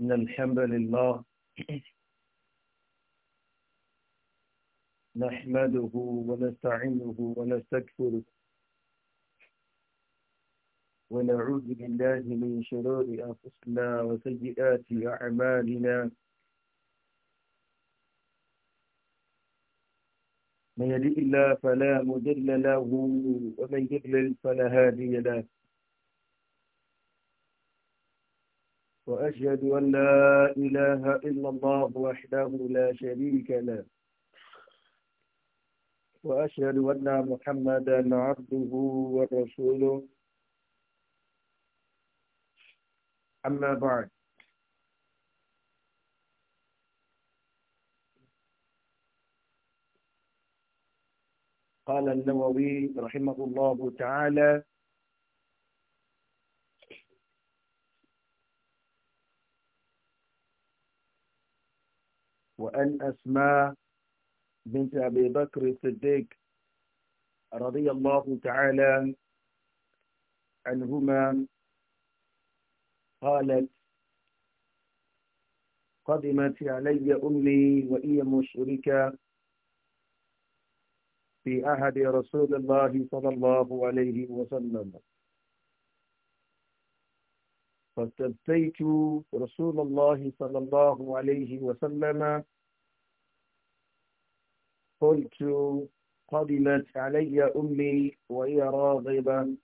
إن الحمد لله نحمده ونستعينه ونستكفره ونعوذ بالله من شرور أنفسنا وسيئات أعمالنا من يهده الله فلا مضل له ومن يضلل فلا هادي له وأشهد أن لا إله إلا الله وحده لا شريك له وأشهد أن محمدا عبده ورسوله أما بعد قال النووي رحمه الله تعالى وأن أسماء بنت أبي بكر الصديق رضي الله تعالى عنهما قالت قدمت علي أمي وهي مشركة في عهد رسول الله صلى الله عليه وسلم فاستبتيت رسول الله صلى الله عليه وسلم قلت قدمت علي أمي وهي راغبة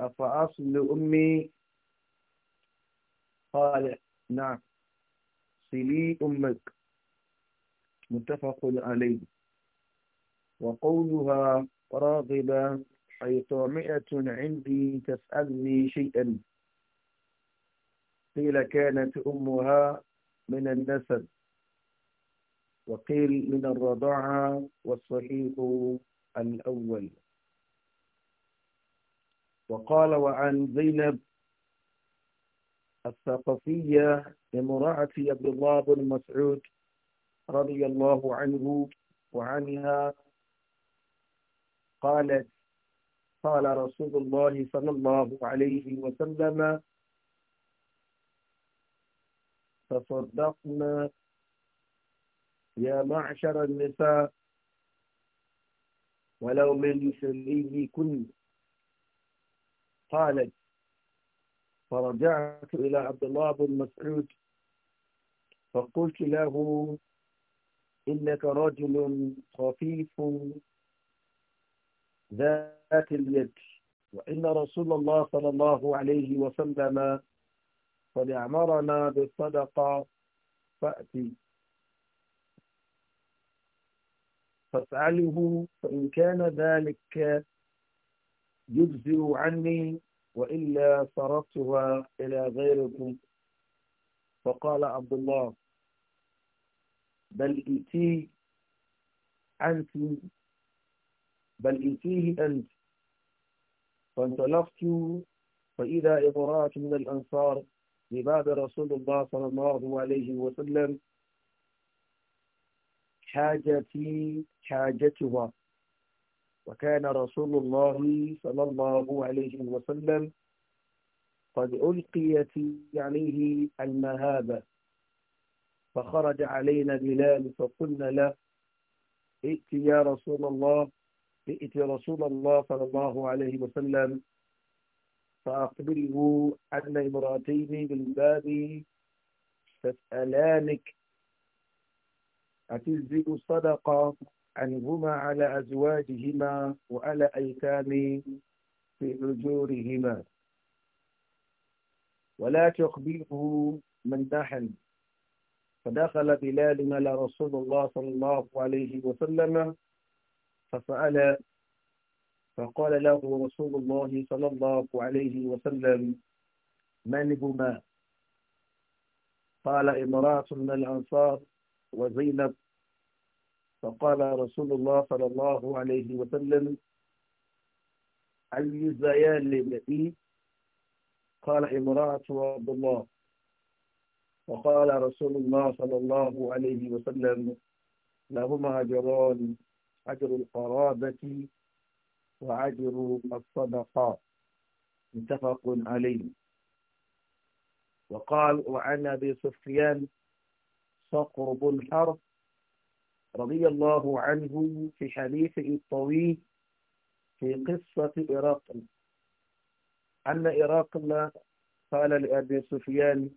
أفأصل أمي قال نعم صلي أمك متفق عليه وقولها راغبة أي طامئة عندي تسألني شيئا قيل كانت أمها من النسب وقيل من الرضاعة والصحيح الأول وقال وعن زينب الثقفية لمرأة عبد الله بن مسعود رضي الله عنه وعنها قالت قال رسول الله صلى الله عليه وسلم تصدقنا يا معشر النساء ولو من كن قالت فرجعت إلى عبد الله بن مسعود فقلت له إنك رجل خفيف ذا ذات اليد وإن رسول الله صلى الله عليه وسلم قد أمرنا بالصدقة فأتي فاسأله فإن كان ذلك يجزئ عني وإلا صرفتها إلى غيركم فقال عبد الله بل ائتيه أنت بل ائتيه أنت فانطلقت فإذا إمرأة من الأنصار لباب رسول الله صلى الله عليه وسلم حاجتي حاجتها وكان رسول الله صلى الله عليه وسلم قد ألقيت عليه المهابة فخرج علينا بلال فقلنا له ائت يا رسول الله جئت رسول الله صلى الله عليه وسلم فأخبره أن امرأتين بالباب تسألانك أتزيد الصدقة عنهما على أزواجهما وعلى أيتام في أجورهما ولا تخبره من نحن فدخل بلال على رسول الله صلى الله عليه وسلم فسأل فقال له رسول الله صلى الله عليه وسلم من هما قال امرأة من الأنصار وزينب فقال رسول الله صلى الله عليه وسلم أي الزيان التي قال امرأة عبد الله وقال رسول الله صلى الله عليه وسلم لهما أجران أجر القرابة وأجر الصدقة متفق عليه وقال وعن أبي سفيان صقر بن حرب رضي الله عنه في حديثه الطويل في قصة إراق أن إراق قال لأبي سفيان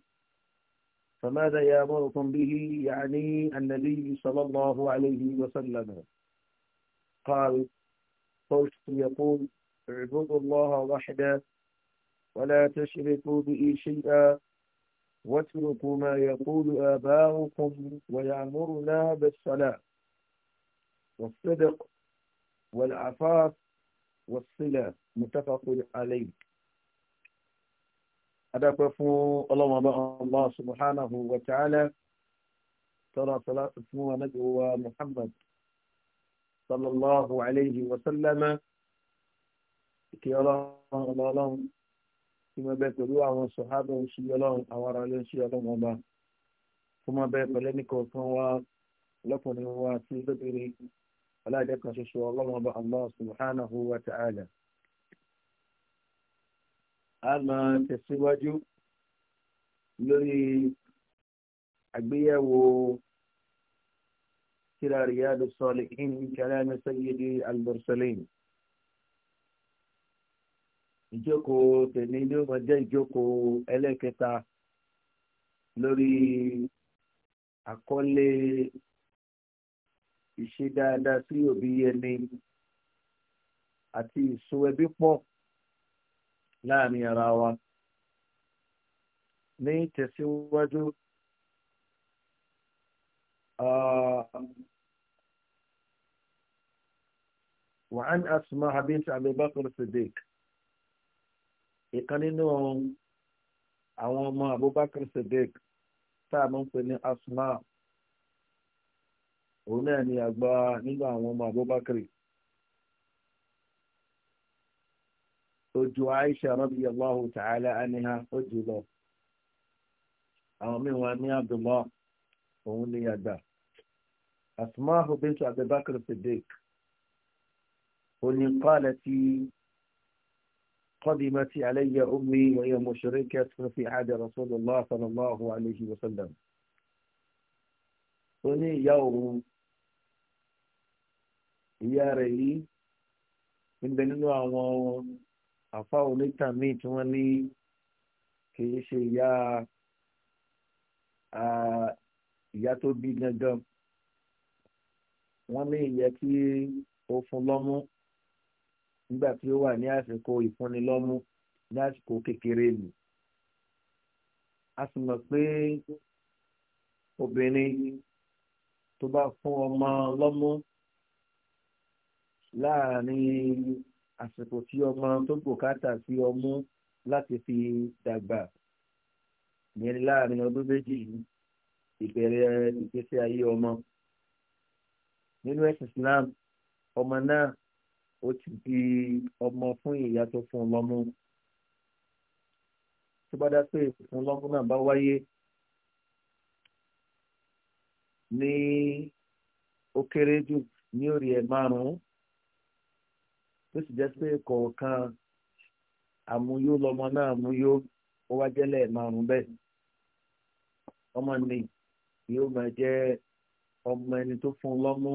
فماذا يأمركم به يعني النبي صلى الله عليه وسلم قال قلت يقول اعبدوا الله وحده ولا تشركوا به شيئا واتركوا ما يقول آباؤكم ويأمرنا بالصلاة والصدق والعفاف والصلة متفق عليه أدعو كفو الله الله سبحانه وتعالى ترى صلاة اسمه نبي محمد sallallahu alayhi wa sallama kí ọlọ́run ọlọ́run kí wọ́n bẹ pẹ̀lú àwọn sọ̀hábà oṣù ọlọ́run àwọn ará ilé oṣù ọlọ́run ọba kí wọ́n bẹ pẹ̀lú ẹnìkọ̀ọ̀kan wá lọ́kùnrin wa sí lóbìnrin aláìdẹ́kan ṣoṣo ọlọ́run ọba allah subhanahu wa ta'ala. a máa tẹ̀síwájú lórí àgbéyẹ̀wò كلا رياض الصالحين من كلام سيدي المرسلين ìjókòó tèmi ni ó máa jẹ́ ìjókòó ẹlẹ́kẹta lórí àkọlé ìṣe dáadáa sí òbí ẹni àti ìso ẹbí pọ̀ láàrin ara wa ní tẹ̀síwájú. آه، وعن أسماء بنت أبي بكر الصديق إكاني نوم أبو بكر الصديق تامن فني أسماء ونعني أبا نيجا أوما أبو بكر أجو عائشة رضي الله تعالى عنها òun ni àgbà asmaahu bintu abubakar siddiq òní kọ́lá ti قدمت علي أمي وهي مشركة في عهد رسول الله صلى الله عليه وسلم òní ìyá òun ìyá rẹ̀ yìí ń bẹ nínú àwọn àfa oníta míì tí wọ́n ní kì í ṣe ìyá ìyá tó bí gangan wọ́n ní ìyẹ kí ó fún lọ́mú nígbà tí ó wà ní àsìkò ìfúnnilọ́mú ní àsìkò kékeré nù a sì mọ̀ pé obìnrin tó bá fún ọmọ lọ́mú láàárín àsìkò tí ọmọ tó bùkátà sí ọmú láti fi dàgbà yẹn láàárín ọdún méjì yìí ìbẹ̀rẹ̀ ìgbésí ayé ọmọ nínú ẹ̀sìn Islam ọmọ náà ó ti di ọmọ fún ìyá tó fún un lọ́mú tó bá dá pé ìfún lọ́mú náà bá wáyé ní ó kéré jù ní orí ẹ̀ lọmọ náà àmúyó ó wá jẹ́lẹ̀ márùn-ún ọmọ ni yóò máa jẹ́ ọmọ ẹni tó fún un lọ́mú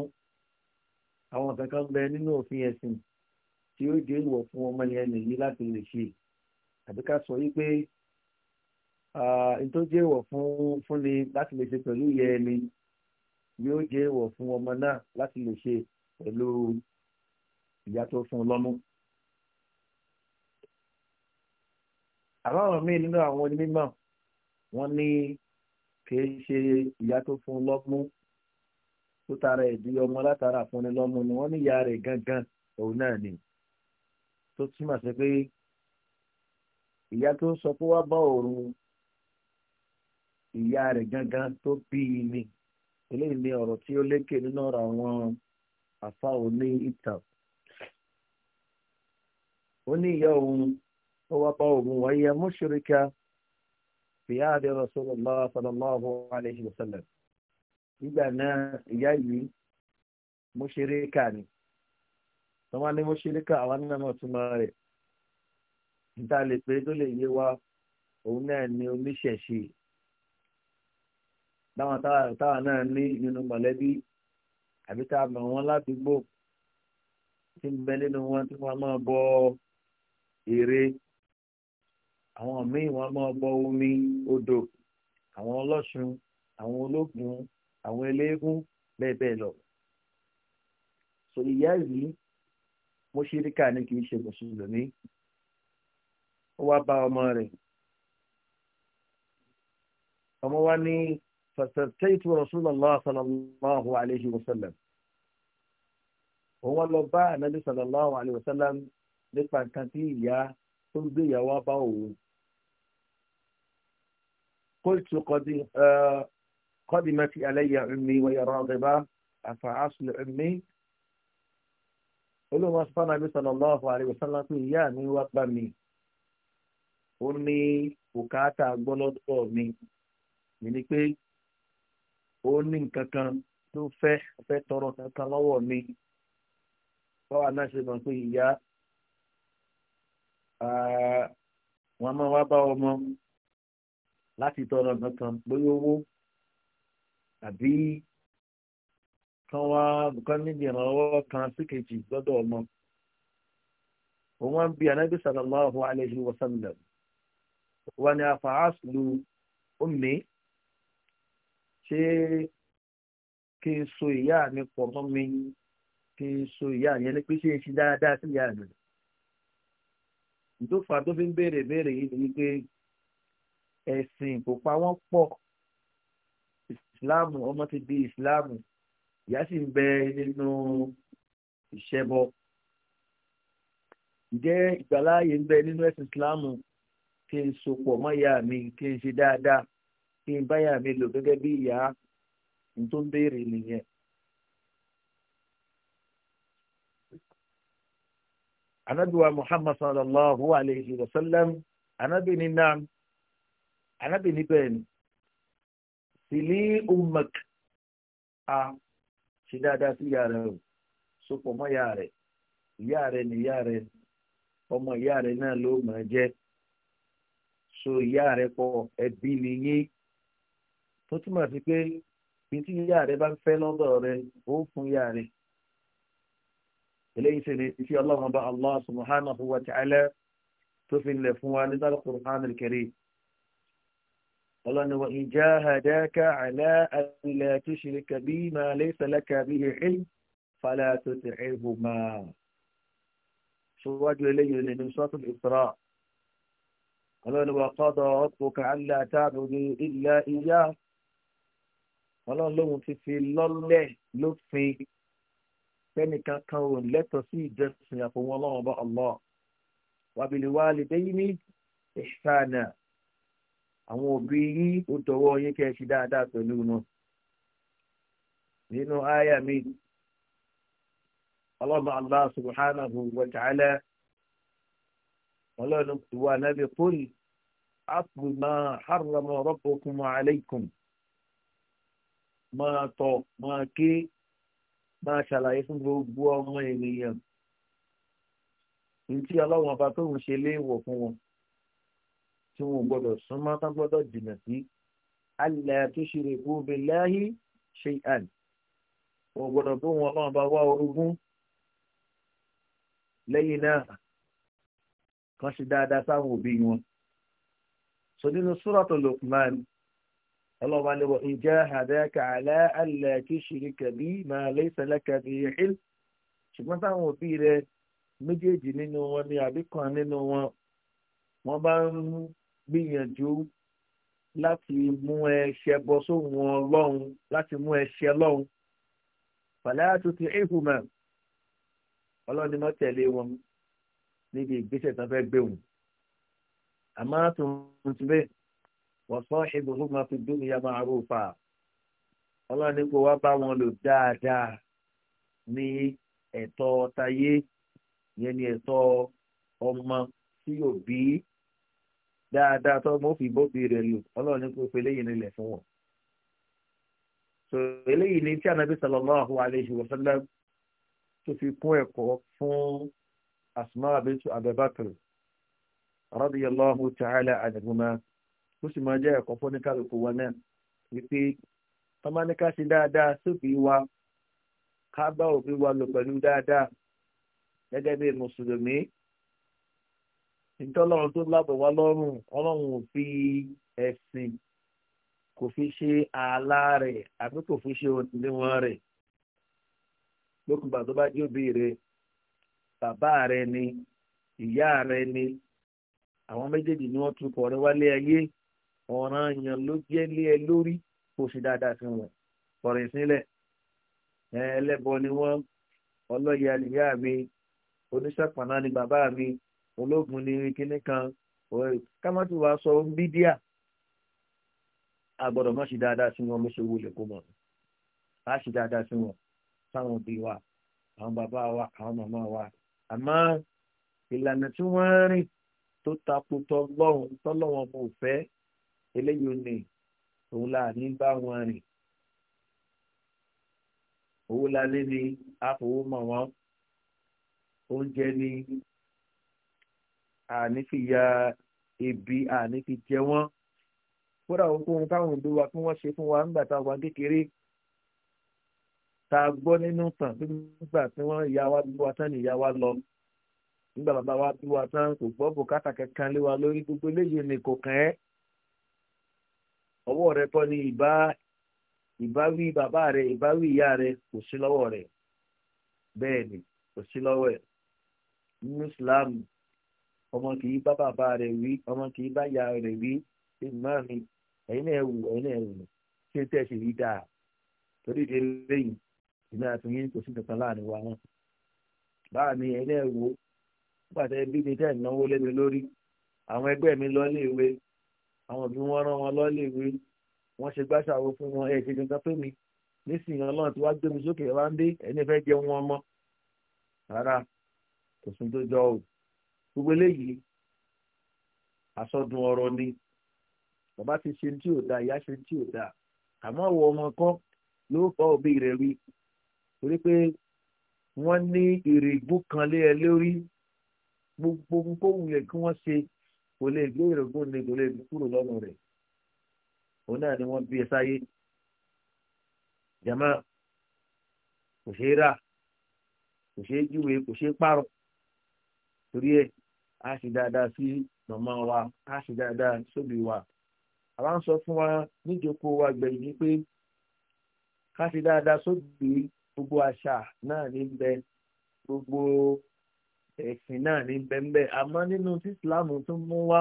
àwọn kankan bẹ nínú òfin ẹ̀sìn tí ó dé ìwọ̀ fún ọmọ yẹn nìyí láti lè ṣe àbí ká sọ wípé tó jẹ́ ìwọ̀ fún fúnni láti lè ṣe pẹ̀lú ìyá ẹni yóò jẹ́ ìwọ̀ fún ọmọ náà láti lè ṣe pẹ̀lú ìyá tó fún un lọ́mú. àbáwọn míì nínú àwọn onímọ̀ wọ́n ní kìí ṣe ìyá tó fún un lọ́mú tó tara ẹ̀dí ọmọ látara fún ni lọ́mú ni wọ́n ní ìyá rẹ̀ gangan òun náà ni tó túmọ̀ sí pé ìyá tó sọ pé wá bá òun ìyá rẹ̀ gangan tó bí i ni eléyìí ni ọ̀rọ̀ tí ó lékè nínú ọ̀rọ̀ àwọn àfa òní ìtàn ó ní ìyá òun ó wá bá òun wáyé amúṣeríkà fìyáàdì Rasulullah sallallahu alayhi wa sallam nígbà náà ìyá yìí mọ́ṣẹ́ríkà ni wọ́n wá ní mọ́ṣẹ́ríkà àwọn náà náà túmọ̀ rẹ̀ níta lè pé tó lè yé wa òun náà ni oníṣẹ̀ṣe láwọn táwọn náà ní nínú mọ̀lẹ́bí àbí tá a mọ̀ wọn ládùúgbò tí ń bẹ nínú wọn tí wọ́n máa bọ ère àwọn míì wọ́n máa bọ omi odò àwọn ọlọ́ṣun àwọn ológun àwọn eléégún bẹ́ẹ̀ bẹ́ẹ̀ lọ. sọ ìyá yìí mọ́ṣíríkà ni kì í ṣe mùsùlùmí ó wá bá ọmọ rẹ̀ ọmọ wa ní fàtàtẹ́tù rasulullah sallallahu alayhi wa sallam òun wá lọ bá anabi sallallahu alayhi wa sallam nípa nǹkan tí ìyá tó gbé ìyàwó bá قلت قد قدمت علي أمي وهي راغبة أفأصل أمي olóòwò asọ́nà àbí sallallahu alaihi wasallam pé ìyá mi wá gbà mí ó ní bùkátà gbọ́lọ́dọ̀ mi mi ni pé ó ní nǹkan kan tó fẹ́ fẹ́ tọrọ kankan lọ́wọ́ mi báwa náà ṣe mọ̀ pé ìyá wọn máa wá bá ọmọ láti tọrọ nǹkan kan bóyá owó àbí kan wá nǹkan níbi ìrànlọ́wọ́ kan sí kejì lọ́dọ̀ ọmọ òun wá ń bi anábì sallallahu alayhi wa sallam wà ní afa'aslu ummi ṣé kí n so ìyá mi pọ̀ mọ́ mi kí n so ìyá yẹn ní pé ṣé n ṣe dáadáa sí ìyá mi. ìdófà tó fi ń béèrè béèrè yìí ni wípé ẹ̀sìn kò pa wọ́n pọ̀ ìsìláàmù ọmọ ti di ìsìláàmù ìyá sì ń bẹ nínú ìṣẹ́bọ ǹjẹ́ ìgbàláàyè ń bẹ nínú ẹ̀sìn mi kí n ṣe dáadáa kí n báyà mi lò gẹ́gẹ́ bí ìyá n tó ń béèrè nìyẹn. muhammad sallallahu alayhi wa sallam ni naam anábì ní bẹ́ẹ̀ ni sílí ummak a ṣe dáadáa sí ìyá rẹ o sopọ̀ mọ́ ìyá rẹ ìyá rẹ ni ìyá rẹ ọmọ ìyá rẹ náà ló máa jẹ́ so ìyá rẹ pọ̀ ẹbí ni yín tó túmọ̀ sí pé bí tí ìyá rẹ bá ń fẹ́ lọ́dọ̀ rẹ ó fún ìyá rẹ eléyìí ṣe ni tí ọlọ́run bá Allah subhanahu wa ta'ala tó fi ń lẹ̀ fún wa nígbà Al-Qur'an al-Karim ọlọ́ni wa ìjà àdáka àlá àlẹ́ tó ṣe kàbí máa lé sàlákà bí ẹ̀hìn fàlà tó ti ẹ̀hùn máa. ṣíwájú eléyìí nínú sọ́tún ìsra ọlọ́ni wa kọ́dọ̀ ọ̀pọ̀kà àlá táàbùrù ìlà ìyá ọlọ́run lóhun ti fi lọ́lẹ̀ lófin fẹ́nìkan kan ò lẹ́tọ̀ọ́ sí ìjọsìn àfọwọ́n ọlọ́run ọba ọlọ́ wàbìlì wàlìdẹ́yìmí ìṣáná àwọn òbí yín ó tọwọ́ yín kẹ́ ẹ ṣe dáadáa pẹ̀lú wọn. nínú àyà mi ọlọ́mọ allah subhanahu wa ta'ala ọlọ́run ìwà nàbẹ̀ kórì àpò máa hàrùmọ̀ ma alaykum Ma tọ̀ ma ké ma ṣàlàyé fún gbogbo ọmọ ènìyàn ní tí ọlọ́run ọba tó ń ṣe léèwọ̀ fún wọn tí wọn ò gbọdọ̀ súnmọ́ tán gbọdọ̀ jìnnà sí alẹ́ tó ṣe lè kú billahi shay'an wọn ò gbọdọ̀ bó wọn náà bá wá orogún lẹ́yìn náà kan ṣe dáadáa sáwọn òbí wọn. sọ nínú súrọ̀tò Luqman ọlọ́wà lè wọ ìjà àdáyàkà alẹ́ alẹ́ kí ṣìrí kẹ̀bí máa laysa laka bihi ilm ṣùgbọ́n táwọn òbí rẹ méjèèjì nínú wọn ni àbí kan nínú wọn wọ́n bá ń gbìyànjú láti mú ẹṣẹ bọ sóhun ọlọ́run láti mú ẹṣẹ lọ́run fàlẹ́ àtúntì ìhùmọ̀ ọlọ́run ni wọ́n tẹ̀lé wọn níbi ìgbésẹ̀ tó fẹ́ gbé wọn. àmọ́ tuntun ti bẹ́ẹ̀ wọ́n sọ ìbùkún máa fi dún ìyá máa rò fà ọlọ́run ní kó wá bá wọn lò dáadáa ní ẹ̀tọ́ tayé yẹn ní ẹ̀tọ́ ọmọ tí yóò bí dáadáa tó mo fi bóbi rẹ̀ lò ọlọ́run ní kó fi eléyìí nílẹ̀ fún wọn. so eléyìí ni tí anabi sallallahu alayhi wa sallam tó fi kún ẹ̀kọ́ fún asma bintu abubakar radiyallahu ta'ala anhuma ó sì máa jẹ́ ẹ̀kọ́ fún oníkàlùkù wa náà wípé tọ́mánikà ṣe dáadáa sófin wa ká bá òfin wa lò pẹ̀lú dáadáa gẹ́gẹ́ bí mùsùlùmí ìtọ́lọ́run tó lábọ̀ wá lọ́rùn ọlọ́run ò fi ẹ̀sìn kò fi ṣe ààlà rẹ̀ àbí kò fi ṣe òdiwọ̀n rẹ̀ lókùnbà tó bá jẹ́ òbí rẹ̀ bàbá rẹ̀ ni ìyá rẹ̀ ni àwọn méjèèjì ni wọ́n tukọ̀ rẹ̀ wálé ayé ọ̀ràn yàn ló jẹ́ lé ẹ lórí kò sì dáadáa sí wọn ọ̀rọ̀ ìsílẹ̀ ẹlẹ́bọ ni wọ́n ọlọ́yà ìyá mi oníṣàpàná ni bàbá mi ológun lè rí kinní kan kámátì wa sọ mídíà àgbọ̀dọ̀ mọ́ sí dáadáa sí wọn mọ́ṣẹ́ owó lè kó mọ̀ á sì dáadáa sí wọn sáwọn òbí wa àwọn bàbá wa àwọn màmá wa àmọ́ ìlànà tí wọ́n rìn tó takò tọlọ́run tọlọ́run ọmọ òfẹ́ eléyìí ni òun là bá wọn rìn owó lálé ni àfọwọ́ mọ̀ oúnjẹ ni àní fi ya ebi àní fi jẹ wọ́n kódà ohunkóhun táwọn òbí wa kí wọ́n ṣe fún wa nígbà tá a wà kékeré ta gbọ́ nínú tàn nígbà tí wọ́n ìyá wa bí wa tán ni ìyá wa lọ nígbà bàbá wa bí wa tán kò gbọ́ bùkátà kankan lé wa lórí gbogbo eléyìí ni kò kàn ẹ́ ọwọ́ rẹ tọ́ ni ìbá ìbáwí bàbá rẹ ìbáwí ìyá rẹ kò sí lọ́wọ́ rẹ bẹ́ẹ̀ kò sí lọ́wọ́ ẹ̀ nínú Islam ọmọ kì bá bàbá rẹ̀ wí ọmọ kì bá ìyá rẹ̀ wí ṣe má mi ẹ̀yin náà wù ẹ̀yin náà wù ṣé tẹ́ ṣe rí dáa torí ìdí lẹ́yìn ìná àtúnyìn kò sí kankan láàrin wa wọn. báà mi ẹ̀yin náà wò ó pàṣẹ bí mi tẹ́ ìnáwó lé mi lórí àwọn ẹgbẹ́ mi lọ lé ìwé àwọn òbí wọn rán wọn lọ lé ìwé wọn ṣe gbàṣàwó fún wọn ẹ̀ kankan fún mi nísìnyí ọlọ́run tí wàá gbé mi sókè wá ń dé ẹni gbogbo eléyìí àsọdùn ọ̀rọ̀ ni bàbá ti ṣe tí ò da ìyá ṣe tí ò da àmọ́ ọwọ́ ọmọ kan ló fọ òbí rẹ̀ wí torí pé wọ́n ní ìrègùn kan ẹ lórí gbogbo ohun yẹ kí wọ́n ṣe kò lè gbé ìrègùn ni kò lè kúrò lọ́nà rẹ̀ òun náà ni wọ́n bí ẹ sáyé jama kò ṣeé rà kò ṣeé júwe kò ṣeé pààrọ̀ torí ẹ̀ a ṣe dáadáa sí màmá wa a ṣe dáadáa sóbì wa àwa ń sọ fún wa níjókòó wa gbẹ̀yìn ni pé ká ṣe dáadáa sóbì gbogbo àṣà náà ní bẹ gbogbo ẹ̀sìn náà ní bẹ́ńbẹ́ àmọ́ nínú tí Islam tó mú wá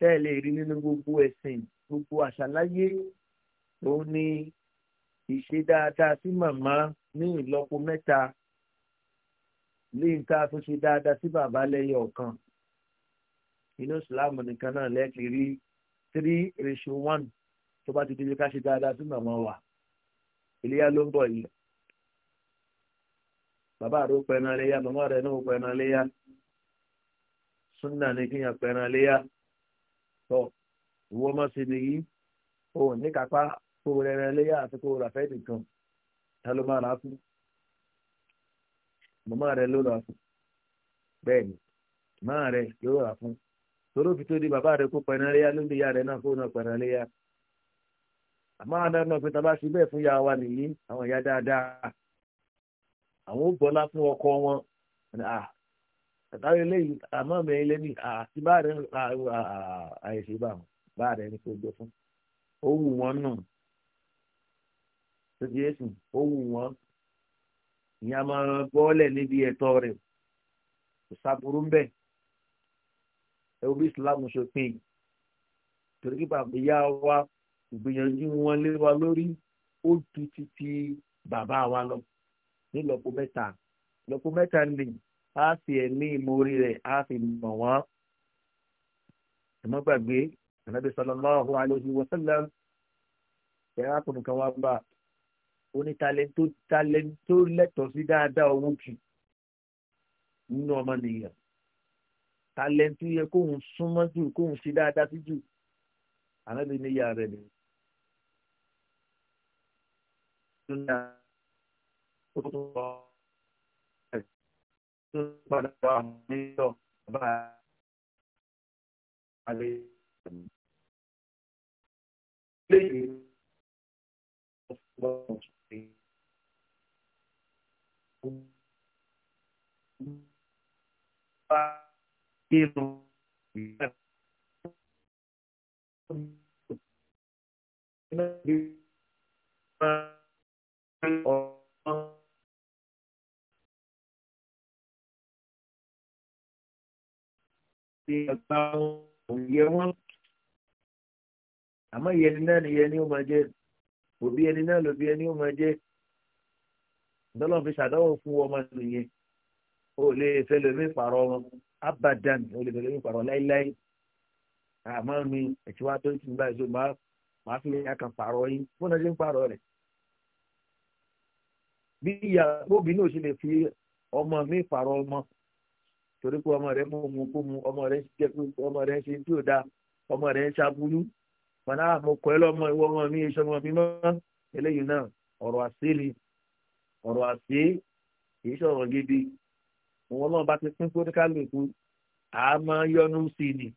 tẹ́lẹ̀ rí nínú gbogbo ẹ̀sìn gbogbo àṣà láyé òun ni ìṣe dáadáa sí màmá ní ìlọ́po mẹ́ta léyìn tá a tó ṣe dáadáa sí bàbá lẹ́yìn ọ̀kan inú ìsìláàmù nìkan náà lẹ́ẹ̀kì rí three ratio one tó bá ti di ká ṣe dáadáa sí màmá wa iléyà ló ń bọ̀ yìí bàbá rẹ ó pẹran léyà màmá rẹ náà ó pẹran léyà súnà ní kíyàn pẹran léyà tọ ìwọ ọmọ sí ni yìí ní kápá kó rẹran léyà àti kó ràfẹ́ nìkan ta ló máa rà fún un màmá rẹ ló rà fún bẹ́ẹ̀ ni màmá rẹ ló rà fún torí fi tó di bàbá rẹ kó pẹ̀nàléyà lóbi ìyá rẹ náà kó náà pẹ̀nàléyà àmọ́ àwọn ọ̀nà pé tá a bá ṣe bẹ́ẹ̀ fún ìyá wa nìyí àwọn ìyá dáadáa àwọn ó bọ́lá fún ọkọ wọn àtàwọn eléyìí àmọ́ mi ilé ní àti bá rẹ àìsè bá wọn bá rẹ ní kó gbé fún ó wù wọn nù tó ti yé sùn ó wù wọn ìyẹn a máa gbọ́ọ́lẹ̀ níbi ẹ̀tọ́ rẹ̀ kò sáburú ń bẹ̀ ẹ wo bí islam ṣe pín in torí kí bàbá ìyá wa ìgbìyànjú wọn lé wa lórí ó tu títí bàbá wa lọ nílọ́po mẹ́ta lọ́po mẹ́ta ni a fi ẹ̀mí ìmorí rẹ̀ a fi mọ̀ wọ́n ẹ̀mọ́ gbàgbé ànábì sallallahu alaihi wa sallam ẹ̀rọ akọ̀nùkan wa bá oní talento talento lẹ́tọ̀ọ́ sí dáadáa owó jù nínú ọmọnìyàn talento yẹ kóun súnmọ́ jù kóun ṣe dáadáa sí jù ànábi níyà rẹ̀ ni. Padà wà àmọ́ ìyẹn ni náà ni ìyẹn ni ó máa jẹ́ òbí ẹni náà lòbí ẹni ó máa jẹ́ dọ́lọ́n fi ṣàdánwò fún ọmọ nìyẹn o lè fẹ́ lómi pààrọ̀ wọn abadan o lè fẹ́ lómi pààrọ̀ láíláí àmọ́ mi ẹ̀tí wá tó ń tún báyìí so màá fi ẹ̀yà kan pààrọ̀ yín fún ọ̀nà ṣe ń pààrọ̀ rẹ̀ bí ìyá bóbi náà ṣe lè fi ọmọ mi pààrọ̀ ọmọ torí pé ọmọ rẹ mú mu kó mu ọmọ rẹ jẹ pé ọmọ rẹ ṣe tí ò dáa ọmọ rẹ ń ṣàbúrú fọnà àmọ́ ah, kọ́ ẹ lọ́mọ ìwọ ọmọ mi ìṣọmọ mi mọ́ eléyìí náà ọ̀rọ̀ àṣírí ọ̀rọ̀ àti kìí ṣọ̀rọ̀ gidi òun ọlọ́run bá ti pín kóníkálùkù a máa yọnu sí i ni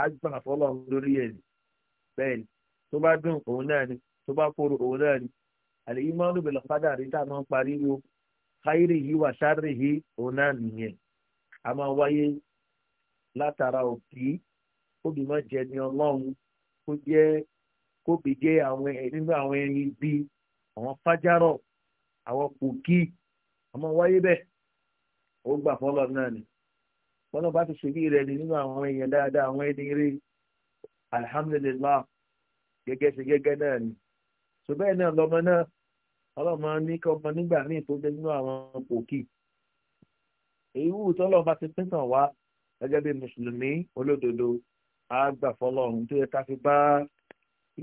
a gbà fọlọ́run lórí ẹ̀ bẹ́ẹ̀ ni tó bá dùn òun náà ni tó bá kóró òun náà ni àlè rí tá a máa ń káyìrì yìí wà sáré a máa wáyé látara òbí kóbi máa jẹ ní ọlọ́run kó kóbi nínú àwọn ẹni bíi àwọn kò kí ọmọ wáyé bẹ́ẹ̀ ó gbà fọlọ́ náà ni wọn bá ti ṣèlú rẹ ni nínú àwọn èèyàn dáadáa àwọn ẹni rí alihamudulilayi gẹ́gẹ́ sí gẹ́gẹ́ náà ni so bẹ́ẹ̀ náà lọ́mọ náà ọlọ́mọ ní kí ọmọ nígbà míì tó jẹ́ nínú àwọn pòkì ewu tọ́lọ́ bá ti pín tàn wá gẹ́gẹ́ bí mùsùlùmí olódodo àgbà fọlọ́run tó yẹ ká fi bá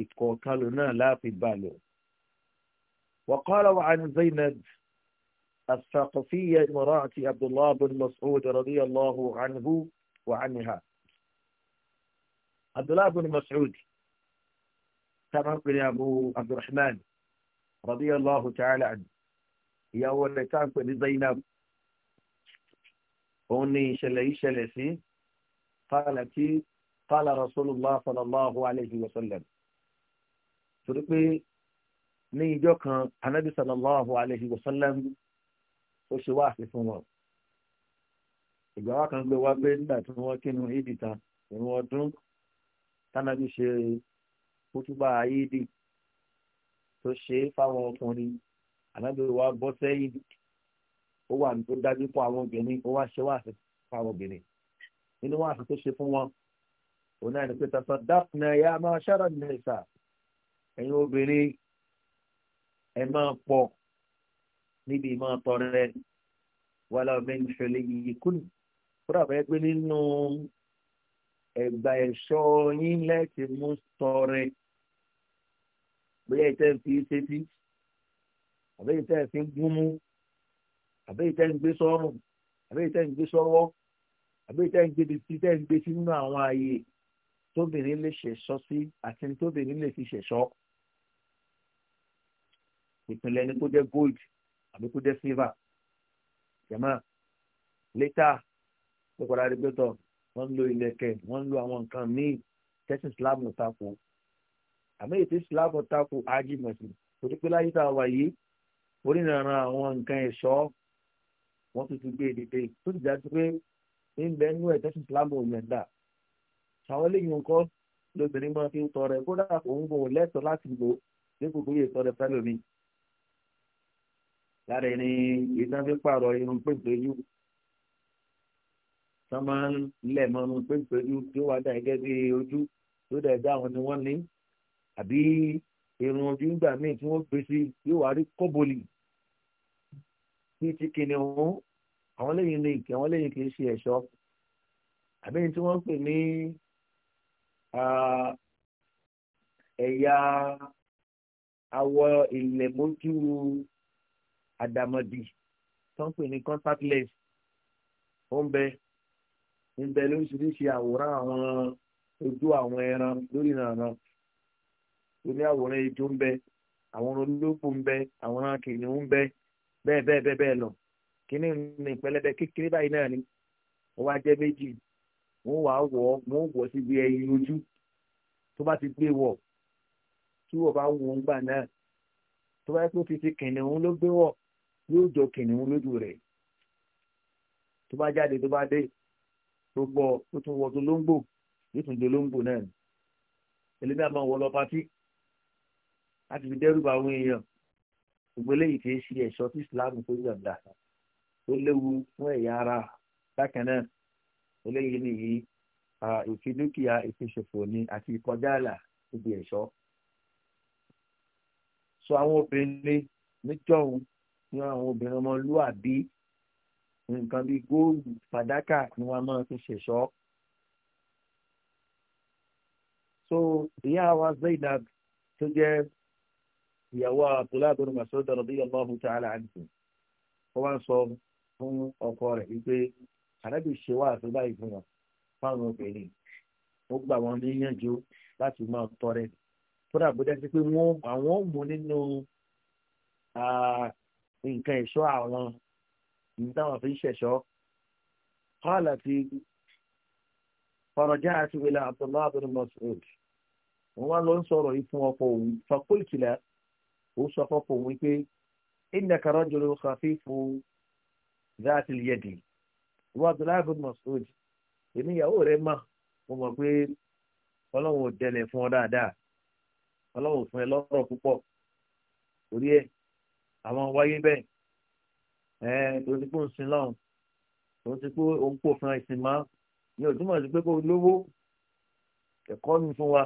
ìkọ̀ọ̀kan lò náà láàfin balẹ̀ وقال وعن زينب الثقفية امرأة عبد الله بن مسعود رضي الله عنه وعنها عبد الله بن مسعود كما قال أبو عبد الرحمن رضي الله تعالى عنه هي أول كان زينب أني شلي شلسي قالت قال رسول الله صلى الله عليه وسلم تركي ní ìjọ kan anabi sallallahu alayhi wa sallam ó ṣe wá àfi fún wọn ìgbà wa kan gbé wá pé nígbà tí wọn kínú ìdì tán ìrún ọdún tánàbí ṣe kútúbà ìdì tó ṣe fáwọn ọkùnrin anabi wa bọ́ sẹ́yìn ó wà tó dájú fún àwọn obìnrin ó wá ṣe wá àfi fún àwọn obìnrin nínú wá àfi tó ṣe fún wọn òun náà ní pé tàṣà dáfnà ya máa ṣára nìyẹn sà ẹ̀yin obìnrin ẹ máa pọ̀ níbi máa tọrẹ wà lábẹ́ ìṣẹ̀lẹ̀ yìí kùnú kódà bẹ́ẹ̀ pé nínú ẹ̀gbà ẹ̀ṣọ́ yín lẹ́ẹ̀tì mú tọrẹ bóyá ìtẹ́ fi ṣetí àbẹ́yìí tẹ́ fi ń gúnmú àbẹ́yìí tẹ́ ń gbé sọ́rùn àbẹ́yìí tẹ́ ń gbé sọ́wọ́ àbẹ́yìí tẹ́ ń gbé sí tẹ́ ń gbé sínú àwọn ààyè tóbìnrin lè ṣẹ̀ṣọ́ sí àti tóbìnrin lè fi ṣẹ̀ṣọ́ ìpínlẹ̀ ni kó jẹ́ gold àbí kó jẹ́ silver jẹ̀mọ́ létà ó padà rí pé tọ̀ wọ́n ń lo ilẹ̀kẹ̀ wọ́n ń lo àwọn nǹkan míì tẹ́sí Islam tako àmì ètò Islam tako ájímọ̀sí torí pé láyé tá a wà yìí onínàrà àwọn nǹkan ẹ̀ṣọ́ wọ́n tún ti gbé e dìde tó ti dájú pé ń bẹ nú ẹ̀ tẹ́sí Islam ò yẹn nǹkan lóbìnrin máa fi ń tọrẹ kódà òun kò lẹ́tọ̀ọ́ láti lò ní gbogbo yìí tọrẹ fẹ́lẹ̀ mi lára ẹni ìtàn fi pààrọ̀ irun pépéjú tán máa ń lẹ̀ mọ́ irun pépéjú tó wà dà gẹ́gẹ́ bí ojú tó dẹ̀ dá àwọn ni wọ́n ní àbí irun ojú ńgbà míì tí wọ́n gbé sí yóò wá rí kọ́bọ̀lì ní ti kìnìún àwọn lẹ́yìn ní ìkẹ́ àwọn lẹ́yìn kì ṣe ẹ̀ṣọ́ àbí tí wọ́n pè ní ẹ̀yà awọ ilẹ̀ àdàmọ̀dì tó ń pè ní contactless ó ń bẹ ń bẹ lóríṣiríṣi àwòrán àwọn ojú àwọn ẹran lórí ìrànà tó ní àwòrán ejò ń bẹ àwọn olóògbò ń bẹ àwọn kìnìún ń bẹ bẹ́ẹ̀ bẹ́ẹ̀ bẹ́ẹ̀ bẹ́ẹ̀ lọ kìnì ní pẹlẹbẹ kékeré báyìí náà ni wọ́n wá jẹ́ méjì wọ́n wá wọ̀ ọ́ wọ́n wọ̀ síbi ẹyin ojú tó bá ti gbé wọ̀ tí wọ́n bá wọ̀ ń gbà náà tó bá yẹ kó fi ti kìnìún ló gbé wọ̀ yóò jọ kìnìún lójú rẹ̀ tó bá jáde tó bá dé tó gbọ́ tó tún wọ tó lóńgbò yóò tún do lóńgbò náà eléyìí àmọ́ wọ lọ patí láti fi dẹ́rù bá àwọn èèyàn gbogbo eléyìí kì í ṣe ẹ̀ṣọ́ tí Islam tó yọ̀ǹda tó léwu fún ẹ̀yà ara bákan náà eléyìí nìyí ìfi dúkìá ìfiṣòfò ni àti ìkọjá àlà níbi ẹ̀ṣọ́. sọ àwọn obìnrin níjọ́hun ní àwọn obìnrin ọmọlúàbí nǹkan bíi góòlù fàdákà ni wọ́n máa fi ṣẹ̀ṣọ́. so ìyá wa Zainab tó jẹ́ ìyàwó Abdullahi bin Mas'ud radiyallahu ta'ala anhu ó wá ń sọ fún ọkọ rẹ̀ wípé àrẹ́bí ṣe wá àtúbá ìfihàn fáwọn obìnrin ó gbà wọn níyànjú láti máa tọrẹ kódà bó dájú pé àwọn ò mú nínú ah, nǹkan ẹ̀ṣọ́ àwọn ìyí táwọn fi ń ṣẹ̀ṣọ́ kọ́ọ̀lá ti fọ̀rọ̀já àti wẹ̀lẹ̀ Abdullahi abdul Mas'ud wọn wá lọ ń sọ̀rọ̀ yìí fún ọkọ òun fọ̀kó ìkìlẹ̀ ó sọ fọ́kọ òun pé innaka rajulun khafifun dhaatil yadi wọ́n Abdullahi abdul Mas'ud èmi ìyàwó rẹ̀ mà mo mọ̀ pé ọlọ́run ò dẹlẹ̀ fún ọ dáadáa ọlọ́run fún ẹ lọ́rọ̀ púpọ̀ orí ẹ̀ àwọn wáyé bẹ́ẹ̀ ẹ̀ tó ti pé òsín lọ́hùn tó ti pé òun kò fún ẹ̀sìn máa ní òtúmọ̀ sí pé kó lówó ẹ̀kọ́ mi fún wa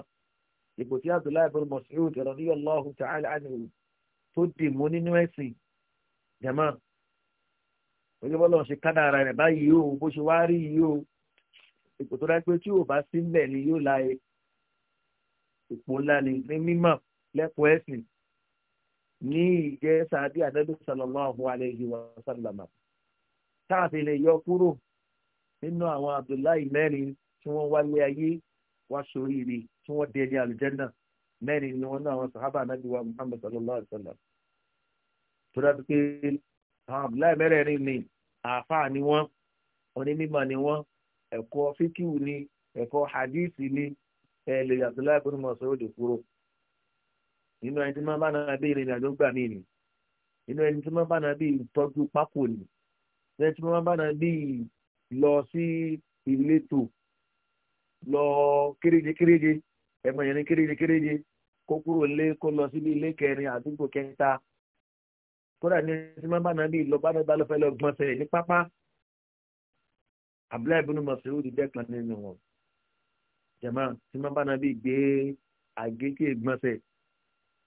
ipò tí Abdullahi bin Mas'ud radiyallahu ta'ala anhu tó dì mú nínú ẹ̀sìn jama oníbọ́lọ̀ ṣe kádàrà rẹ̀ báyìí o bó ṣe wá rí yìí o ipò tó dájú pé tí ò bá sílẹ̀ ni yóò láyé ipò ńlá ni ní mímọ̀ lẹ́kọ̀ọ́ ẹ̀sìn ní ìjẹ́ sàbí ànábì sallallahu alayhi wa sallam káàfin lè yọ kúrò nínú àwọn abdullahi mẹ́rin tí wọ́n wálé ayé wá sórí ire tí wọ́n dé ní aljanna mẹ́rin ni wọ́n ní àwọn sàhábà ànábì wa muhammad sallallahu alayhi wa sallam tó dábí pé àwọn abdullahi mẹ́rẹ̀ẹ̀rin ni àáfàá ni wọ́n onímọ̀ ni wọ́n ẹ̀kọ́ fíkìwù ni ẹ̀kọ́ hadisi ni ẹ̀ lè abdullahi ibn Mas'ud kúrò nínú ẹni tí máa bá náà bí ìrìn àjò gbà mí ni nínú ẹni tí máa bá náà bí ìtọ́jú pákó ni nínú ẹni tí máa bá náà bí lọ sí ìletò lọ kéréje kéréje ẹmọ yẹn ní kéréje kéréje kó kúrò lé kó lọ síbi ilé kẹrin àdúgbò kẹta kódà ní ẹni tí máa bá náà bí lọ bá náà bá lọ fẹ́ lọ gbọ̀nsẹ̀ ní pápá abúlé ìbínú mọ̀sẹ̀rù ti dẹ́kan nínú wọn jẹ̀mọ́ tí máa bá náà bí gbé àgékè gbọ̀nsẹ̀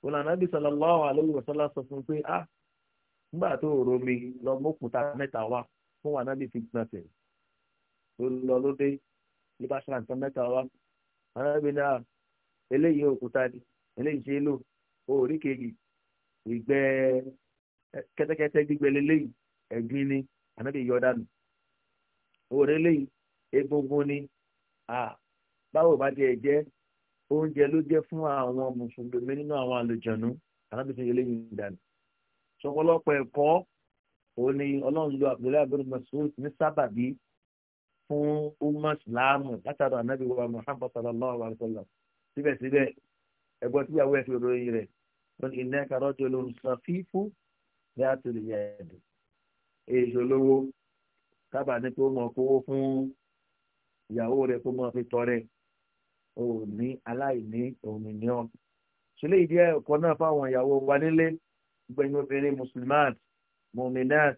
olànà bí sallallahu alaihi wasallam sọ fún pé ah nígbà tó rò mi lọ mọ́kùtà mẹ́ta wá fún wa náà bí fi gbọ́n tẹ̀ ló lọ lóde ló bá ṣàǹtà mẹ́ta wá arábìnrin náà ah, eléyìí òkúta ni eléyìí ṣe lò orí kejì ìgbẹ́ kẹ́tẹ́kẹ́tẹ́ gbígbẹ lélẹ́yìí ẹ̀gbin ni ànábì yọ̀dá nù orí lẹ́yìn egungun ni ah, báwo bá tiẹ̀ jẹ́ oúnjẹ ló jẹ́ fún àwọn mùsùlùmí nínú àwọn àlùjọ̀nù arábìnrin eléyìí ìdánù sọpọlọpọ ẹ̀kọ́ òun ni ọlọ́run lo Abdullahi abdul Mas'ud ní sábàbí fún umma islamu látàdọ̀ anabi wa Muhammad sallallahu alayhi wa sallam síbẹ̀síbẹ̀ ẹgbẹ́ tíyàwó ẹ̀ fi ròyìn rẹ̀ wọn iná karọ́ jọ lóun sàfífù ní àtúnyẹ̀ ẹ̀dùn èso lówó sábà ní kó mọ̀ kówó fún ìyàwó rẹ̀ kó mọ̀ fi tọrẹ òní aláìní òní ní ọ. ṣẹlẹ̀ ìdí ẹ̀kọ́ náà fáwọn ìyàwó wa nílé obìnrin muslimat muminat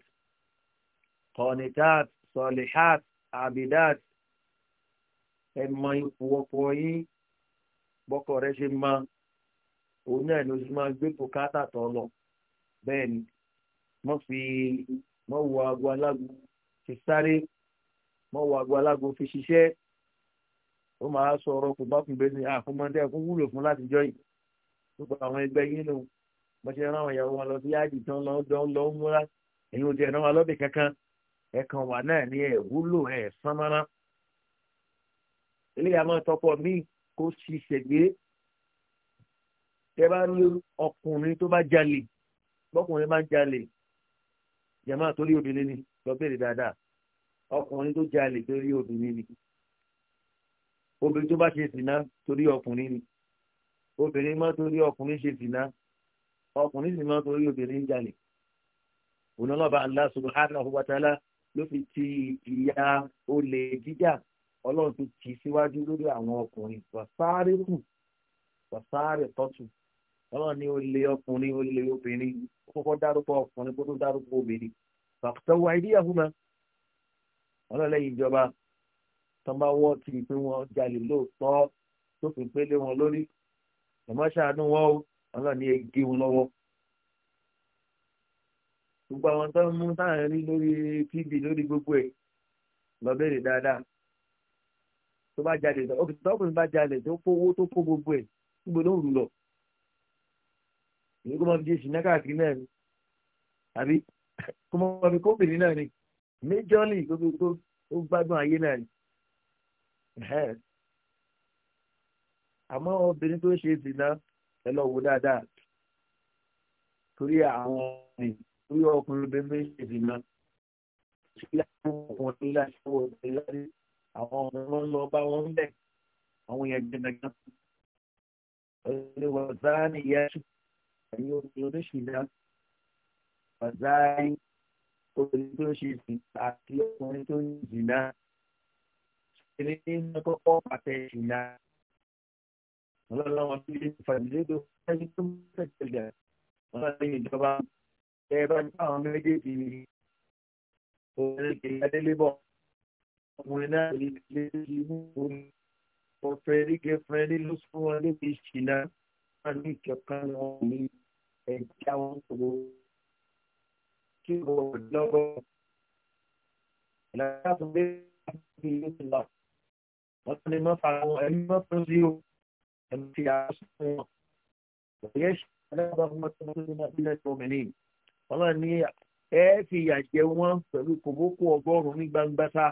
kọ́nitat sọlihat abidat ẹ mọ ipò ọkọ yín bọ́kọ rẹ ṣe mọ òun náà ló ṣe máa gbé bùkátà tọ́ lọ bẹ́ẹ̀ ni mọ́ fi mọ́ wo aago alágo fi sáré mọ́ wo aago alágo fi ṣiṣẹ́ ó máa sọ ọ̀rọ̀ kò bá kún bẹ́ẹ̀ ni àfọmọdé ẹ̀kún wúlò fún láti jọ yìí gbogbo àwọn ẹgbẹ́ yín ló wọ́n ṣe rán àwọn ìyàwó wọn lọ sí yáàdì tán lọ́ dán lọ́ múra èyí ò tiẹ̀ náà wà lọ́bì kankan ẹ̀kan wà náà ni ẹ̀ wúlò ẹ̀ sánmọ́ná eléyà máa tọpọ míì kó ṣiṣẹ́ gbé tẹ bá rí ọkùnrin tó bá jalè bọ́kùnrin bá ń jalè jẹ̀mọ́ àtórí obìnrin ni lọ bèrè dáadáa ọkùnrin tó jalè tó obìnrin ni obìnrin tó bá ṣe sìnà torí ọkùnrin ni obìnrin máa torí ọkùnrin ṣe sìnà ọkùnrin sì máa torí obìnrin jalè òun náà bá Allah subhanahu wa ta'ala ló fi ti ìyà olè jíjà ọlọ́run ti tì síwájú lórí àwọn ọkùnrin wàsáárì kù wàsáárì tọ́tù ọlọ́run ní olè ọkùnrin olè obìnrin ó dárúkọ ọkùnrin kó tó dárúkọ obìnrin fàtọ́wọ́ ìdíyàwó ma ọlọ́run lẹ́yìn ìjọba tán bá wọ́ ti pé wọ́n jalè lóòótọ́ tó fi pélé wọn lórí ẹ̀mọ́ ṣàánú wọn o ọlọ́ọ̀ni ẹ gé wọn lọ́wọ́ gbogbo àwọn tó ń mú táwọn rí lórí tv lórí gbogbo ẹ lọ béèrè dáadáa tó bá jáde tó òkè tọkùnrin bá jáde tó fowó tó kó gbogbo ẹ gbogbo ló ń rù lọ èyí kó máa fi di ìṣìná káàkiri náà ni àbí kó máa fi kóbìnrin náà ni méjọ́lì gbogbo tó gbádùn ayé náà ni àmọ́ obìnrin tó ṣe zina ẹ lọ wò dáadáa torí àwọn ọmọdé torí ọkùnrin obìnrin tó ṣe zina sílẹ̀ ọkùnrin láti wọ obìnrin láti àwọn ọmọ wọn lọ bá wọn bẹ̀ àwọn yẹn gbẹdẹgbẹ ọlẹ́wọ̀ záánì yẹn ẹ̀yin obìnrin oníṣìná ọ̀záánì obìnrin tó ṣe zina àti ọkùnrin tó ń zina ní kọ́kọ́ àtẹ ìná ọlọ́lọ́wọ́ tó lè fàdílé tó fẹ́ tó fẹ́ gà wọ́n lè ìjọba ẹ bá ní àwọn méjèèjì ní orílẹ̀-èdè adélébọ̀ ọkùnrin náà lè lè lè mú òun for fẹ́rígẹ́ fẹ́rí ló fún wọn lè fi ṣìnà wọn ní wọ́n ní mọ́ fa wọn ẹni mọ́ fún sí o ẹni tí a sọ fún wọn. òye ṣàlẹ́bà fún wọn tó ń bí ilẹ̀ tó mìíràn wọn náà ní ẹ fi ìyà jẹ wọn pẹ̀lú kòbókò ọgọ́rùn-ún ní gbangba ta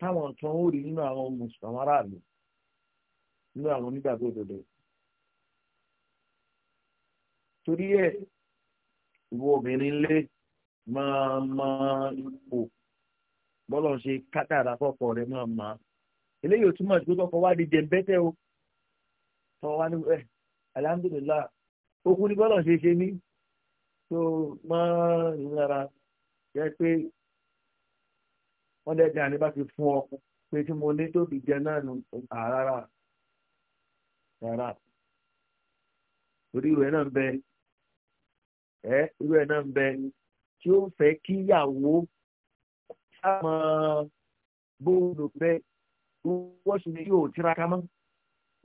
táwọn kan ó rí nínú àwọn mùsùlùmí aráàlú nínú àwọn onígbàgbọ́ òdodo eléyìí ò túmọ̀ sí pé kọ́kọ́ wá di jẹ̀ǹbẹ́tẹ̀ o tọ́wọ́ wá ní ẹ̀ eh, alhamdulillah okun ní bọ́lọ̀ ṣe ṣe ní tó mọ́ ìrora jẹ́ pé wọ́n dẹ́gbẹ́ àní bá ti fún ọ pé tí mo ní tó fi jẹ náà nù àràrà rárá torí ìwé náà ń bẹ ẹ ìwé náà ń bẹ tí ó fẹ́ kíyàwó sáà mọ́ bóun lò bẹ́ẹ̀ wọ́n ṣe yóò tiraka mọ́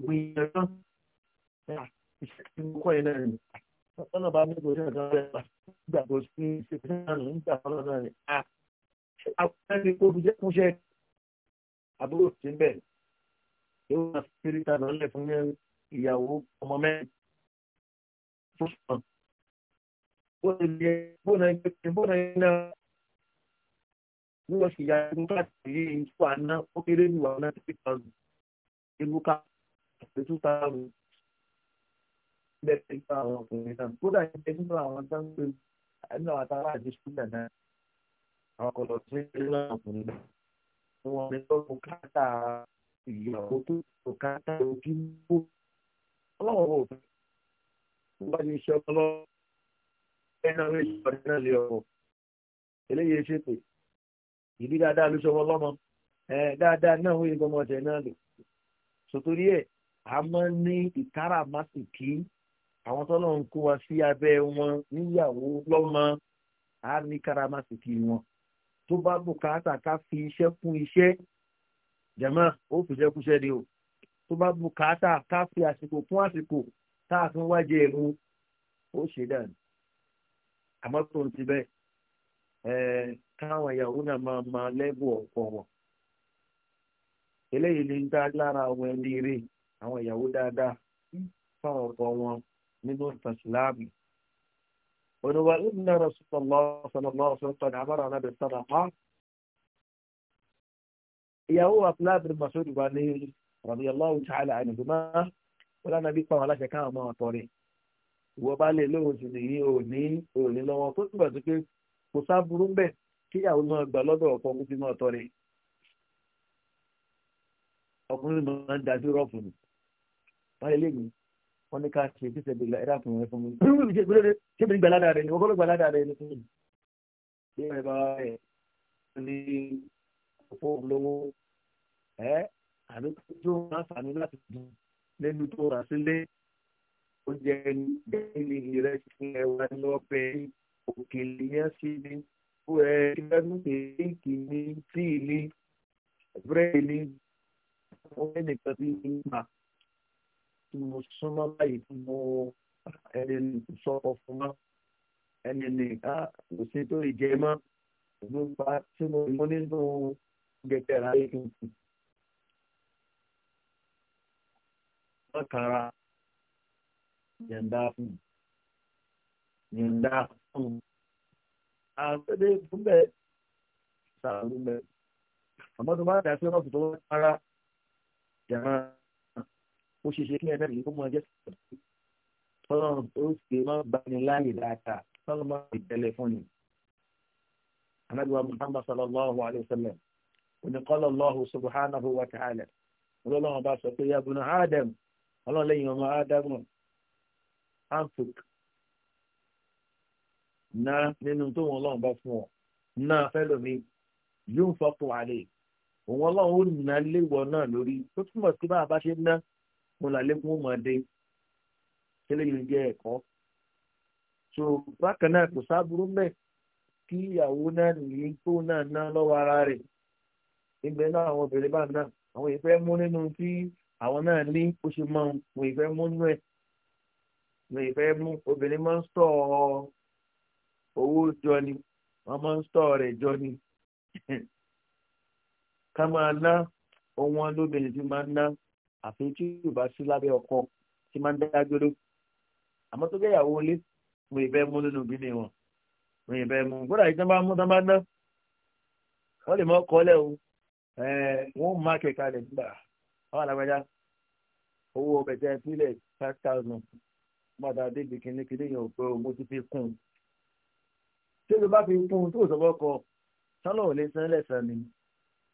gbìyànjú ìṣèkọ́ yẹn náà rẹ̀ ọ̀nà bá mi kò ṣe nǹkan rẹ̀ gbà tó sí ìṣèkọ́ náà ń gbà wọn náà rẹ̀ a ṣe àwọn ẹni tó fi jẹ́ fúnṣẹ́ àbúrò sí bẹ́ẹ̀ yóò máa fi rí ta lọ́lẹ̀ fún ìyàwó ọmọ mẹ́rin fún ṣùgbọ́n bó ní wọ́n sì ya egun káàkiri ìtú àná ó kéré ní wàhálà three thousand egun káàkiri two thousand bẹ́ẹ̀ nípa àwọn ọkùnrin náà kódà ẹgbẹ́ nínú àwọn tó ń pè nínú àwọn táwọn àti ṣúgbà náà àwọn kọ̀ọ̀lọ̀ tó ń pè nínú àwọn ọkùnrin náà ni wọ́n lè lọ́ bu káàtà ìyàwó tó bu káàtà ojú mú ọlọ́wọ́ wò eléyìí ṣètò ìbí dáadáa ló ṣọwọ́ lọ́mọ dáadáa náà wọ́n yẹ kọ́ ọmọọ̀tẹ̀ náà lò sòtórí ẹ̀ a máa ń ní ìkáràmásìkí àwọn tọ́lọ̀ ń kó wa sí abẹ́ wọn níyàwó lọ́mọ a ní káràmásìkí wọn tó bá bùkátà ká fi iṣẹ́ kún iṣẹ́ jẹ̀mọ́ ó fìṣẹ́ kúṣẹ́ ni o tó bá bùkátà ká fi àsìkò kún àsìkò tá a fi ń wájẹ ẹ̀rù ó ṣe dànù àmọ́ tó ń ti bẹ́ẹ̀ Eh, káwọn ìyàwó náà máa ma lẹ́bùn ọ̀pọ̀ wọn eléyìí ni ń dá lára àwọn ẹni yahoo àwọn ìyàwó dáadáa fáwọn ọ̀pọ̀ wọn nínú ìfẹ̀sìláàmù oníwà ìdílé rasulullah sallallahu alaihi wasallam àbára náà bẹ̀rẹ̀ pa ìyàwó abdullahi bin masud ta'ala wọn bí pàwọn aláṣẹ káwọn ìwọ bá lè lóhùn sí tó túbọ̀ kò sáburú ń bẹ̀ kíyàwó náà gbà lọ́dọ̀ ọkọ kó fi máa tọrẹ ọkùnrin máa ń dájú rọ́ọ̀fù ni wọ́n lè léèmí wọ́n ní ká ṣe tí ṣẹ̀bi ẹ̀dá fún mi fún mi ṣé mi gbàládà rẹ ni ọgọ́lọ́ gbàládà rẹ ni fún mi. bí wọ́n bá rẹ̀ ní òpó olówó ẹ̀ àbí tó máa fà ní láti dùn lẹ́nu tó rà sílé oúnjẹ ní ìrẹsì fún ẹwà ní ọ̀pẹ yìí òkèlè yẹn sí ni ó ẹ kíláàmù kéèkì ní tíì ní bírèkì ní ọmọ ẹnìkan tí ń gbà tí mo súnmọ́ báyìí tí mo ẹni sọ̀rọ̀ fún mọ́ ẹni ní ká kò sí tó ìjẹ mọ́ ìlú pa tí mo mú nínú gẹ̀gẹ̀ ráyé tuntun. Wọ́n kara yẹ̀ǹda fún yẹ̀ǹda fún. àgbẹ̀dẹ fún bẹ́ẹ̀ sàrù mẹ́ àmọ́ tó bá dà na ọ̀sùn na ná nínú tó wọn ọlọ́run bá fún ọ ná fẹ́lòmí yóò fọ́pọ̀ àlè òun ọlọ́run ó nà léwọ náà lórí tó túmọ̀ sí bá a bá ṣe ná mo là lékún ọmọdé kílẹ̀ yìí jẹ́ ẹ̀kọ́ so bákan náà kò sábúrú mẹ́ kí ìyàwó náà nìyí tó náà ná lọ́wọ́ ara rẹ̀ ìgbẹ́ náà àwọn obìnrin bá náà àwọn ìfẹ́ mú nínú tí àwọn náà ní ó ṣe mọ́ wọn ìfẹ́ mú nínú ẹ̀ wọn ìfẹ́ mú obìnrin máa ń sọ ọ́ owó jọ ni wọ́n máa ń sọ rẹ̀ jọ ni ká máa ná ohun lóbìnrin tí máa ń ná àfi tí yóò bá sí ọkọ tí máa ń dágbére àmọ́ tó gẹ́yàwó ilé nínú bí ni wọn mo ì bẹ́ẹ̀ mú gbọ́dọ̀ àyíká bá mú tán ná lè o wọn nígbà owó five thousand àdébìkínní tí ló bá fi kún tó sọ̀bọ̀ kọ sọ́lọ̀ ò lè san ni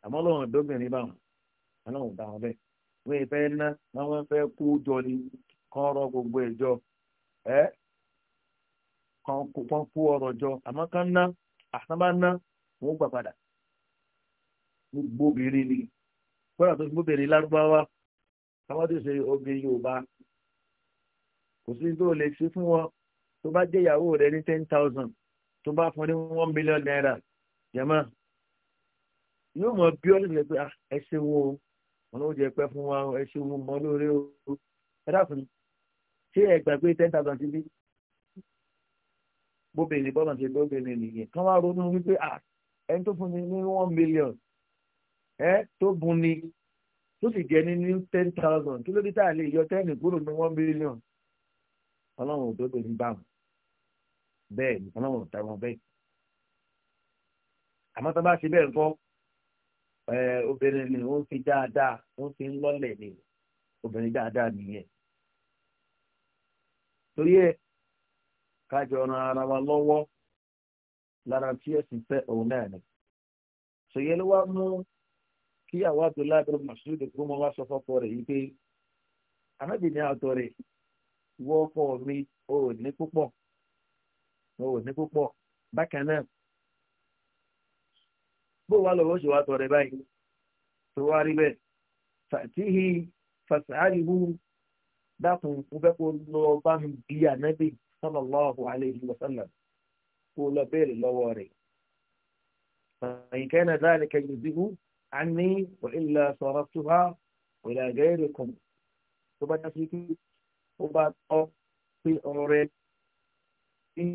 àmọ́ lọ́wọ́n ìdógbìnrin bá wọn ọlọ́run wọn bẹ́ẹ̀ wọ́n fẹ́ ná wọ́n fẹ́ kó jọ ni kán rọ gbogbo ẹjọ ẹ́ kán kó jọ àmọ́ kán ná àtàbá ná gbà padà ni kódà tó lárúbáwá káwọn ṣe obìnrin Yorùbá kò sí tó lè ṣe fún wọn tó tó bá fún ní one million naira jẹ́mọ́ yóò mọ bí ọ́ lè pe ah, ẹ ṣe wo wọn ló jẹ pẹ́ fún wa ẹ wo mọ lórí o ẹ dákun ṣé ẹ ten thousand ti bí bóbìnrin bọ́ọ̀mọ̀ ṣe bóbìnrin nìyẹn kán wá ronú wípé ah, ẹni tó fún mi ní one million ẹ tó bùn ni tó sì jẹ ní ní ten thousand kí ló dé tá a lè yọ ten kúrò ní one million ọlọ́run ò tó bẹ̀rẹ̀ bá wọn bẹ́ẹ̀ nìkan náà wọ́n ta wọn bẹ́ẹ̀. àmọ́ tó bá ṣe bẹ́ẹ̀ ńkọ́ obìnrin ni ó ń fi dáadáa ó ń fi ń lọ́lẹ̀ ni obìnrin dáadáa nìyẹn. torí ẹ kájọ ran ara wa lọ́wọ́ lára tí ẹ̀sìn fẹ́ òun náà ni. sòyẹ́ ló wá mú kí àwọn Abdullahi bin Mas'ud kó mọ wá sọ fọ́pọ̀ rẹ̀ yìí pé anábìnrin àtọ̀ rẹ̀ wọ́pọ̀ mi ò ní púpọ̀ wọn ò ní púpọ̀ bákan náà bó wà lọ́wọ́ ṣe wá tọrẹ báyìí tó wá rí bẹ́ẹ̀ fàtíhì fàṣàárìwú dákun mo fẹ́ kó bá mi bí ànábì sallallahu alayhi wa kó lọ béèrè lọ́wọ́ rẹ̀. فإن كان ذلك يجزئ عني وإلا صرفتها إلى غيركم tó bá dá sí pé ó bá tọ́ pé ọ̀rọ̀ tí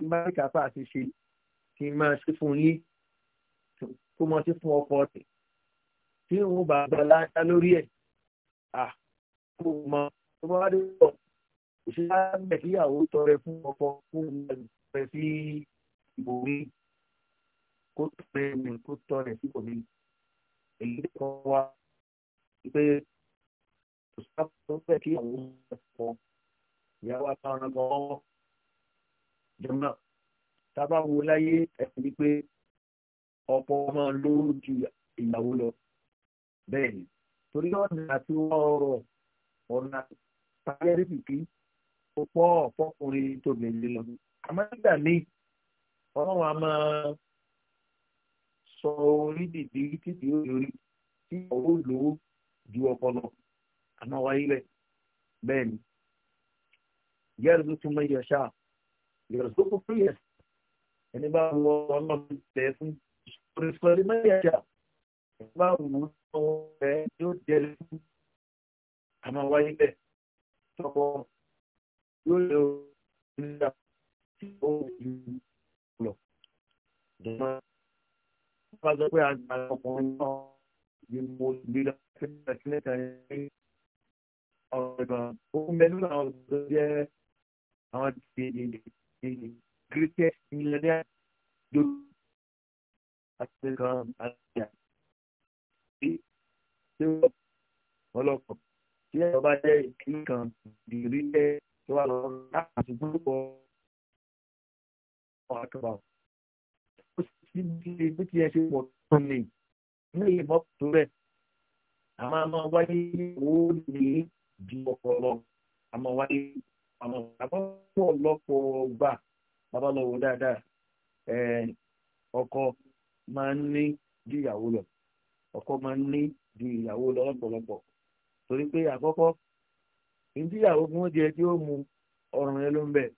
máa kápá àti ṣe kí n máa ṣe fún yín kó mọ sí fún ọkọ rẹ̀ tí òun bá gbọ́lá dá lórí ẹ̀ kó mọ tó bá dé pọ̀ òṣìṣẹ́ àgbẹ̀ kíyàwó tọrẹ fún ọkọ fún ìgbàlùfẹ́ sí ìbòmí kó tọrẹ mi kó tọrẹ sí ìbòmí èyí kan wá pé òṣìṣẹ́ àgbẹ̀ kíyàwó tọrẹ fún ọkọ ìyàwó àtàwọn ọ̀nà kan jọmọ tábà wo láyé ẹsẹ ni pé ọpọ ọmọ lóru ju ìyàwó lọ bẹ́ẹ̀ ni torí ọ̀nà àti ọ̀rọ̀ ọ̀nà pàrẹ́rì kìkì ó pọ̀ ọ̀pọ̀kùnrin tóbi ẹ̀jẹ̀ lọ. àmọ́ nígbà míì ọlọ́run a máa sọ orí dìdí títí ó yorí tí ọ̀rọ̀ lòó ju ọpọlọ àmọ́ wáyé rẹ̀ bẹ́ẹ̀ ni. yẹ́rù tó tún mọ ṣáà ìrọ̀sókò fúyẹ̀ ẹni bá wọ ọlọ́run tẹ̀ fún ìṣòro mẹ́yàjà ẹni bá wù ú lọ́wọ́ rẹ̀ yóò jẹ́rìí fún àmọ́ wáyé bẹ́ẹ̀ tọkọ yóò lè nígbà tí ó ju lọ. Ìjọba bá sọ pé àgbà ọkùnrin náà ni mo gbé lọ the greatest millionaire at the ground at the ọlọpọ tí ẹ bá jẹ ìkíni kan ìrírí jẹ tó wà lọ láti gbogbo ọmọ àkàbà ó sì ti di bí tí ẹ ṣe pọ̀ tó ní ní ìmọ̀ tó rẹ̀ a máa máa wáyé owó ní ju ọpọlọ a máa wáyé àmọ́ àbọ̀pọ̀ lọ́pọ̀ gbà bàbá lọ wò dáadáa ọkọ máa ń ní ju ìyàwó lọ ọkọ máa ń ní ju ìyàwó lọ lọ́pọ̀lọpọ̀ torí pé àkọ́kọ́ ìdíyàwó fún oúnjẹ tí ó mu ọ̀ràn rẹ ló ń bẹ̀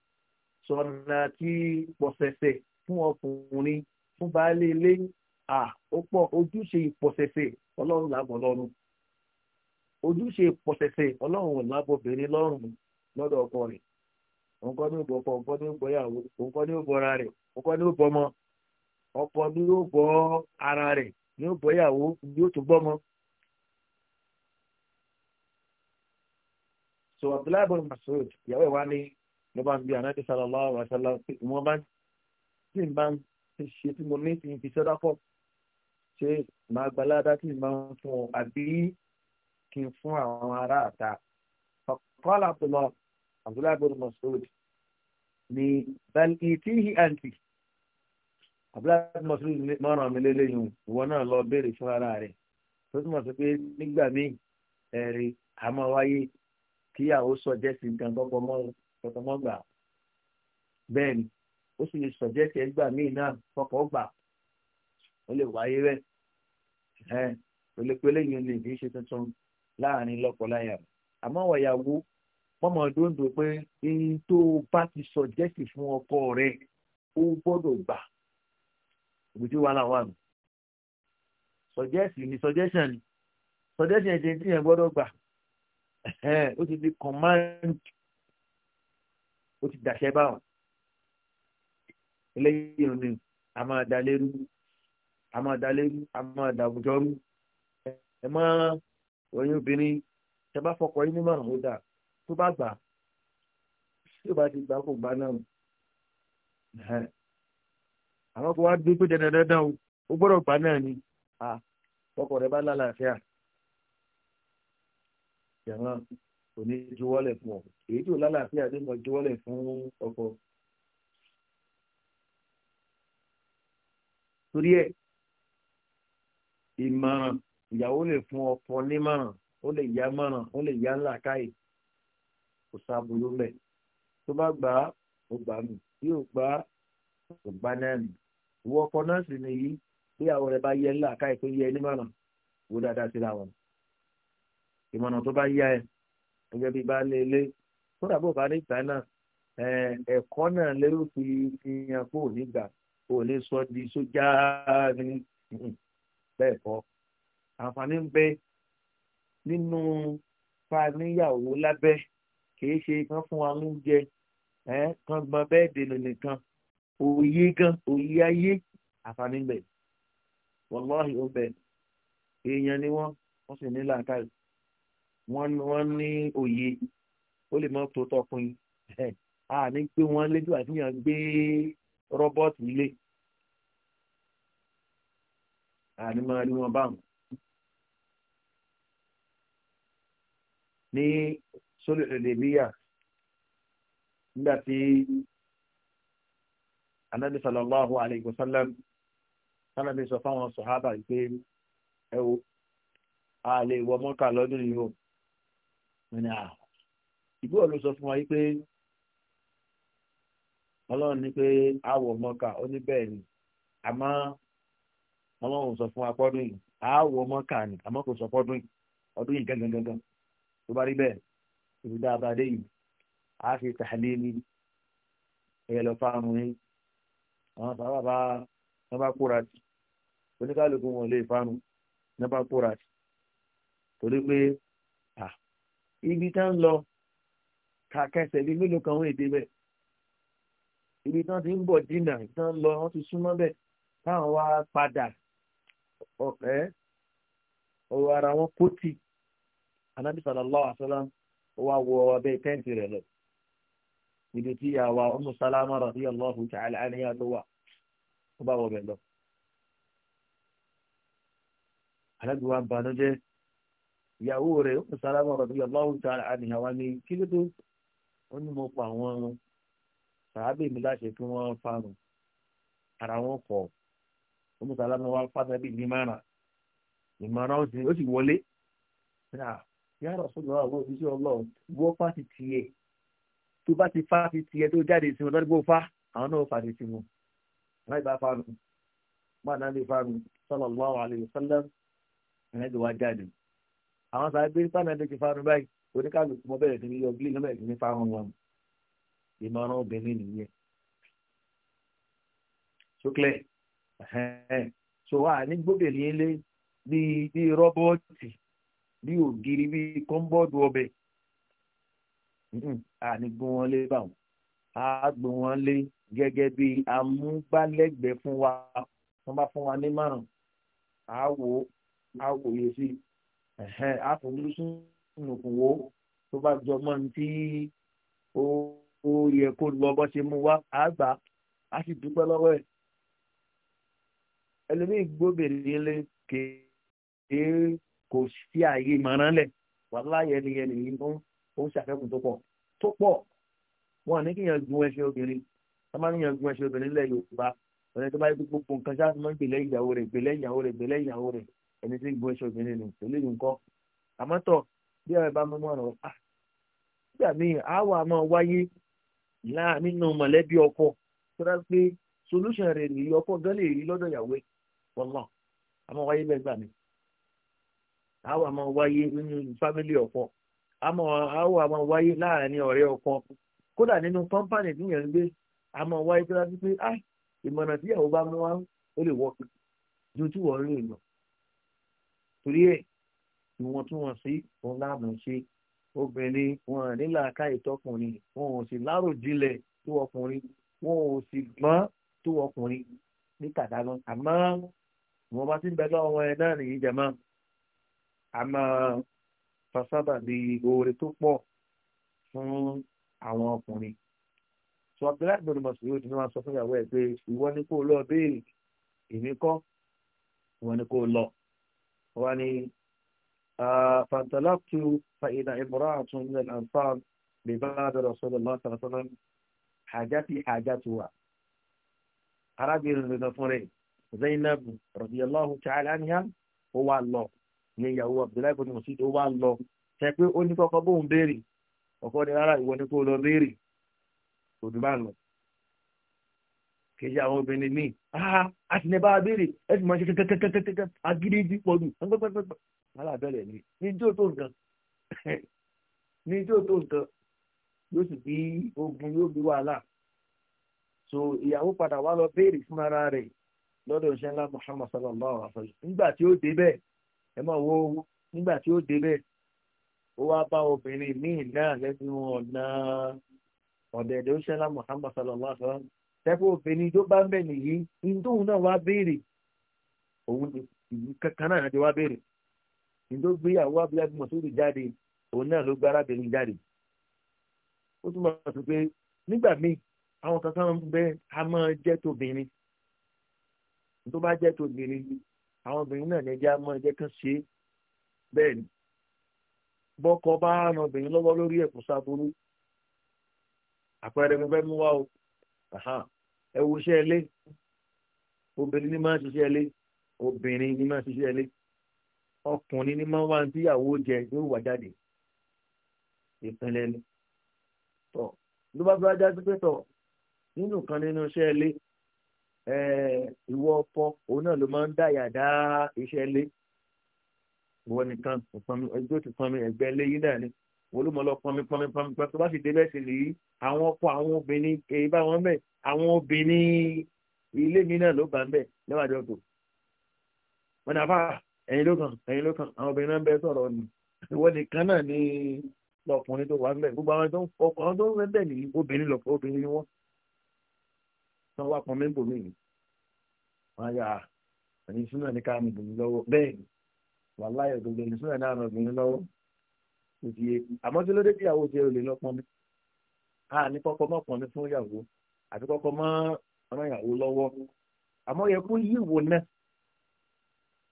sọ̀nà tí pọ̀sẹ̀sẹ̀ fún ọkùnrin fún baálé ilé à ó pọ̀ ojúṣe ìpọ̀sẹ̀sẹ̀ ọlọ́run làbọ̀ lọ́rùn ojúṣe ìpọ̀sẹ̀sẹ̀ ọlọ́run làbọ̀ bẹ̀rẹ̀ lọ́rùn lọ́dọ̀ ọkọ rẹ̀ òun kọ́ ní òbọ̀ ọkọ òun kọ́ ní òbọ̀ ìyàwó òun kọ́ ní òbọ̀ ara rẹ̀ òun kọ́ ní òbọ̀ ọmọ ọkọ ní yóò bọ́ ara rẹ̀ ní yóò bọ́ ìyàwó ní yóò tún bọ́ ọmọ. so abdullahi bin masoud ìyàwó ẹ̀ wá ní ló bá ń bí anabi sallallahu alaihi wasallam wọn bá tí n bá ń ṣe tí mo ní ti fi sọ́dá pọ̀ ṣé màá gba ládá tí n bá ń fún ọ àbí kí n fún àwọn ará àta. faqala abdullahi abdullahi bin masoud ni bẹ́ẹ̀ni tí hi àǹtí abdullahi bin masoud ní mọ́ràn mi lélẹ́yìn ìwọ náà lọ béèrè fún ara rẹ̀ tó túmọ̀ sí pé nígbà míì ẹ̀rí àmọ́ wáyé kíyàwó sọjẹ́sì nǹkan tọ́pọ̀ mọ́ tọ́pọ̀ mọ́ gbà bẹ́ẹ̀ ni ó sì lè sọjẹ́sì ẹgbà míì náà tọ́pọ̀ gbà ó lè wáyé rẹ̀ ẹ̀ pẹ̀lẹ́pẹ̀lẹ́ yìí ni kì í ṣe tuntun láàrin lọ́kọláya àmọ́ wọ̀yàwó wọ́n mọ̀ dóńdó pé èyí tó o bá ti sọ̀jẹ́sì fún ọkọ rẹ ó gbọ́dọ̀ gbà òbítí wàhálà wà nù sọ̀jẹ́sì ni sọ̀jẹ́sì ni sọ̀jẹ́sì ẹ̀jẹ̀ tí yẹn gbọ́dọ̀ gbà ó ti di command ó ti dàṣẹ báwọn eléyìí ò ní a máa da lérú a máa da lérú a máa da àwùjọ rú ẹ mọ oyún obìnrin tẹ bá fọkọ yín nímọ̀ràn ó dáa tó bá gbà tí ó bá ti gbà kó gbà náà àwọn kò wá gbé pé dandandandan o gbọ́dọ̀ gbà náà ni ọkọ rẹ bá lálàáfíà yàrá kò ní juwọ́lẹ̀ fún ọ èyí tó lálàáfíà ní mo juwọ́lẹ̀ fún ọkọ. torí ẹ ìmọ̀ràn ìyàwó lè fún ọkọ nímọ̀ràn ó lè yá mọ̀ràn ó lè yá ńlá káyìí kò sábúrú mẹ́ tó bá gbà á ó gbà mí bí ò gbà á kò gbà náà nì ìwọ ọkọ náà sì nìyí bí àwọn rẹ bá yẹ ńlá káyì tó yẹ nímọ̀nà wò dáadáa sí làwọn ìmọ̀nà tó bá yá ẹ gẹ́gẹ́ bí baálé ilé kódà bó bá ní ìta náà ẹ̀kọ́ náà lérò fi fi hàn kó ò ní gbà kó ò ní sọ di sójà ní bẹ́ẹ̀ kọ́ àǹfààní ń bẹ nínú fa níyàwó lábẹ́ kìí ṣe kan fún wa lóúnjẹ kan gbọn bẹ́ẹ̀dì nìkan òye gan òye ayé àǹfààní bẹ̀ wàláhì ó bẹ̀ èèyàn ni wọ́n wọ́n sì ní làákàyè wọ́n wọ́n ní òye ó lè mọ́ tó tọkùn yìí a ní gbé wọn lójú àfihàn gbé rọ́bọ́ọ̀tì ilé àní máa rí wọn báwọn ní sólè ìdèbíyà nígbà tí anabi sallallahu alayhi wa sallam sanabi sọ fáwọn sọhábà pé ẹ wo a lè wọ mọ́kà lọ́dún yìí o wọn ni à ìgbọ́ ló sọ fún wa pé ọlọ́run ní pé a wọ mọ́kà ó ní bẹ́ẹ̀ ni àmọ́ ọlọ́run sọ fún wa pọ́dún yìí a wọ mọ́kà ni àmọ́ kò sọ pọ́dún yìí ọdún yìí gangan gangan tó bá rí bẹ́ẹ̀ ìbùdó abadé yìí a fi tàlẹ́ ní ẹ̀yẹ lọ fáàmù yín àwọn sábà bá wọn bá kóra sí oníkálukú wọn lè fáàmù wọn bá kóra sí torí pé ibi tá ń lọ kàkẹsẹ̀ bíi mélòó kan wọ́n èdè bẹ́ẹ̀ ibi tí ti ń bọ̀ dínà tí wọ́n lọ wọ́n ti súnmọ́ bẹ́ẹ̀ táwọn wá padà ọ̀rẹ́ ọ̀rọ̀ ara wọn kó tì anábì sallallahu alaihi wasallam ó wá wọ abẹ́ tẹ́ǹtì rẹ̀ lọ ibi tí àwa ọmọ sálámà radiyallahu ta'ala anha tó wà ó bá wọ bẹ̀ lọ. alágbèwà ń banújẹ́ ìyàwó rẹ̀ ọmọ sálámà radiyallahu ta'ala anha wá ní kí ló dé ó ní mo pa àwọn sàábì mi láṣẹ kí wọ́n fanu ara wọn kọ̀ ọmọ sálámà wá fásábì ní márùn ìmọ̀ràn ó sì wọlé yàrá ọ̀sọ́dún àwọn òṣìṣẹ́ ọlọ́run wọ́ fáti tiẹ̀ tó bá ti fáti tiẹ̀ tó jáde sí wọn lọ́dún bó fa àwọn náà fàti sí wọn. láì bá fanu má náà lè fanu sallallahu alaihi wasallam ẹ̀ẹ́dẹ̀ wá jáde. àwọn sáré gbé fáwọn ẹ̀ẹ́dẹ̀ ti fanu báyìí oníkàlùkù mọ́ bẹ̀rẹ̀ sí ní yọ gílì lọ́bẹ̀rẹ̀ sí ní fáwọn wọn. ìmọ̀ràn obìnrin nìyẹn. sókè so wà ní gbóbìnrin ilé bíi bíi rọ́bọ́ọ̀tì bí ògiri bí kọ́ńbọ́ọ̀dù ọbẹ̀ ànígun mm-hmm. wọn lé báwọn á gbé wọn lé gẹ́gẹ́ bí amúgbálẹ́gbẹ̀ẹ́ fún wa wọ́n bá fún wa ní márùn á wò á wòye sí á fojú sínúkùn wo tó bá jọ mọ́ ní tí ó yẹ kó lọ bọ́ ṣe mú wa á gbà á sì dúpẹ́ lọ́wọ́ ẹ̀ ẹlòmíì gbóbèrè lé kéé kò sí ààyè mọ̀ràn lẹ̀ wàláyé ni yẹn nìyí tó ń ṣàfẹ́kùn tó pọ̀ tó pọ̀ wọn ní kíyàn gun ẹṣin obìnrin wọn máa ń yàn gun ẹṣin obìnrin lẹ yorùbá ọ̀nà tó bá yẹ kó gbogbo nǹkan ṣáà máa ń gbèlè ìyàwó rẹ̀ gbèlè ìyàwó rẹ̀ gbèlè ìyàwó rẹ̀ ẹni tí ń gun ẹṣin obìnrin nù tẹ́lẹ̀ yìí nǹkan àmọ́ tọ̀ bí ẹ̀rọ bá mímú ọ̀rọ̀ à ah, nígbà míì àwọ̀ a máa wáyé nínú mọ̀lẹ́bí ọkọ tó dá pé solution rẹ̀ nìyí ọkọ gan lè rí lọ́dọ̀ ìyàwó ẹ̀ wọ́n náà a wáyé bẹ́ẹ̀ gbà míì a àwọn àmọ́ wáyé nínú fámílì ọ̀kan àwọn àmọ́ wáyé láàrin ọ̀rẹ́ ọ̀kan kódà nínú kọ́mpánì tí yẹn ń gbé àmọ́ wáyé tó dájú pé ah ìmọ̀ràn tí ìyàwó bá mú wá ó lè wọ́pẹ́ ju tí wọ́n rí ìlọ. torí ẹ̀ ìwọ̀ntúnwọ̀nsí òun láàmú ṣe obìnrin wọn nílà ká ìtọkùnrin wọn ò sì láròjinlẹ̀ tó ọkùnrin wọn ò sì gbọ́n tó ọkùnrin ní kàdánù àmọ́ ìwọ̀n bá ti ń bẹ lọ́wọ́ ẹ náà nìyí jẹ̀mọ́ a máa fasábà bí oore tó pọ̀ fún àwọn ọkùnrin sọ abdullahi bin masoud ni wọn sọ fún ìyàwó ẹ pé ìwọ ni kó lọ béèrè èmi kọ́ ìwọ ni kó lọ wọn ni فانطلقت فإذا امرأة من الأنصار بباب رسول الله صلى الله عليه وسلم حاجتي حاجتها arábìnrin rẹ̀ fún rẹ̀ Zainab radiyallahu ta'ala anha ó wà lọ ní ìyàwó abdullahi kò ní mo sì tó wá ń lọ ṣe pé ó ní kọ́kọ́ bóun béèrè ọ̀kọ́ ni rárá ìwọ ni kó lọ béèrè kò dùn bá ń lọ. kejì àwọn obìnrin míì a sì ní bá a béèrè ẹ sì máa ṣe kẹkẹkẹkẹkẹ agídí ti pọ̀ jù pẹ́pẹ́pẹ́pẹ́ wàhálà bẹ̀rẹ̀ ni ní tí ó tó nǹkan ní tí ó tó nǹkan yóò sì bí ogun yóò bí wàhálà so ìyàwó padà wá lọ béèrè fún rẹ̀ lọ́dọ̀ ìṣẹ́ńlá Muhammad sallallahu alaihi wa sallam nígbà tí ó débẹ̀ ẹ mọ̀ wo nígbà tí ó débẹ̀ ó wá bá obìnrin míì náà lẹ́sìn ọ̀nà ọ̀dẹ̀dẹ̀ ó ṣẹlá Muhammad sallallahu alaihi wa sallam tẹ́fọ́ obìnrin tó bá ń bẹ̀ nìyí ìdóhùn náà wá béèrè òun kankan náà ti wá béèrè ìdó gbéyàwó abúlé mọ̀sóòrì jáde òun náà ló gbé arábìnrin jáde ó túmọ̀ sí pé nígbà míì àwọn kankan bẹ a máa jẹ́ tobìnrin tó bá jẹ́ tobìnrin àwọn obìnrin náà ní ẹjẹ́ á mọ ẹjẹ́ kan ṣe bẹ́ẹ̀ ni bọ́kọ bá ran obìnrin lọ́wọ́ lórí ẹ̀kú sáfúrú àpẹẹrẹ mo fẹ́ mú wá o ẹ wo iṣẹ́ ilé obìnrin ní máa ń ṣiṣẹ́ ilé obìnrin ní máa ń ṣiṣẹ́ ilé ọkùnrin ní máa ń wá tíyàwó jẹ yóò wà jáde ìpínlẹ̀ ni tọ́ ló bá bá jáde pé tọ̀ nínú kan nínú iṣẹ́ ilé Eh, ìwọ ọkọ òun náà ló máa ń dáyà dá iṣẹ́ ilé ìwọ nìkan ẹgbẹ́ ti pọnmi ẹgbẹ́ ilé yìí náà ni wọ́n ló mọ lọ pọnmi pọnmi pọnmi pọnmi tó bá sì débẹ̀ sí lèyí àwọn ọkọ àwọn obìnrin èyí bá wọn bẹ̀ àwọn obìnrin ilé mi náà ló bá ń bẹ̀ lẹ́wàá jọ tó wọn náà fà ẹ̀yin ló kàn ẹ̀yin ló kàn àwọn obìnrin náà ń bẹ sọ̀rọ̀ ni ìwọ nìkan náà ni lọkùnrin tó wà ń bẹ̀ gbogbo àwọn tó ń bẹ̀ nìyí obìnrin lọkùnrin obìnrin ni wọ́n tán wá pọn mẹ́bò mi ni wọ́n yà ẹni súnà ní káàmù bùnú lọ́wọ́ bẹ́ẹ̀ ni wà láyọ̀ gbogbo ẹni súnà náà ràn bùnú lọ́wọ́ kò sí àmọ́ tí ló dé kíyàwó jẹ́ olè lọ pọn mi a ní kọ́kọ́ mọ́ pọn mi fún ìyàwó àti kọ́kọ́ mọ́ ọmọ ìyàwó lọ́wọ́ àmọ́ yẹ kó yí ìwò náà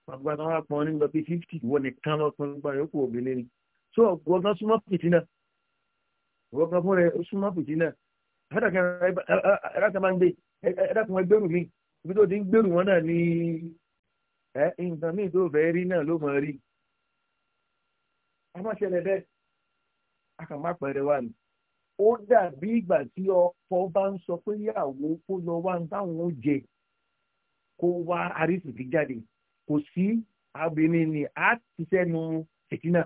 gbogbo àwọn apọn ní lọ bí fífítì wọ́n ní kán lọ́kùn nígbà yòókù obìnrin ni tó ọgbọ́n súnmọ́ pìtì náà ọgbọ́n fúnra ẹ súnmọ́ pìtì náà ẹ̀rọ ẹ̀ẹ́dàkùn ẹgbẹ́rù mi ibi tó ti ń gbèrú wọn náà ní ẹ nǹkan míì tó fẹ́ rí náà ló mọ̀ rí a má ṣẹlẹ̀ bẹ́ẹ̀ a kàn má pẹ̀rẹ̀ wà ní. ó dàbí ìgbà tí ọkọ bá ń sọ pé yàwó kó lọ wá ń táwọn ó jẹ kó wá àrísìkí jáde kò sí abìnrin ni a ti sẹ́nu fìtínà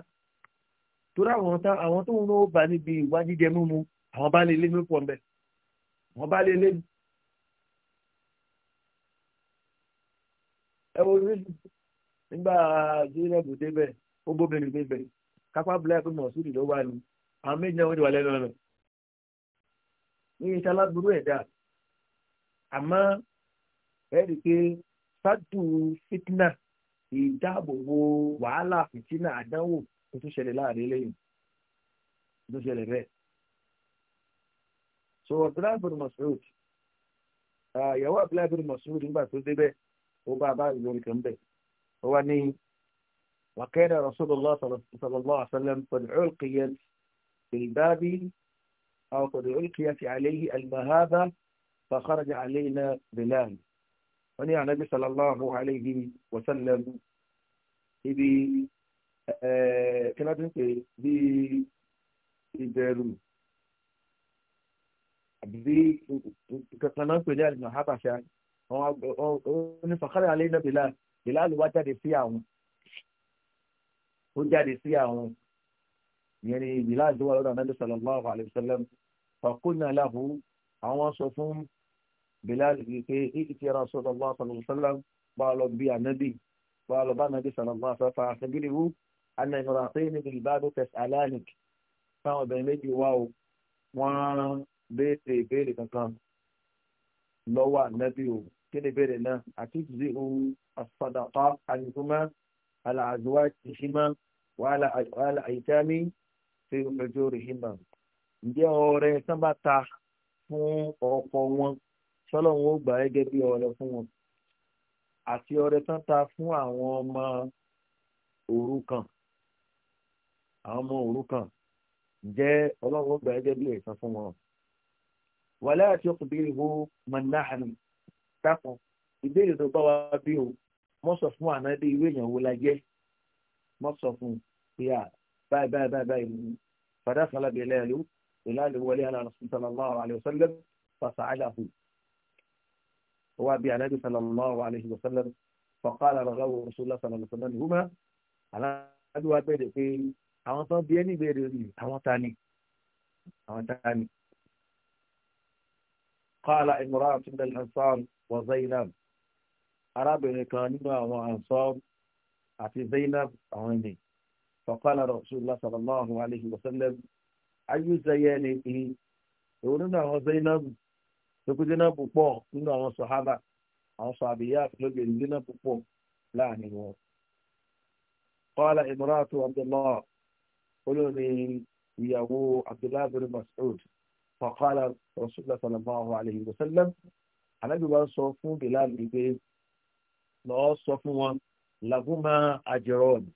torí àwọn tá àwọn tó ń lọ bá níbi ìwà jíjẹ mímu àwọn bá lè lé mi pọ̀ ń bẹ̀ àwọn bá lè lé mi. ẹwọ rídù nígbà jírẹ́bù débẹ̀ ó bóbìnrin débẹ̀ kápá bíláì pé mọ̀súrì ló wà ní àwọn méjì náà wọ́n ti wà lẹ́nu ọ̀nà ní iṣẹ́ aláburú ẹ̀dá àmọ́ ẹ̀rí pé sádù fitna ìdáàbòbò wàhálà fìtínà àdánwò tó tún ṣẹlẹ̀ láàrin lẹ́yìn tó ṣẹlẹ̀ bẹ́ẹ̀. so abdullahi bin masoud ah, ìyàwó abdullahi bin masoud nígbà tó débẹ̀ هو بابا وكان رسول الله صلى الله عليه وسلم قد علقي في الباب او قد علقي عليه المهابه فخرج علينا بلال ونعم النبي صلى الله عليه وسلم ابي كنا دنتي بي ديرو بي كنا نقول يعني ما حبش يعني àwọn onífàkàrà alẹ́ náà bìlà bìlà ló wá jáde sí àwọn ó jáde sí àwọn ìyẹn ni bìlà tó wà lọ́dọ̀ anábì sallallahu alaihi wasallam fàkúnà láhù àwọn sọ fún bìlà pé ìkìtì ara sallallahu alaihi wasallam bá lọ bí anábì bá lọ bá anábì sallallahu alaihi wasallam àṣẹgìrìwú àná ìmọ̀ràn àti níbi ìbádọ́ tẹ̀sí aláàlìk fáwọn obìnrin méjì wá o wọ́n béèrè ìbéèrè lọ́wọ́ anábì o kí ni ìbéèrè náà àti ìdílé ohun àfàdàpá àyùkúmá àlàázuwá ìṣímá wàhálà àyíkámi fi ọjọ́ rẹ̀ ṣímá. ǹjẹ́ ọrẹ sábà ta fún ọkọ wọn sọlọ́run ó gbà gẹ́gẹ́ bí ọrẹ fún wọn àti ọrẹ tán ta fún àwọn ọmọ òrukàn àwọn ọmọ òrukàn jẹ́ ọlọ́run ó gbà gẹ́gẹ́ bí ẹ̀san fún wọn. wàlẹ́ àti ọkùnrin ìhó mọ̀nàhánì dákun ìbéèrè tó bá wa bí o mọ́ sọ fún ànábì irú èèyàn wo la jẹ́ mọ́ sọ fún ìyá báyìí báyìí báyìí báyìí ni fàdá sálábì ẹlẹ́yàlú ìlàlẹ̀ wọlé ala rasul sallallahu alayhi wa sallam fàṣà àdàfù wa bí ànábì sallallahu alayhi wa sallam faqala rọ̀gáwò rasulullah sallallahu alayhi wa sallam huma aláàbí wa bẹ̀rẹ̀ pé àwọn tó bí ẹni bẹ̀rẹ̀ rí àwọn ta àwọn ta قال امرأة من الأنصار وزينب أراب إنكانيما وأنصار أتي زينب عيني فقال رسول الله صلى الله عليه وسلم أي زيانه يقولون نعم، وزينب زينب يقول زينب بقوة إنه أنه صحابة أنه صحابيات يقول زينب بقوة لا أنه يعني قال امرأة عبد الله قلوني يا أبو عبد الله بن مسعود fọ̀kọ́lá rasulullah sallallahu alayhi wa sallam alábì wa sọ fún bilal wípé lọ́ọ́ sọ fún wọn làbúmá àjẹrọ́ọ̀nù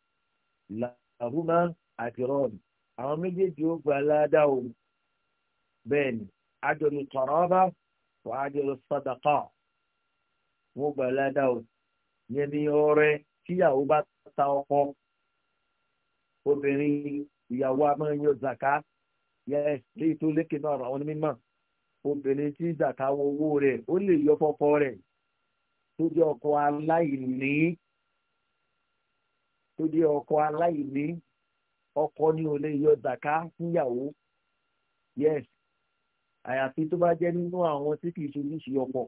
làbúmá àjẹrọ́ọ̀nù àwọn méjèèjì ó gba aládá o bẹ́ẹ̀ ni àjọlù tọ̀rọ̀ọ́bá wà àjọlù sàdákà wọ́n gba aládá o yẹn ni ọrẹ tíyàwó bá ta ọkọ obìnrin ìyàwó a máa ń yọ zaka yes léyìí tó lékè náà àwọn onímọ̀ obìnrin tí zaka wọ owó rẹ̀ ó lè yọ fọ́kọ rẹ̀ tó jẹ́ ọkọ aláìní tó jẹ́ ọkọ aláìní ọkọ ni ò lè yọ zaka níyàwó yes àyàfi tó bá jẹ́ nínú àwọn tí kì í ṣojúṣe ọkọ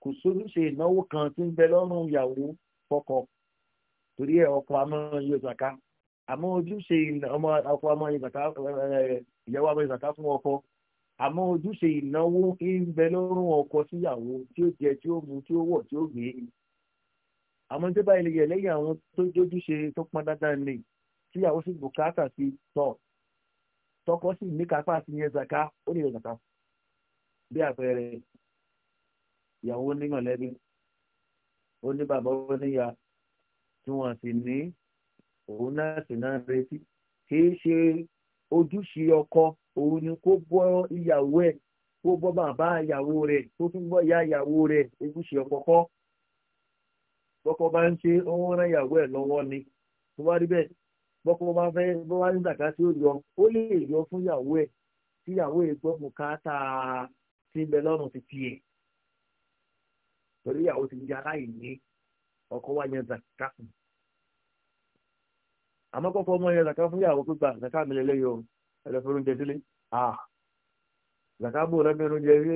kò sójúṣe ìnáwó kan tí ń bẹ lọ́rùn ìyàwó fọ́kọ torí ẹ̀ ọkọ a máa yọ zaka àmọ́ ojúṣe ọmọ ọkọ ọmọ ìyàwó ọmọ ìzàká fún ọkọ àmọ́ ojúṣe ìnáwó ń bẹ lọ́rùn ọkọ síyàwó tí ó jẹ tí ó mu tí ó wọ̀ tí ó gbé àmọ́ tó bá ilẹ̀ lẹ́yìn àwọn tó jójúṣe tó pọn dandan ni síyàwó sì bùkátà sí tọ̀ tọkọ sì ní kápá sí yẹn zàká ó ní yẹn zàká bí àpẹẹrẹ ìyàwó onímọ̀lẹ́bí ó ní bàbá oníyà tí wọ́n sì ní òun náà sì náà retí kì í ṣe ojúṣe ọkọ òun ni kó bọ́ ìyàwó ẹ̀ kó bọ́ bàbá ìyàwó rẹ̀ kó tún bọ́ ìyá ìyàwó rẹ̀ ojúṣe ọkọ kọ́ bọ́kọ bá ń ṣe ó ń rán ìyàwó ẹ̀ lọ́wọ́ ni tó bá rí bẹ́ẹ̀ bọ́kọ bá fẹ́ bọ́ wá ní zaka tí ó ó lè yọ fún ìyàwó ẹ̀ tí ìyàwó ẹ̀ gbọ́ bùkátà tí ń bẹ lọ́rùn ti tiẹ̀ torí ìyàwó ti di aláìní ọkọ wá yẹn zaka fún àmọ́ kọ́kọ́ ọmọ yẹn zaka fún yàwó pípa zaka mi lè léyò ẹlẹ́fẹ́ oúnjẹ sílé ah zaka bò lẹ́mẹ́rin oúnjẹ rí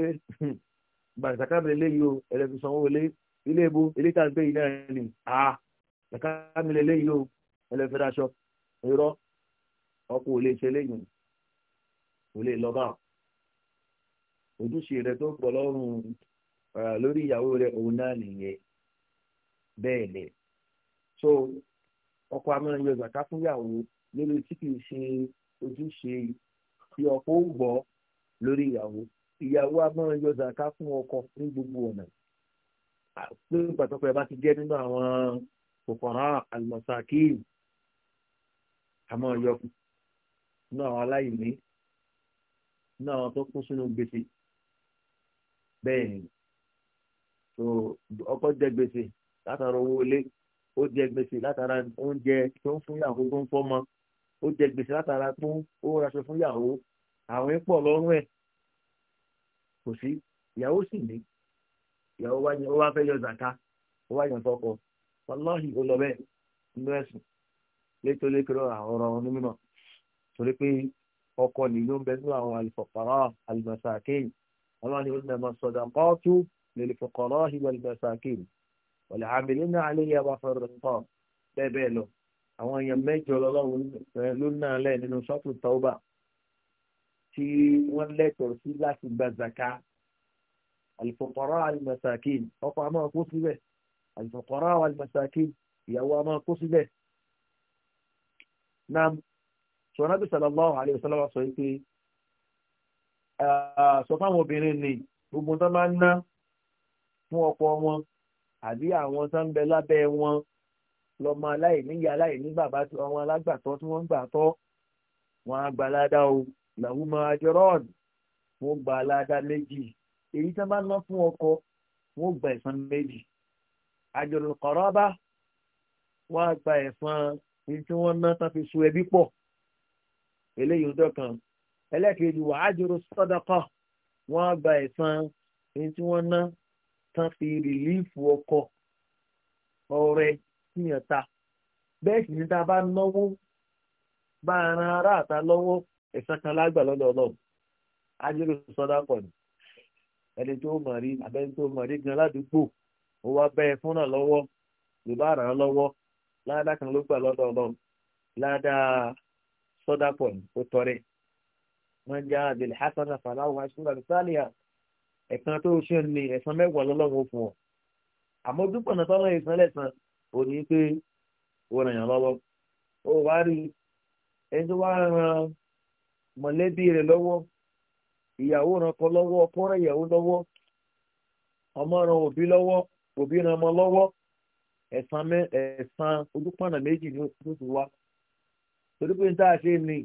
gbà zaka mi lè léyò ẹlẹ́fẹ́ sanwó lé ilé ibo ilé tá a gbé yìí náà ni ah zaka mi lè léyò ẹlẹ́fẹ́ daṣọ irọ́ ọkọ̀ ò lè ṣe léyìn ò lè lọ́ba ojúṣe rẹ tó pọ̀ lọ́rùn lórí ìyàwó rẹ òun náà nìyẹn bẹ́ẹ̀ ni ọkọ amẹ́rin yọ ìgbàta fúnyàwó lórí tí kìí ṣe ojúṣe tí ọkọ ń gbọ́ lórí ìyàwó ìyàwó amẹ́rin yọ ìgbàta fún ọkọ ní gbogbo ọ̀nà pé pàtàkì bá ti jẹ́ nínú àwọn kòkòrò àlùmọ̀sákìí àmọ́ yọ nínú àwọn aláìní nínú àwọn tó kún sínú gbèsè bẹ́ẹ̀ ọkọ jẹ gbèsè látara owó ilé ó jẹ gbèsè látara oúnjẹ tó ń fún yàwó tó ń fọmọ ó jẹ gbèsè látara tó ó raṣọ fún yàwó àwọn ń pọ̀ lọ́rùn ẹ̀ kò sí ìyàwó sì ní ìyàwó wá ó wá fẹ́ yọ zàká ó wá yàn tọkọ wàláhì ó lọ bẹ́ẹ̀ nínú ẹ̀sùn létólékèrè ọ̀rọ̀ onímọ̀ torí pé ọkọ nìyó ń bẹ nínú àwọn àlùfọ̀pọ̀rọ̀ àlùmọ̀sáàkéyì ọlọ́ni ó ní ẹ̀mọ́ sọ̀dà pọ́ọ́tù lè lè fọ̀kọ̀rọ̀ ìwà àlùmọ̀sáàkéyì wọ̀lẹ̀ àmìlínà àléyé wa fọ̀rọ̀ pọ̀ bẹ́ẹ̀ bẹ́ẹ̀ lọ àwọn èèyàn mẹ́jọ lọ́lọ́run ló ná lẹ̀ nínú sọ́ọ̀tù tọ́ba tí wọ́n lẹ́tọ̀ọ́ sí láti gba zaka alifọ̀kọ̀rọ̀ alimasakin ọkọ̀ a máa kó síbẹ̀ alifọ̀kọ̀rọ̀ alimasakin ìyàwó a máa kó síbẹ̀ náà sọ̀nàbí sallallahu alayhi wa sọ pé sọ fáwọn obìnrin ni gbogbo tó máa ń ná fún ọkọ wọn àbí àwọn tó ń bẹ lábẹ́ wọn lọ́mọ aláìníyá aláìní bàbá tí wọn alágbàtọ́ tí wọ́n ń gbà tọ́ wọn àgbàládá o làwọn máa jọrọ́ọ̀n wọn gba aládá méjì èyí tó bá ná fún ọkọ wọn gba ẹ̀san méjì àjọ̀rò kọ̀rọ̀bá wọn á gba ẹ̀san ní tí wọ́n ná tán fi so ẹbí pọ̀ eléyìí ọjọ́ kan ẹlẹ́kẹ̀ẹ́jì wà á jọrò sọ́dọ̀kọ̀ wọn gba ẹ̀san ní tí wọ́n ná tán fi rìlífù ọkọ ọrẹ síyàn ta bẹ́ẹ̀ sì ni tá a bá náwó bá a ran àta lọ́wọ́ ẹ̀san kan lágbà lọ́dọ̀ ọlọ́run ajérò sọ́dá pọ̀ ni ẹni tó mọ̀ rí abẹ́ni tó mọ̀ rí gan ládùúgbò ó wá bẹ́ẹ̀ fún náà lọ́wọ́ ló bá ràn án lọ́wọ́ ládàá kan ló gbà lọ́dọ̀ ọlọ́run ládàá sọ́dá pọ̀ ni ó tọrẹ. wọ́n já àbẹ̀lẹ̀ hasan àfàlà wọn aṣọ àbísálẹ̀ ẹ̀kan tó ṣe ni ẹ̀san mẹ́wàá lọ́lọ́run fún ọ àmọ́ dúpọ̀nà tọ́lọ́ ìsan lẹ́san ò ní pé ó ràn yàn lọ́wọ́ ó wá rí ẹni tó wá ran mọ̀lẹ́bí rẹ̀ lọ́wọ́ ìyàwó ran kọ lọ́wọ́ ọkọ rẹ̀ ìyàwó lọ́wọ́ ọmọ ran òbí lọ́wọ́ òbí ran ọmọ lọ́wọ́ ẹ̀san ẹ̀san ojúpọ̀nà méjì ni ó ti wá torí pé ní tá ṣe ni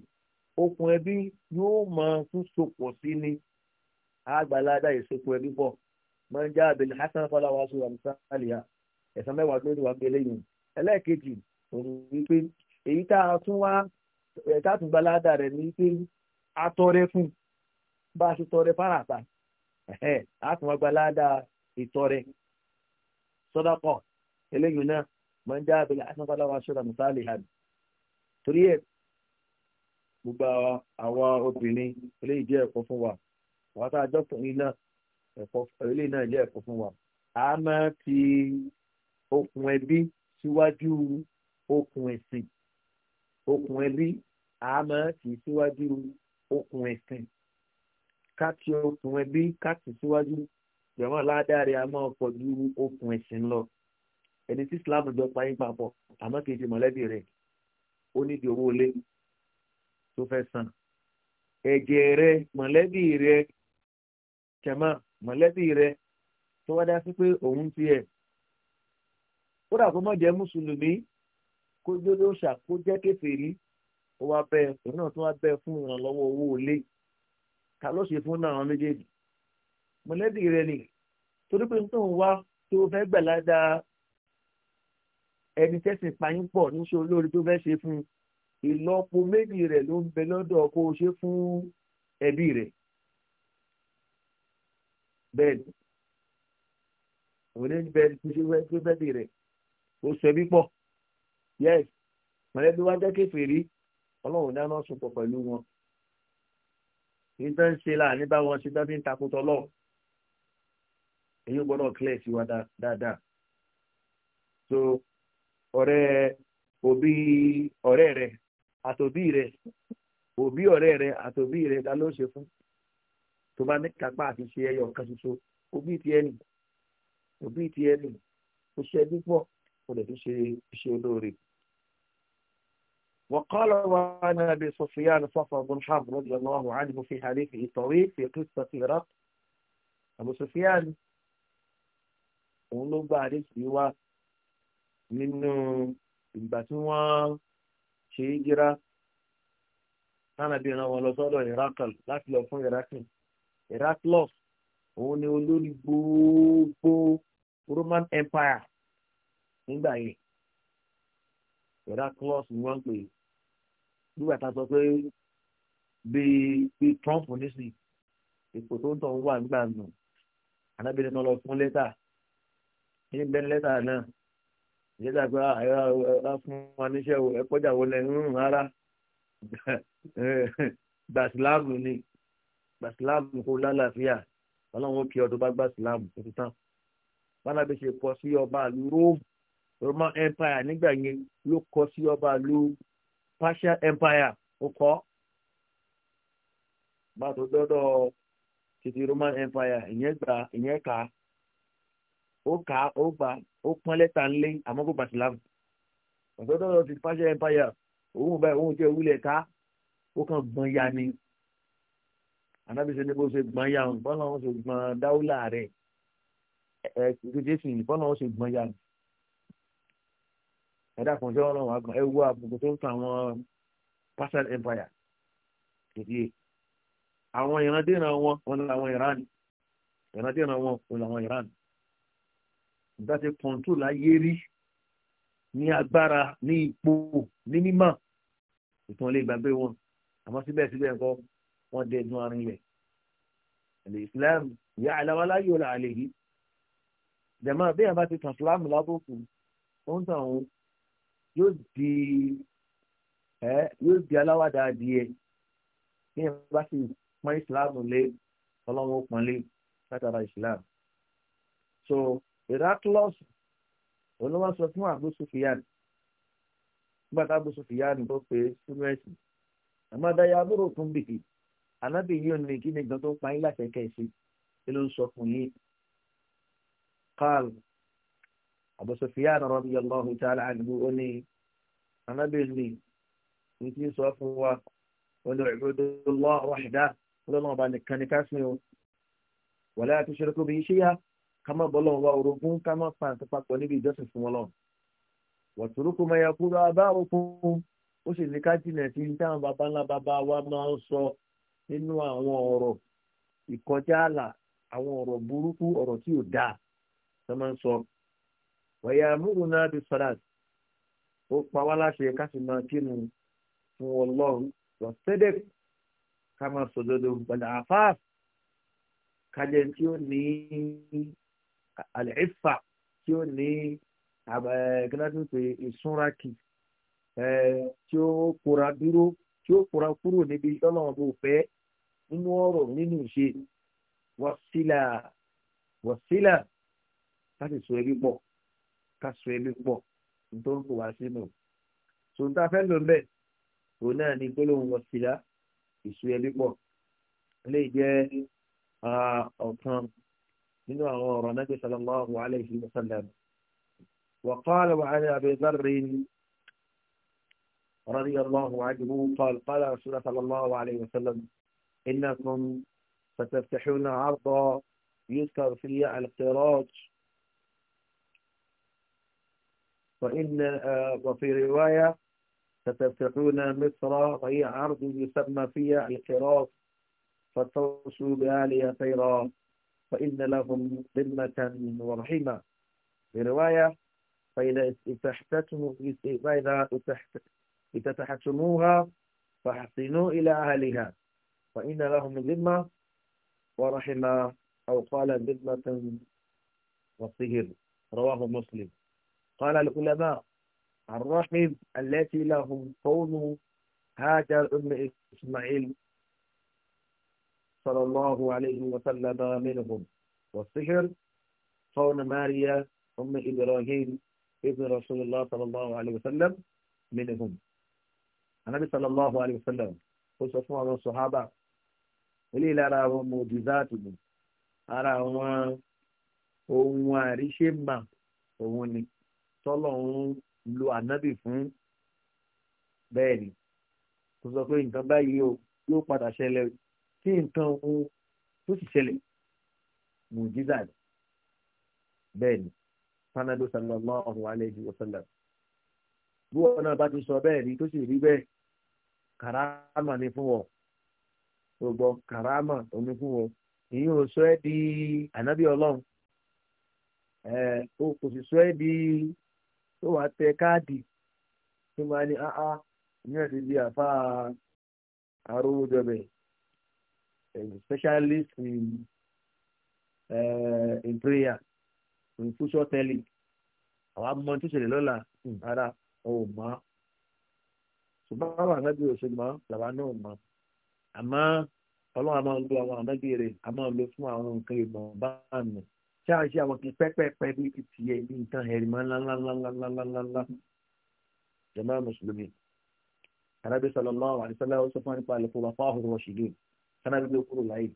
okùn ẹbí yóò máa tún sopọ̀ sí ni àgbàládà ìsopọ ẹbí pọ máa ń já abẹlé hasan fọlá wa sọ àmì sáàlìyà ẹ̀sán mẹ́wàá tó lè wà gbélé yìí ẹlẹ́ẹ̀kejì òun wípé èyí tá a tún wá tá a tún gbaládà rẹ̀ ní pé a tọrẹ fún bá a ṣe tọrẹ fáràtà a tún wá gbaládà ìtọrẹ sọdọkọ eléyìí náà máa ń já abẹlé hasan fọlá sọ àmì sáàlìyà torí ẹ gbogbo àwa obìnrin eléyìí jẹ́ ẹ̀kọ́ fún wa wọ́n tá a jọ́kùnrin náà ẹ̀kọ́ ilé náà jẹ́ ẹ̀kọ́ fún wa a máa fi okùn ẹbí síwájú okùn ẹ̀sìn okùn ẹbí a máa fi síwájú okùn ẹ̀sìn káàtì okùn ẹbí káàtì síwájú jẹ̀mọ́ ládàrí a máa pọ̀ ju okùn ẹ̀sìn lọ ẹni tí Islam jọ payín papọ̀ àmọ́ kì í ṣe mọ̀lẹ́bí rẹ̀ ó nídìí owó lé tó fẹ́ san ẹ̀jẹ̀ rẹ̀ mọ̀lẹ́bí rẹ̀ jàmá mọ̀lẹ́bí rẹ tó wá dá sí pé òun tiẹ̀ kódà kó mọ̀ jẹ́ mùsùlùmí kó jódó ṣà kó jẹ́ kèfèrí ó wá bẹ́ẹ̀ òun náà tó wá bẹ́ẹ̀ fún ìrànlọ́wọ́ owó ilé ta ló ṣe fún náà àwọn méjèèjì mọ̀lẹ́bí rẹ ni torí pé nítorí wá tó fẹ́ gbà ẹni tẹ́sìn payín pọ̀ níṣẹ́ olórí tó fẹ́ ṣe fún ìlọ́po méjì rẹ̀ ló ń bẹ lọ́dọ̀ kó o ṣe fún ẹbí rẹ̀ bẹ́ẹ̀dì òun ní bẹ́ẹ̀dì tó ṣe wẹ́ẹ́ tó bẹ́ẹ̀dì rẹ̀ ó sọ ẹbí pọ̀ yẹ́s mọ̀lẹ́bí wá jẹ́ kéferì ọlọ́run dáná sùn pọ̀ pẹ̀lú wọn èyí tó ń ṣe láàrin bá wọn ṣe tó fi ń takùtọ̀ ọlọ́run èyí gbọ́dọ̀ clear sí wa dáadáa so ọ̀rẹ́ òbí ọ̀rẹ́ rẹ̀ àtòbí rẹ̀ òbí ọ̀rẹ́ rẹ̀ àtòbí rẹ̀ ta ló ṣe fún tó bá ní kápá àti ṣe ẹyọ kan ṣoṣo òbí ti ẹnì òbí ti ẹnì kò ṣe ẹbí pọ̀ kò dẹ̀ tó ṣe iṣẹ́ olóore. وقال وعن ابي سفيان صفر بن حرب رضي الله عنه في حديثه الطويل في قصه هرقل ابو سفيان òun ló gba àdéhùn wá nínú ìgbà tí wọ́n ṣe é jíra tánàbí ìran wọn lọ sọ́dọ̀ ìrákàl láti lọ fún ìrákàl Heraclius òun ni olórí gbogbo Roman Empire nígbà yẹn Heraclius ni wọ́n ń pè nígbà tá a sọ pé bíi bíi Trump nísìnyí ipò tó ń tọ̀ ń wà nígbà nù anábìrin náà lọ fún lẹ́tà ní bẹ́ẹ̀ lẹ́tà náà ìjẹ́ta pé àyà fún wa níṣẹ́ ẹ̀kọ́jà wọlé ń rún rárá gbàsílámù ni gba síláàmù kó lálàáfíà ọlọ́run kí ọdún bá gba síláàmù tuntun tán bálábí ṣe kọ sí ọba àlú rome roman empire nígbà yẹn ló kọ sí ọba àlú persia empire ó kọ́ bàtò dọ́dọ̀ títí roman empire ìyẹn gbà ìyẹn kà ó kà ó gbà ó pọ́n lẹ́tà ńlẹ́ àmọ́ kó gba síláàmù ọ̀dọ́dọ̀ ti persia empire òun báyìí òun jẹ́ òwúlẹ̀ ká ó kàn gbọ́n ya ni anábì ṣe ní bó ṣe gbọ́n yà wọn bọ́lá wọn ṣe gbọ́n dáúlà rẹ̀ ẹ jésù yìí bọ́lá wọn ṣe gbọ́n yà wọn. ẹ̀dá kan ṣé wọ́n náà wà gbọ́n ẹ wo àbùkù tó ń kan àwọn Persian Empire kìdí ẹ̀ e. àwọn ìrandíran wọn wọn ni àwọn Iran ìrandíran wọn wọn ni àwọn Iran nígbà tí kọ̀ǹtù láyé rí ní agbára ní ipò ní mímọ̀ ìtàn lè gbàgbé wọn àmọ́ síbẹ̀síbẹ̀ nǹkan wọ́n dẹ́gun arinlẹ̀ ẹ̀lẹ́ islam ìyá àlàwálá yóò là àlè yìí dẹ̀mọ́ bẹ́ẹ̀ bá ti tàn fúlàmù lábòkù ó ń tàn òun yóò di ẹ yóò di aláwàdà adìẹ bí ẹ bá sì pọ́n islam lé ọlọ́run ó lé látara islam so Heraclius olówó sọ fún Abu Sufyan nígbà tá Abu Sufyan tó pé sínú ẹ̀sìn àmọ́ adáyà abúrò tún bìkì ànábì yìí ò ní kí ni gan tó pa yín láṣẹ kẹsì kí ló ń sọ fún yín qal Abu Sufyan radiyallahu ta'ala anhu ó ní ànábì ní ní tí ń sọ fún wa wọlé ibudullah wahda ọlọ́run ọba nìkan ní kásìn o wala tushriku bihi shay'a ká má bọ́lọ̀ wa orogún ká má pa àti papọ̀ níbi ìjọsìn fún wọn lọ waturuku ma yaqulu aba'ukum ó sì ní ká jìnà sí táwọn baba ńlá baba wa máa ń sọ nínú àwọn ọ̀rọ̀ ìkọjá àlà àwọn ọ̀rọ̀ burúkú ọ̀rọ̀ tí ò dáa tó máa ń sọ. wọ̀yà múrù náà bí sọ́dàt ó pa wá láṣẹ ká máa kírun fún ọlọ́run lọ́sẹ̀dẹ̀ ká máa sòdodo kájẹ tí ó ní àlẹ́fà tí ó ní eh, yóò fura kúrò níbi tọ́lọ́wọ́n bó fẹ́ nínú ọ̀rọ̀ nínú ìṣe wọ́sílà wọ́sílà láti so ẹbí pọ̀ ká so ẹbí pọ̀ tó ń kó wá sínú. sòǹtà fẹ́ ló ń bẹ̀ òun náà ni gbólóhùn wọ́sílà ìṣú ẹbí pọ̀ lè jẹ́ ọ̀kan nínú àwọn ọ̀rọ̀ Ànábì sallallahu alayhi wa sallam. وقال وعن أبي ذر رضي الله عنه قال قال رسول الله صلى الله عليه وسلم إنكم ستفتحون عرضا يذكر فيه القراج وإن آه، وفي رواية ستفتحون مصر وهي عرض يسمى فيها القراط فتوصوا بآلها خيرا فإن لهم ذمة ورحمة برواية فإذا اتحتتهم فإذا لتتحسنوها فحسنوا فاحسنوا إلى أهلها فإن لهم ذمة ورحم أو قال ذمة وصهر رواه مسلم قال العلماء الرحم التي لهم قوم هاجر أم إسماعيل صلى الله عليه وسلم منهم والصهر قول ماريا أم إبراهيم ابن رسول الله صلى الله عليه وسلم منهم anabi sallallahu alayhi wa sallam ó sọ fún àwọn sọ̀hábà eléyìí lára àwọn mọ̀dìzáàtì ni ara àwọn ohun àríṣèmà òun ni tọ́lọ̀ ń lo ànábì fún bẹ́ẹ̀ ni tó sọ pé nǹkan báyìí o yóò padà ṣẹlẹ̀ tí nǹkan ohun tó sì ṣẹlẹ̀ mọ̀dìzáàtì bẹ́ẹ̀ ni sanadu sallallahu alayhi wa sallam bí wọn náà bá ti sọ bẹ́ẹ̀ ni tó sì rí bẹ́ẹ̀ kàrámà ni fún wọn gbogbo kàrámà omi fún wọn ìyẹn ò sọ ẹ di ànábì Ọlọ́run ẹ o kò sì sọ ẹ di tó wàá tẹ káàdì tó máa ní áá ìyẹn ti di àfa àrùn jọbẹ specialist in uh, in prayer in future telling àwọn amọ̀ tó ṣẹlẹ̀ lọ́la ara wọn ò mọ̀ ṣùgbọ́n àwọn ànábì ò ṣe mọ̀ làwa náà ò mọ̀ àmọ́ ọlọ́run a máa lo àwọn ànábì rẹ̀ a máa lo fún àwọn nǹkan ìmọ̀ bá mi ṣé àṣẹ àwọn kì í pẹ́pẹ́pẹ́ bí ti tiẹ̀ ní nǹkan ẹ̀rìmọ́ ńláńláńláńláńláńlá jàmá mùsùlùmí ànábì sallallahu alaihi wasallam ó sọ fún nípa àlẹ́ fún wa fáwọn rọ̀ṣìdìn kánábì ló kúrò láyé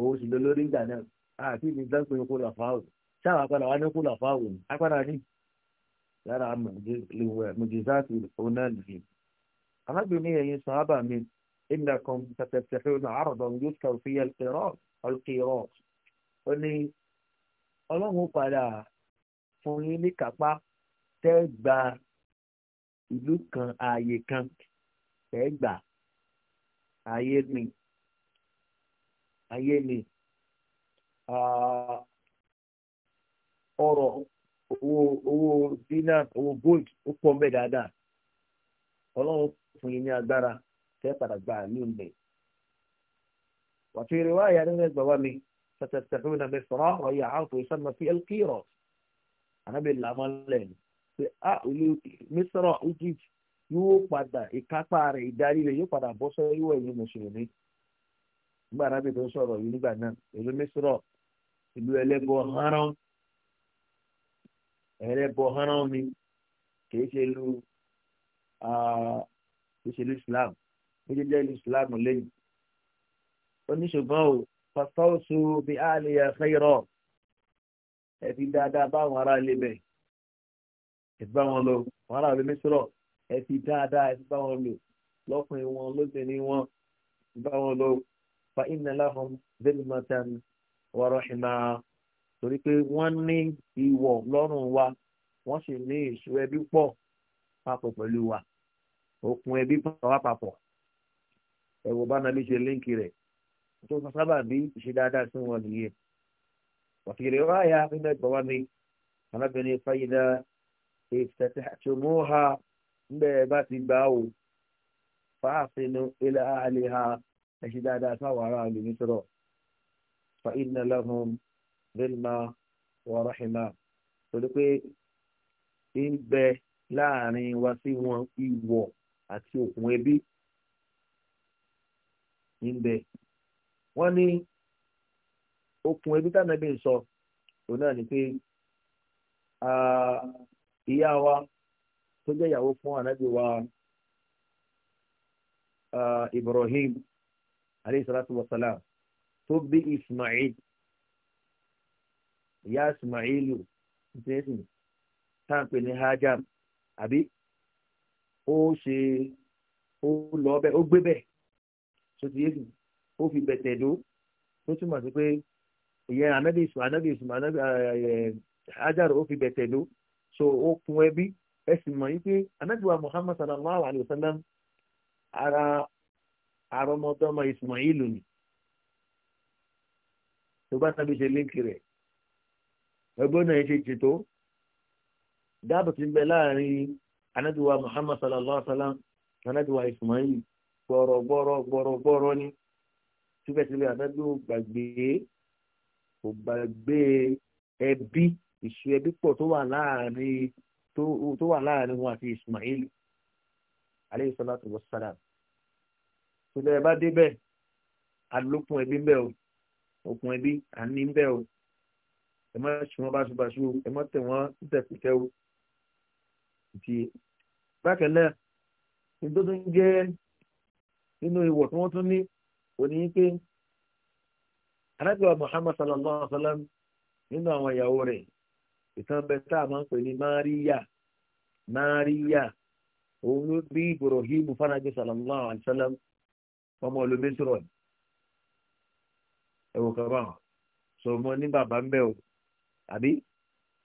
òun sì lọ lórí ìgbà náà àti ìdí ìdáǹpé kó làfáà ṣáà àpàdà wa ní kó làfáà wò ní àpàdà ní lára mùjìzáàtì òun náà nìyí. arábìnrin ẹ̀yin sàábà mi ìnàkan tẹ̀tẹ̀tẹ̀hún àròdàn yóò kàwé ẹ̀rọ ọ̀kẹ́rọ̀ ó ní ọlọ́run padà fún yín ní kápá tẹ́ gba ìlú kan ààyè kan tẹ́ gbà ààyè mi ààyè mi ọ̀rọ̀ owó owó dinar owó gold ó pọ̀ mbẹ́ dáadáa ọlọ́run fún yín ní agbára tẹ́ padà gba àmì ìlẹ̀. وفي رواية من البوامي فتستحون مصراء وهي عرض يسمى في القيراط أنا بالعمل لين في أولي مصراء أجيج yóò padà ìkápá rẹ̀ ìdarí rẹ̀ yóò padà bọ́ sọ́rọ́ ìwọ̀ ìlú mùsùlùmí nígbà náà bèbè sọ̀rọ̀ yìí nígbà náà ìlú mísírọ̀ ìlú ẹlẹ́gbọ́ haram ẹlẹ́bọ hánà mi kìí ṣe lu kìí ṣe lu islam méjèèjì lu islam lẹ́yìn oníṣègùn o fàtọ́sù bí àlìyà xeyrọ̀ ẹ fi dáadáa bá àwọn ará ilé bẹ̀ ẹ fi bá wọn lò wọn ará ilé mi sọ̀rọ̀ ẹ fi dáadáa ẹ fi bá wọn lò lọ́kùnrin wọn lóbìnrin wọn ẹ fi bá wọn lò fa ìnàlá hàn zẹ́nìmọ́tàn wàrọ̀ ìmọ̀ torí pé wọ́n ní ìwọ̀ lọ́rùn wa wọ́n sì ní ìṣú ẹbí pọ̀ papọ̀ pẹ̀lú wa okùn ẹbí pàwá papọ̀ ẹ̀wọ̀ bánalí ṣe líǹkì rẹ̀ tó sábà bí ìṣe dáadáa sí wọn nìyẹn wàtìrì ráyà nínú ẹgbẹ́ wa ni alábìnrin fáyidá ìfẹ̀tẹ̀ àti mọ́ha ńbẹ́ bá ti gbà ó fàáfinu ilẹ̀ àlè ha ẹ̀ṣẹ̀ dáadáa sáwọn aráàlú nítorọ̀ fa ìnà lọ́hùn bẹ́ẹ̀lìmá wàràhìmá torí pé ń bẹ láàrin wa sí wọn ìwọ̀ àti òkun ẹbí ń bẹ wọ́n ní okùn ẹbí tánàbí ń sọ òun náà ni pé ìyá wa tó jẹ́ ìyàwó fún ànábì wa Ibrahim aleyhi salatu wa salam tó bí Ismail ya ismailu ìtẹ́sìn táǹpẹ̀ ní hajam àbí o ṣe o lọ o ó so ti yesu o fi bẹ̀tẹ̀ dó tó ma sí pe anabi isu anabi isu anabi hajar o fi bẹ̀tẹ̀ so o kun ebi anabi wa muhammad sallallahu alayhi wa ara ismailu ni tó bá ṣe líǹkì rẹ̀ ẹgbẹ́ náà ṣe ṣètò dáàbò ti ń bẹ láàrin anábìwá muhammad sallallahu alaihi wa sallam anábìwá ismail gbọ́rọ̀ gbọ́rọ̀ gbọ́rọ̀ gbọ́rọ̀ ni síbẹ̀síbẹ̀ anábì ò gbàgbé ò gbàgbé ẹbí ìṣù ẹbí pọ̀ tó wà láàrin tó wà láàrin wọn àti ismail aleyhi salatu wa salam tó lẹ́yìn bá débẹ̀ alókun ẹbí ń bẹ o okun ẹbí àní ń bẹ o ẹ má ṣe wọn báṣubàṣu o ẹ má tẹ wọn títẹkùtẹ o ti bákan náà ní tó tún jẹ nínú ìwọ̀ tí wọ́n tún ní òní pé arábìwá Muhammad sallallahu alaihi wa sallam nínú àwọn ìyàwó rẹ̀ ìtàn bẹ tá a máa ń pè ní Mariya Mariya òun ló bí Ibrahim fanabi sallallahu alaihi wa sallam ọmọ olùmísírọ̀ ẹ̀wọ̀n kan báwọn sọ mọ ní bàbá ń bẹ̀ o àbí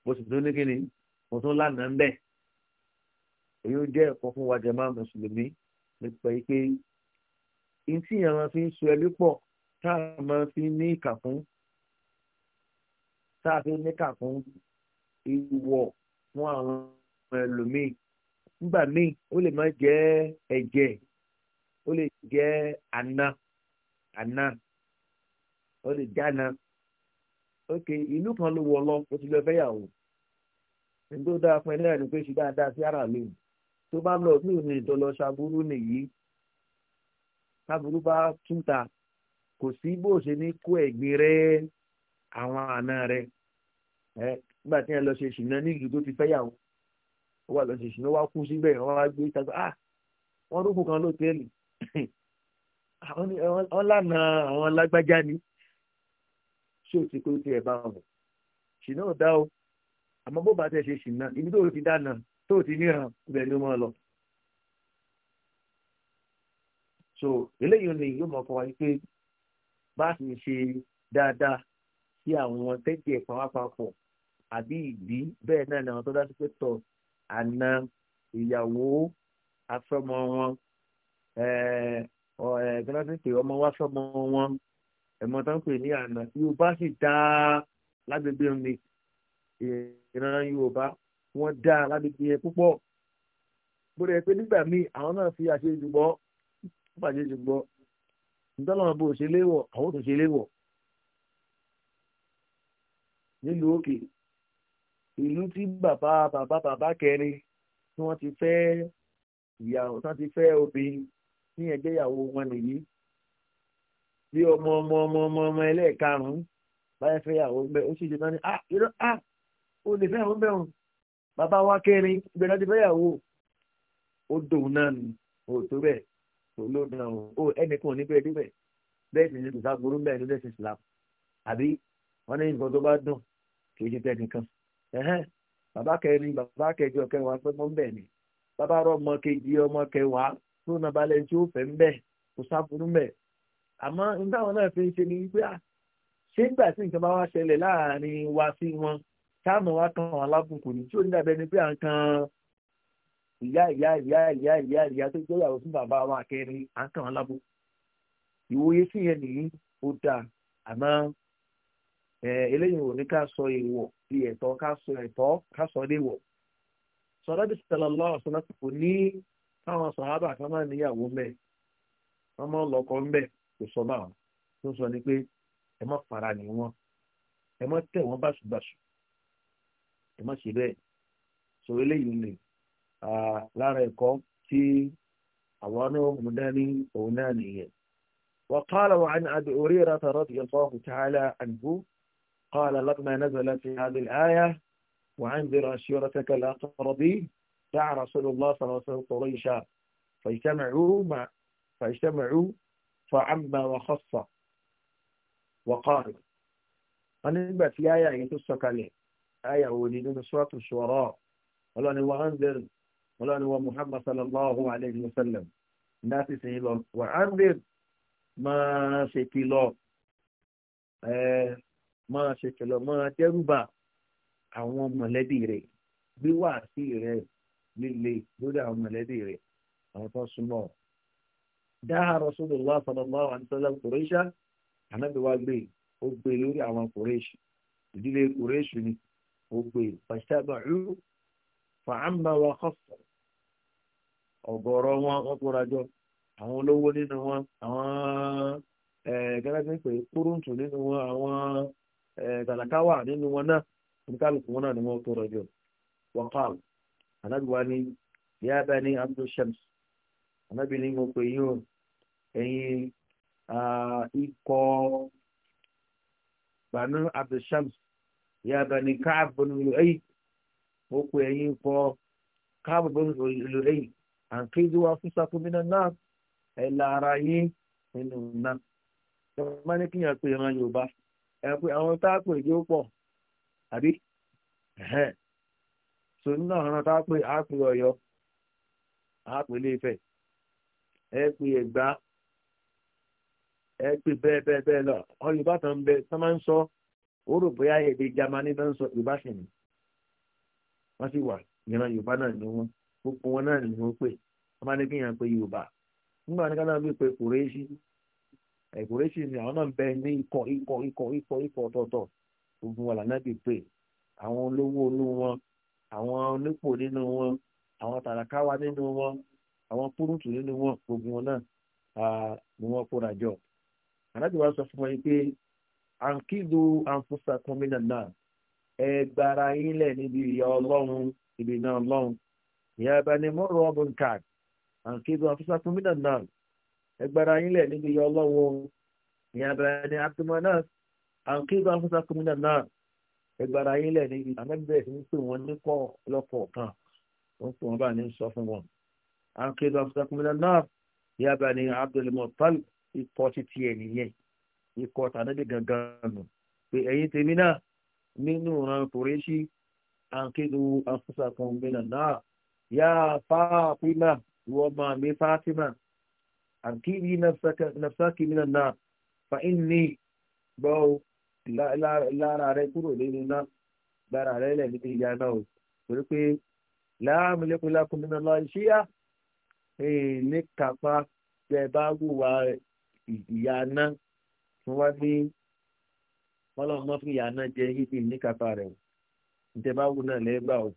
mo sì tún ní kíni mo tún lánàá ń bẹ̀ èyí ó jẹ́ ẹ̀kọ́ fún wa jàmá mùsùlùmí nípa pé ntí yẹn máa fi ń so ẹbí pọ̀ tá a máa fi ní ìkà fún tá a fi ní ìkà fún ìwọ̀ fún àwọn ẹlòmíì nígbà míì ó lè má jẹ́ ẹ̀jẹ̀ ó lè jẹ́ àná àná ó lè jáná ok ìlú kan ló wọ lọ o ti lọ fẹ́ yàwó ẹni tó dáa fún ẹ náà ni pé ṣe dáadáa sí ara mi tó bá lọ mí ò ní ìtọ́lọ ṣaburú nìyí ṣaburú bá túta kò sí bó ṣe ní kó ẹ̀gbin rẹ àwọn àna rẹ ẹ nígbà tí ẹ lọ ṣe ṣìnà ní ìlú tó ti fẹ́ yàwó ó wà lọ ṣe ṣìnà wá kú síbẹ̀ wọ́n wá gbé ìtajà ah wọ́n rúkú kan lọ́tẹ́ẹ̀lì wọ́n lànà àwọn lágbájá ni tí ò ti pé ó ti ẹ̀ bá wọn ṣìnà ò dá o àmọ́ bó bá tẹ̀ ṣe ṣìnà ibi tó ti dáná tó ti níran ibẹ̀ ni ó máa lọ. so eléyìí ni yóò máa kọ́ wa pé bá a sì ń ṣe dáadáa sí àwọn tẹ́tì ẹ̀ pàápàá àbí ìdí bẹ́ẹ̀ náà ni àwọn tó dá sí pé tọ̀ àna ìyàwó afẹ́mọ wọn ẹ̀ẹ́dẹ́gbẹ́sẹ̀ ọmọ wa fẹ́mọ wọn ẹ̀mọ́ tó ń pè ní àná yorùbá sì dáa lágbègbè mi ìran yorùbá wọ́n dáa lágbègbè yẹn púpọ̀ bóde pé nígbà míì àwọn náà fi àṣejù bọ́ àṣejù bọ́ ntọ́lọ́mọ bó ṣe léwọ̀ àwọn tó ṣe léwọ̀ nílùú òkè ìlú tí bàbá bàbá bàbá kẹrin tí wọ́n ti fẹ́ ìyàwó tí wọ́n ti fẹ́ obìnrin ní ẹgbẹ́ ìyàwó wọn nìyí bí ọmọ ọmọ ọmọ ọmọ ọmọ ẹlẹ́ẹ̀karùn-ún báyà fẹ́ yàwó bẹ́ẹ̀ ó sì jẹ́ náà ni ah irọ́ ah ó lè fẹ́ yàwó bẹ́ẹ̀ hàn bàbá wa kẹrin gbẹ̀rẹ̀ ti fẹ́ yàwó ó dòun náà ni ó tó bẹ́ẹ̀ tó ló dàn ó ó ẹnìkan ní bẹ́ẹ̀ débẹ̀ bẹ́ẹ̀ sì ni kò sá burú bẹ́ẹ̀ ní bẹ́ẹ̀ sì sílá àbí wọ́n ní nǹkan tó bá dùn kì í ṣe tẹ́ nìkan bàbá kẹrin bàbá kẹjọ kẹwàá pẹ́ mọ́ bẹ́ẹ̀ ni bàbá rọ ọmọ kejì ọmọ kẹwàá tó nàbàlẹ̀ tí ó fẹ́ ń bẹ́ẹ̀ kò sá burú bẹ́ẹ̀ àmọ́ ahụ náà fi ń ṣe ni pé ṣé nígbà tí nǹkan bá wá ṣẹlẹ̀ láàrin wa sí wọn táàmù wa kan àwọn alábùkù ni tí ò ní dàbẹ́ ni pé à ń kan ìyá ìyá ìyá ìyá ìyá ìyá tó jẹ́ ìyàwó fún bàbá wa kẹrin à ń kan àwọn ìwòye sí yẹn nìyí ó àmọ́ eléyìí ò ní ká sọ èèwọ̀ bí ẹ̀tọ́ ká sọ ẹ̀tọ́ ká sọ kò ní káwọn kò sọ báwọn tó sọ ni pé ẹ má fara ní wọn ẹ má tẹ̀ wọ́n báṣubàṣu ẹ má ṣe bẹ́ẹ̀ sọ eléyìí lè lára ẹ̀kọ́ tí àwọn náà mú dání òun náà nìyẹn. وقال وعن أبي هريرة رضي الله تعالى عنه قال لما نزل في هذه الآية وأنذر عشيرتك الأقربين دعا رسول الله صلى الله عليه وسلم قريشا فاجتمعوا مع فاجتمعوا فعم وخص وقال أنا في آية يتسك عليه آية ولدون سورة الشعراء ولأن وأنذر ولأن محمد صلى الله عليه وسلم الناس سيلون وأنذر ما شكلو ما شكلو ما تنبع àwọn mọ̀lẹ́bí rẹ̀ للي wá sí rẹ̀ líle lórí dáhà rasulullah sallallahu alaihi wasallam kùrẹ́ṣà ànábì wa gbé ó gbé lórí àwọn kùrẹ́ṣì ìdílé kùrẹ́ṣì ni ó gbé pàṣẹbàcú fàámà wa kọ́fọ̀ ọ̀gọ̀rọ̀ wọn wọn kóra jọ àwọn olówó nínú wọn àwọn gẹ́gẹ́ pé kúrúntù nínú wọn àwọn tàlàkáwà nínú wọn náà oníkálukú wọn náà ni wọn kóra jọ wọn kọ́ ànábì wa ni yáa bá abdul shams ànábì ni mo pè yín o. a ikọ̀ banu abdulshams ya bani káàb bọ́nu lùhẹ́yì ó pe ẹ̀yin ikọ̀ káàb bọ́nu lùhẹ́yì àǹkéjì wa fún sakúmínà náà ẹ̀ lára yín nínú náà. ìjọba ní kíyàn pé ìran yorùbá ẹ àwọn tá a pè yóò pọ̀ àbí so nínú àwọn tá a Egbe pé bẹ́ẹ̀ lọ ọ yorùbá kan bẹ sọ máa ń sọ ó bóyá èdè jamani náà ń sọ ni sì wà ni gbogbo wọn náà ni wọ́n pè wọ́n máa pé yorùbá nígbà wọn ni àwọn náà bẹ ní ikọ̀ ikọ̀ ikọ̀ ikọ̀ ikọ̀ ọ̀tọ̀ọ̀tọ̀ gbogbo wọn làná bí pé àwọn olówó inú wọn àwọn onípò nínú wọn àwọn tàràkáwá nínú aláàbí wa sọ fún wọn pé àǹkìlù àǹfọ̀sà kọ́mínà náà ẹ gbára yín lẹ̀ níbi ìyá ọlọ́run ìbí náà ọlọ́run ìyá ẹ̀bá ni mo rọ ọ̀bùn káàdì àǹkìlù àǹfọ̀sà kọ́mínà náà ẹ gbára yín lẹ̀ níbi ìyá ọlọ́run ìyá ẹ̀bá ni àtúmọ̀ náà àǹkìlù àǹfọ̀sà kọ́mínà náà ẹ gbára yín lẹ̀ níbi àmẹ́bẹ̀ẹ́ ti ń pè wọ́n ní kọ́ lọ́pọ̀ ikọ̀ títí ẹ̀ nìyẹn ikọ̀ tànábì gangan nù pé ẹ̀yin tèmi náà nínú ìran kòrèṣì àǹkédu afúnṣàkan mìíràn náà yá fáfímà ìwọ ọmọ mi fáfímà àǹkébi nàfsákì mìíràn náà fa inni gbọ́ lára rẹ kúrò nínú náà lára rẹ lẹ̀ níbi ìyá náà o torí pé láàmú lẹ́kùnlẹ́kùn mìíràn lọ iṣẹ́ yá ní kápá bẹ́ẹ̀ bá wù wá rẹ̀ ìyá aná wọ́n wá gbé ọlọ́run mọ́ fún ìyá aná jẹ yíbi níkàtà rẹ̀ ìjẹba wù náà lẹ́gbà o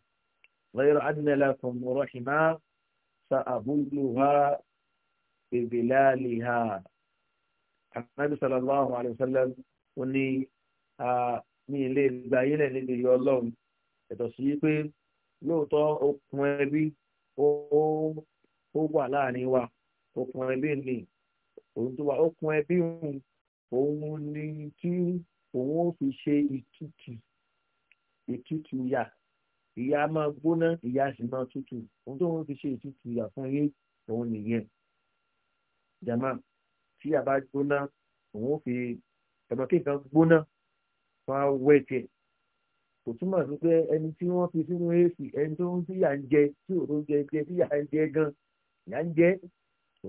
lọ́yọ̀rọ̀ adínẹ́lá fún ọ̀rọ̀ ṣìmá sa àbúrò ha bèbèlá lè ha àtàbí sallallahu alayhi wa sallam ó ní ní ilé ìgbà yín lẹ̀ níbi ìyọ ọlọ́run ẹ̀tọ́ sí pé lóòótọ́ okùn ẹbí ó wà láàrin wa okùn ẹbí nìyí òun tó wà okùn ẹbí òun òun ni tí òun ó fi ṣe ìtutù ìtutù yà ìyá máa gbóná ìyá sì máa tutù òun tó ń fi ṣe ìtutù yà fún yín òun nìyẹn jama tí a bá gbóná òun ó fi ẹ̀mọ́ kí nǹkan gbóná fún awẹ́tẹ̀ kò túmọ̀ sí pé ẹni tí wọ́n fi sínú èsì ẹni tó ń fìyà ń jẹ tí òun jẹ jẹ fìyà ń jẹ gan ìyà ń jẹ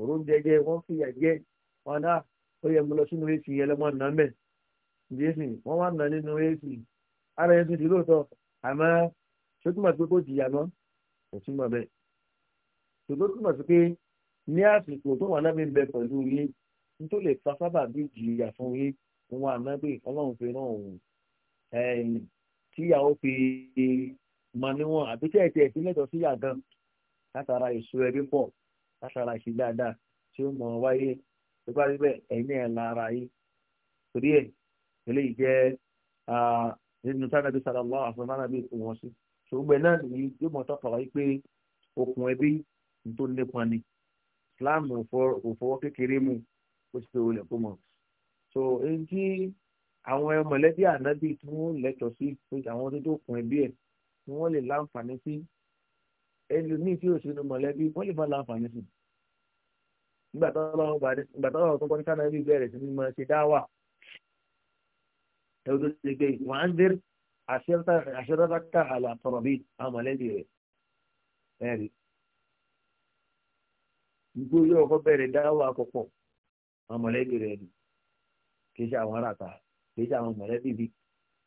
òun jẹ jẹ wọ́n fìyà jẹ wọn náà ah, ó yẹ mo lọ sínú ac ẹlẹ́mọ̀ nà mẹ́ jésì wọ́n wá nà nínú ac ara ẹ̀ tún ti lóòótọ́ àmọ́ ṣé túmọ̀ pé kò jìyà mọ́ kò túmọ̀ bẹ́ẹ̀ ṣùgbọ́n túmọ̀ sí pé ní àsìkò tó wà lábẹ́ bẹ pẹ̀lú yín nítorí lè fa sábà bí jìyà fún yín wọn ànábì ọlọ́run fi ràn òun tíyàwó fi mọ níwọ̀n àbí tí ẹ̀tì ẹ̀tì lẹ́tọ̀ọ́ síyà gan látara ìṣó ẹbí pọ̀ látara ìṣe dáadáa tí ó mọ̀ wáyé tó bá rí bẹ́ẹ̀ ẹ̀mí ẹ̀ lára yìí torí ẹ̀ eléyìí jẹ́ nínú sanabi sàlámù àfọwọ́n sanabi kò wọ́n sí ṣùgbọ́n náà nìyí yóò mọ̀ tọ́ka wáyé pé okùn ẹbí tó nípa ni Islam kò fọwọ́ kékeré mu ó ti tẹ̀wé lẹ́kọ́ mọ́ so èyí tí àwọn mọ̀lẹ́bí ànábì tí wọ́n lẹ́tọ̀ọ́ sí pé àwọn tó tó kùn ẹbí ẹ̀ ni wọ́n lè láǹfààní sí ẹlòmíì tí ò sínú mọ̀lẹ́bí wọ́n lè má láǹfààní sí i nígbà táwọn ọ̀tún kọ́ ní kánà bí bẹ̀rẹ̀ sí ní máa ṣe dáwà ẹ̀rọ tó ti gbé wọ́n á ń dé àṣẹ́rọ́dáká àlàtọ̀rọ̀ bíi àwọn mọ̀lẹ́bí rẹ̀ ẹ̀rí. ìgbó yóò kọ́ bẹ̀rẹ̀ dáwà àkọ́kọ́ àwọn mọ̀lẹ́bí rẹ̀ ni kì í ṣe àwọn ará ta kì í ṣe àwọn mọ̀lẹ́bí bí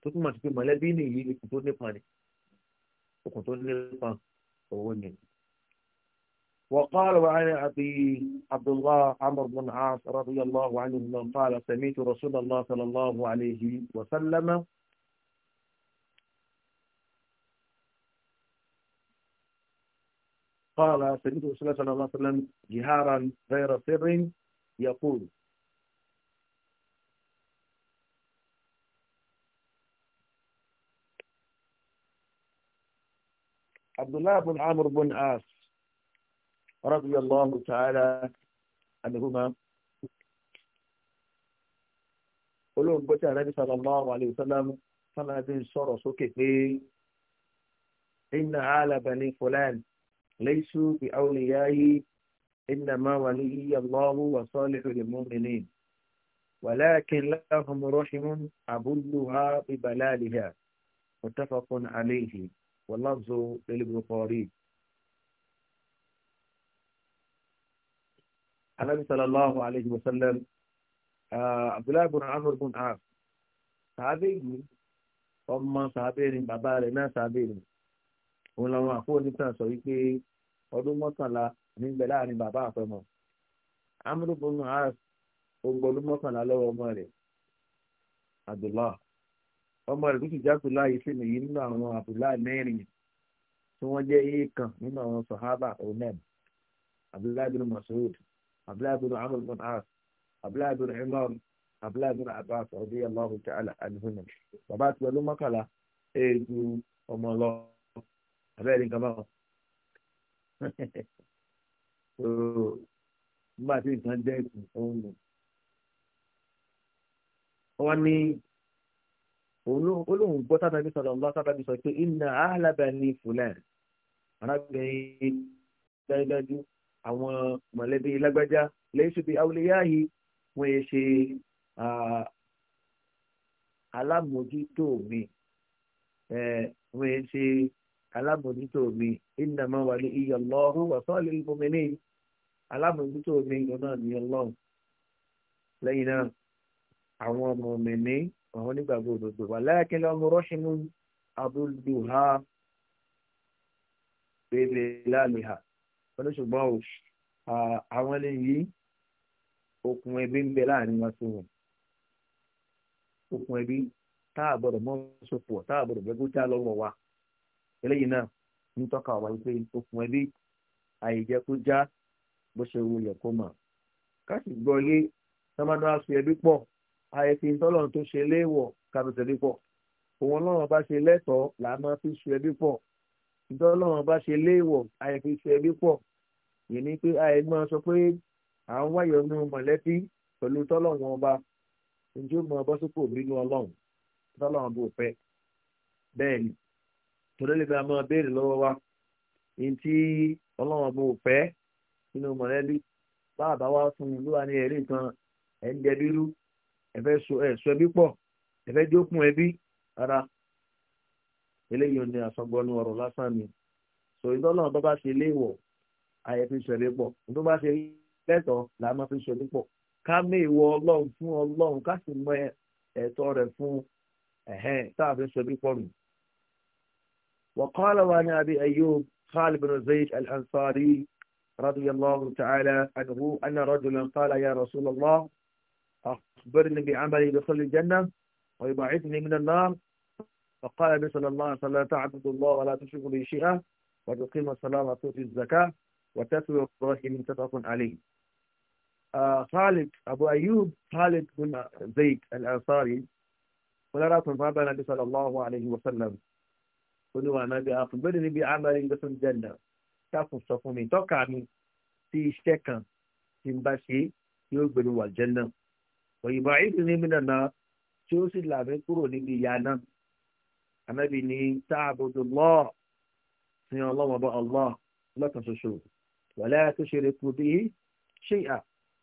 tó túmọ̀ sí pé mọ̀lẹ́bí nìyí okùn tó nípa ni okùn tó nípa owó nìyí. وقال وعن أبي عبد الله عمرو بن عاص رضي الله عنه قال سميت رسول الله صلى الله عليه وسلم قال سميت رسول الله صلى الله عليه وسلم جهارا غير سر يقول عبد الله بن عمرو بن عاص رضي الله تعالى عنهما olóhùn gbọ́tí àrẹ́bí sallallahu alayhi wa sallam sanadi sọ̀rọ̀ sókè pé inna ala bani fulan laysu bi awliyayi inna ma waliyyi allahu wa salihu lil mu'minin walakin lahum rahimun abulluha bi balaliha muttafaqun alayhi wa lafzu lil bukhari anabi sallallahu alayhi wa sallam ah, abdullahi bin بن bin as sàábé yìí ọmọ sàábé ni bàbá rẹ̀ náà sàábé ni òun làwọn àfọwọ́nìtàn sọ wípé ọdún mọ́kànlá nígbẹ̀ láàrin bàbá àfẹ́mọ́ amr bin as ọgbọ̀n mọ́kànlá lọ́wọ́ ọmọ rẹ̀ abdullah ọmọ rẹ̀ lókè jákùlá yìí sì nìyí nínú àwọn abdullah mẹ́rin tí wọ́n jẹ́ èèkàn nínú àwọn sọ̀hábà onem abdullah bin masoud abdullahi bin amr bin as abdullahi bin imran abdullahi bin abbas radiyallahu ta'ala anhuma bàbá àti pẹ̀lú mọ́kànlá eegu ọmọ lọ abẹ́rẹ́ nǹkan báwọn. nígbà tí nǹkan jẹ́ ìkùn tó ń lò. wọ́n ní olóhùn gbọ́ sábàbí sọ̀rọ̀ lọ sábàbí sọ pé inna ahlaba ní fúlẹ̀ arábìnrin dájúdájú àwọn mọ̀lẹ́bí lágbájá lẹ́yìn bí awuléyáyí wọ́n yẹ ṣe alámòjútó mi wọ́n yẹ ṣe alámòjútó mi ìnàmá wàlẹ̀ iyọ̀ lọ́rùn wàsọ́ọ̀lì ìfọ̀mẹ́lẹ́ alámòjútó mi ọ̀nà ni ọlọ́run lẹ́yìn náà àwọn ọmọ mẹ́ni àwọn onígbàgbọ́ òdòdó wà láyàkẹ́lẹ́ ọmọ rọ́ṣínú abúlùhà bèbè lálẹ́ hà pẹ̀lú ṣùgbọ́n o àwọn eléyìí okùn ẹbí ń bẹ láàrin wa sí wọn okùn ẹbí tá a gbọ́dọ̀ mọ́ sopọ̀ tá a gbọ́dọ̀ bẹ́ẹ̀ kó já lọ́wọ́ wa eléyìí náà ń tọ́ka wa pé okùn ẹbí àìjẹ́ kó já bó ṣe wo yẹ kó mọ̀ ká sì gbọ́ yé sọ́mọdé wa fi ẹbí pọ̀ àìsí tọ́lọ̀ tó ṣe léèwọ̀ kàbẹ̀tẹ̀ bí pọ̀ òun lọ́wọ́ bá ṣe lẹ́tọ̀ọ́ là máa fi ṣe ẹbí pọ̀ ìtọ́lọ́wọ́ bá ṣe léèwọ̀ àìfi ṣe ẹbí pọ̀ yìí ni pé àìgbọ́n sọ pé à ń wáyọ̀ nínú mọ̀lẹ́bí pẹ̀lú tọ́lọ́wọ́n ọba ǹjẹ́ ó mọ ọbọ̀ sókò bínú ọlọ́run tọ́lọ́wọ́n bò fẹ́ bẹ́ẹ̀ ni torí lè máa máa béèrè lọ́wọ́ wa ní tí ọlọ́run bò fẹ́ nínú mọ̀lẹ́bí báàbá wa fún un ló ní ẹ̀rí nǹkan ẹ̀ bírú ẹ̀fẹ́ sọ ẹbí pọ̀ ẹ̀fẹ́ jókun ẹbí ara eléyìí ò ní àsọgbọnú ọ̀rọ̀ lásán ni sọ ìdọ́lọ́run bá bá ṣe léèwọ̀ ayé fi ṣeré pọ̀ tó bá ṣe lẹ́tọ̀ọ́ là máa fi ṣeré pọ̀ ká mé ìwọ ọlọ́run fún ọlọ́run ká sì mọ ẹ̀tọ́ rẹ̀ fún ẹ̀hẹ́n tá a fi ṣeré pọ̀ nù. وقال وعن أبي أيوب خالد بن زيد الأنصاري رضي الله تعالى عنه أن رجلا قال يا رسول الله أخبرني بعملي دخول الجنة ويبعثني من النار فقال النبي صلى الله عليه وسلم تعبد الله ولا تشرك به شيئا وتقيم الصلاة وتؤتي الزكاة وتسوية الرحم متفق عليه آه خالد أبو أيوب خالد بن زيد الأنصاري ولرأت صحابة النبي صلى الله عليه وسلم قلوا النبي أخبرني بعمل باسم الجنة كفوا صفومي توقعني في شكا تنبشي يقبل والجنة ويبعدني من النار شو سي لامي بيانا أنا بني تعبد الله سيا الله وبا الله لا تنسوا wàlẹ́ àtúnṣeré kù bí ṣé à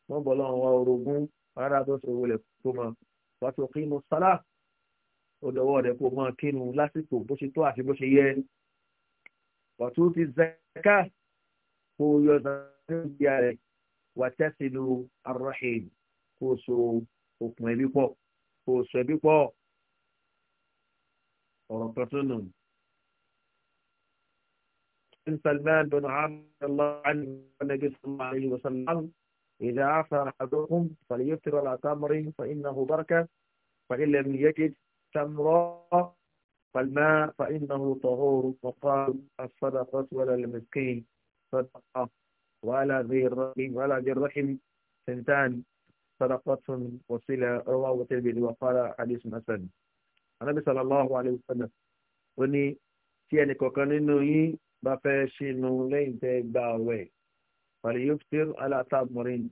wọ́n bọ̀ lọ́wọ́ wọn orogún rárá tó ṣe wọlé tó mọ̀ wọ́n ti kí mo sálà ó dọwọ́ rẹ̀ kó mọ́ kínu lásìkò bó ṣe tó àti bó ṣe yẹ wọ́n tún ti zẹ́ká kó yọ zàkúndíà rẹ̀ wà tẹ́sílù arọ́hìn kó so okùn ẹbí pọ̀ kó so ẹbí pọ̀ ọ̀rọ̀ pẹ̀tọ́nù بن سلمان بن عبد الله عنه النبي صلى الله عليه وسلم إذا عفى أحدكم فليفطر على تمر فإنه بركة فإن لم يجد تمرا فالماء فإنه طهور وقال الصدقة ولا المسكين صدقة ولا ذي الرحم ولا ذي الرحم سنتان صدقة وصلة رواه الترمذي وقال حديث حسن النبي صلى الله عليه وسلم وني تي أني كوكانينو يي bá fẹ́ ṣínú lẹ́yìn tẹ́ gba ọ̀wẹ̀ pàlẹ́ yóò fi alátàmọ́rin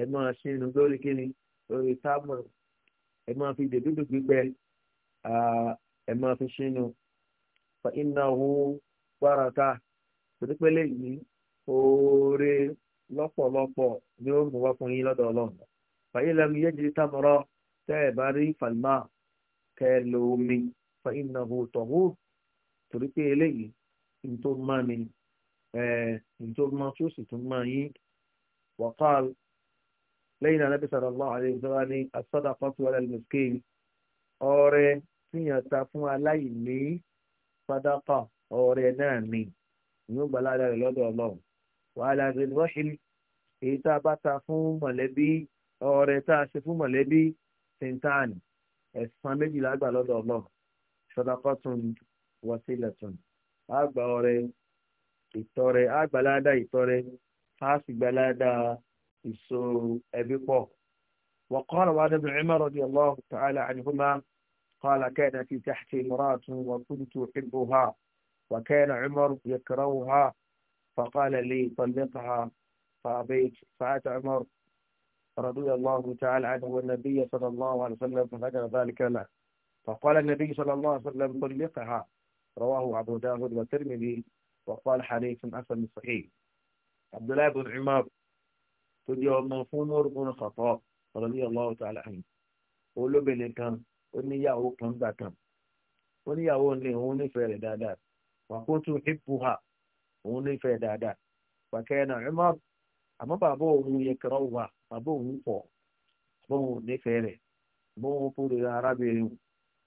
ẹ máa ṣínú lórí kíni lórí támọ̀ ẹ máa fi dèdúdú gbígbẹ ẹ máa fi ṣínú fa iná òun wárata pèlépèlé yìí oore lọ́pọ̀lọpọ̀ ni ó mú wá fún yín lọ́dọ̀ ọlọ́run fàyè lẹ́nu yé jìrì tẹ́ ẹ̀ bá rí fàlmà kẹ́ ẹ lo omi fa iná òun torí pé eléyìí tó má mi eh, tó má tó sì tún má yín wàkàl lẹ́yìn náà nàbí sallallahu alaihi wasallam ní as-sadaqatu ala al-miskin ọrẹ tíyàn ta fún aláìní sadaqa ọrẹ náà ni ìyóò gbà ládàá rẹ lọ́dọ̀ Ọlọ́run wàhálà rẹ lọṣìn èyí tá a bá ta fún mọ̀lẹ́bí ọrẹ tá a ṣe fún mọ̀lẹ́bí tìǹtàn ẹ̀san méjìlá gbà lọ́dọ̀ Ọlọ́run sadaqatun wasilatun. àgbà ọrẹ ìtọrẹ àgbàládà ìtọrẹ àṣìgbàládà ìso ẹbí pọ̀. وقال وعن ابن عمر رضي الله تعالى عنهما قال كان في تحتي امرأة وكنت أحبها وكان عمر يكرهها فقال لي طلقها فأبيت فأتى عمر رضي الله تعالى عنه والنبي صلى الله عليه وسلم فذكر ذلك له فقال النبي صلى الله عليه وسلم طلقها رواه أبو داود والترمذي وقال حديث حسن صحيح عبد الله بن عمر تجي موفون بن الخطاب رضي الله تعالى عنه olóbìnrin kan oníyàwó kan gbà kan oníyàwó ni òun nífẹ̀ẹ́ rẹ̀ dáadáa wàkótó hippuha òun nífẹ̀ẹ́ dáadáa pàkẹ́yẹnà ẹ̀mọ́ àmọ́ bàbá òun yẹ kẹrọ wà bàbá òun pọ̀ bóun nífẹ̀ẹ́ rẹ̀ bóun kúrò arábìnrin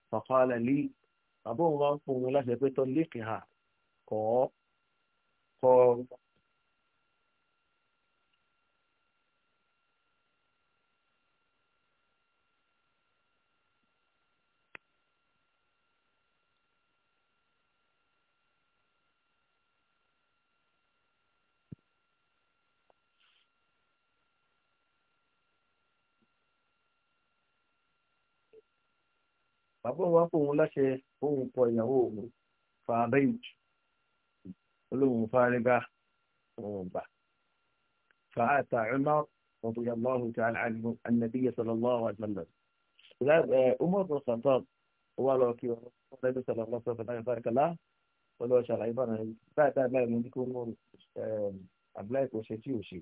fàkọ́lẹ̀ lì àbọ̀ wọn wá ń pòun láṣẹ pé tọ́ léèkì hà kọ́ kọ́ bàbá òun wá fún òun láṣẹ òun kọ ìyàwó òun fa abẹ́yìntì olóhùn fárígá òun gbà fa àtà Umar رضي الله تعالى عنه النبي صلى الله عليه وسلم Umar bin Khattab wà lọ kí ọ̀rọ̀ Nabi sallallahu alaihi wasallam báyìí lá wọ́n lọ ṣàlàyé bá náà báyìí báyìí báyìí mo ní kí Umar Abdullahi kò ṣe tí ò ṣe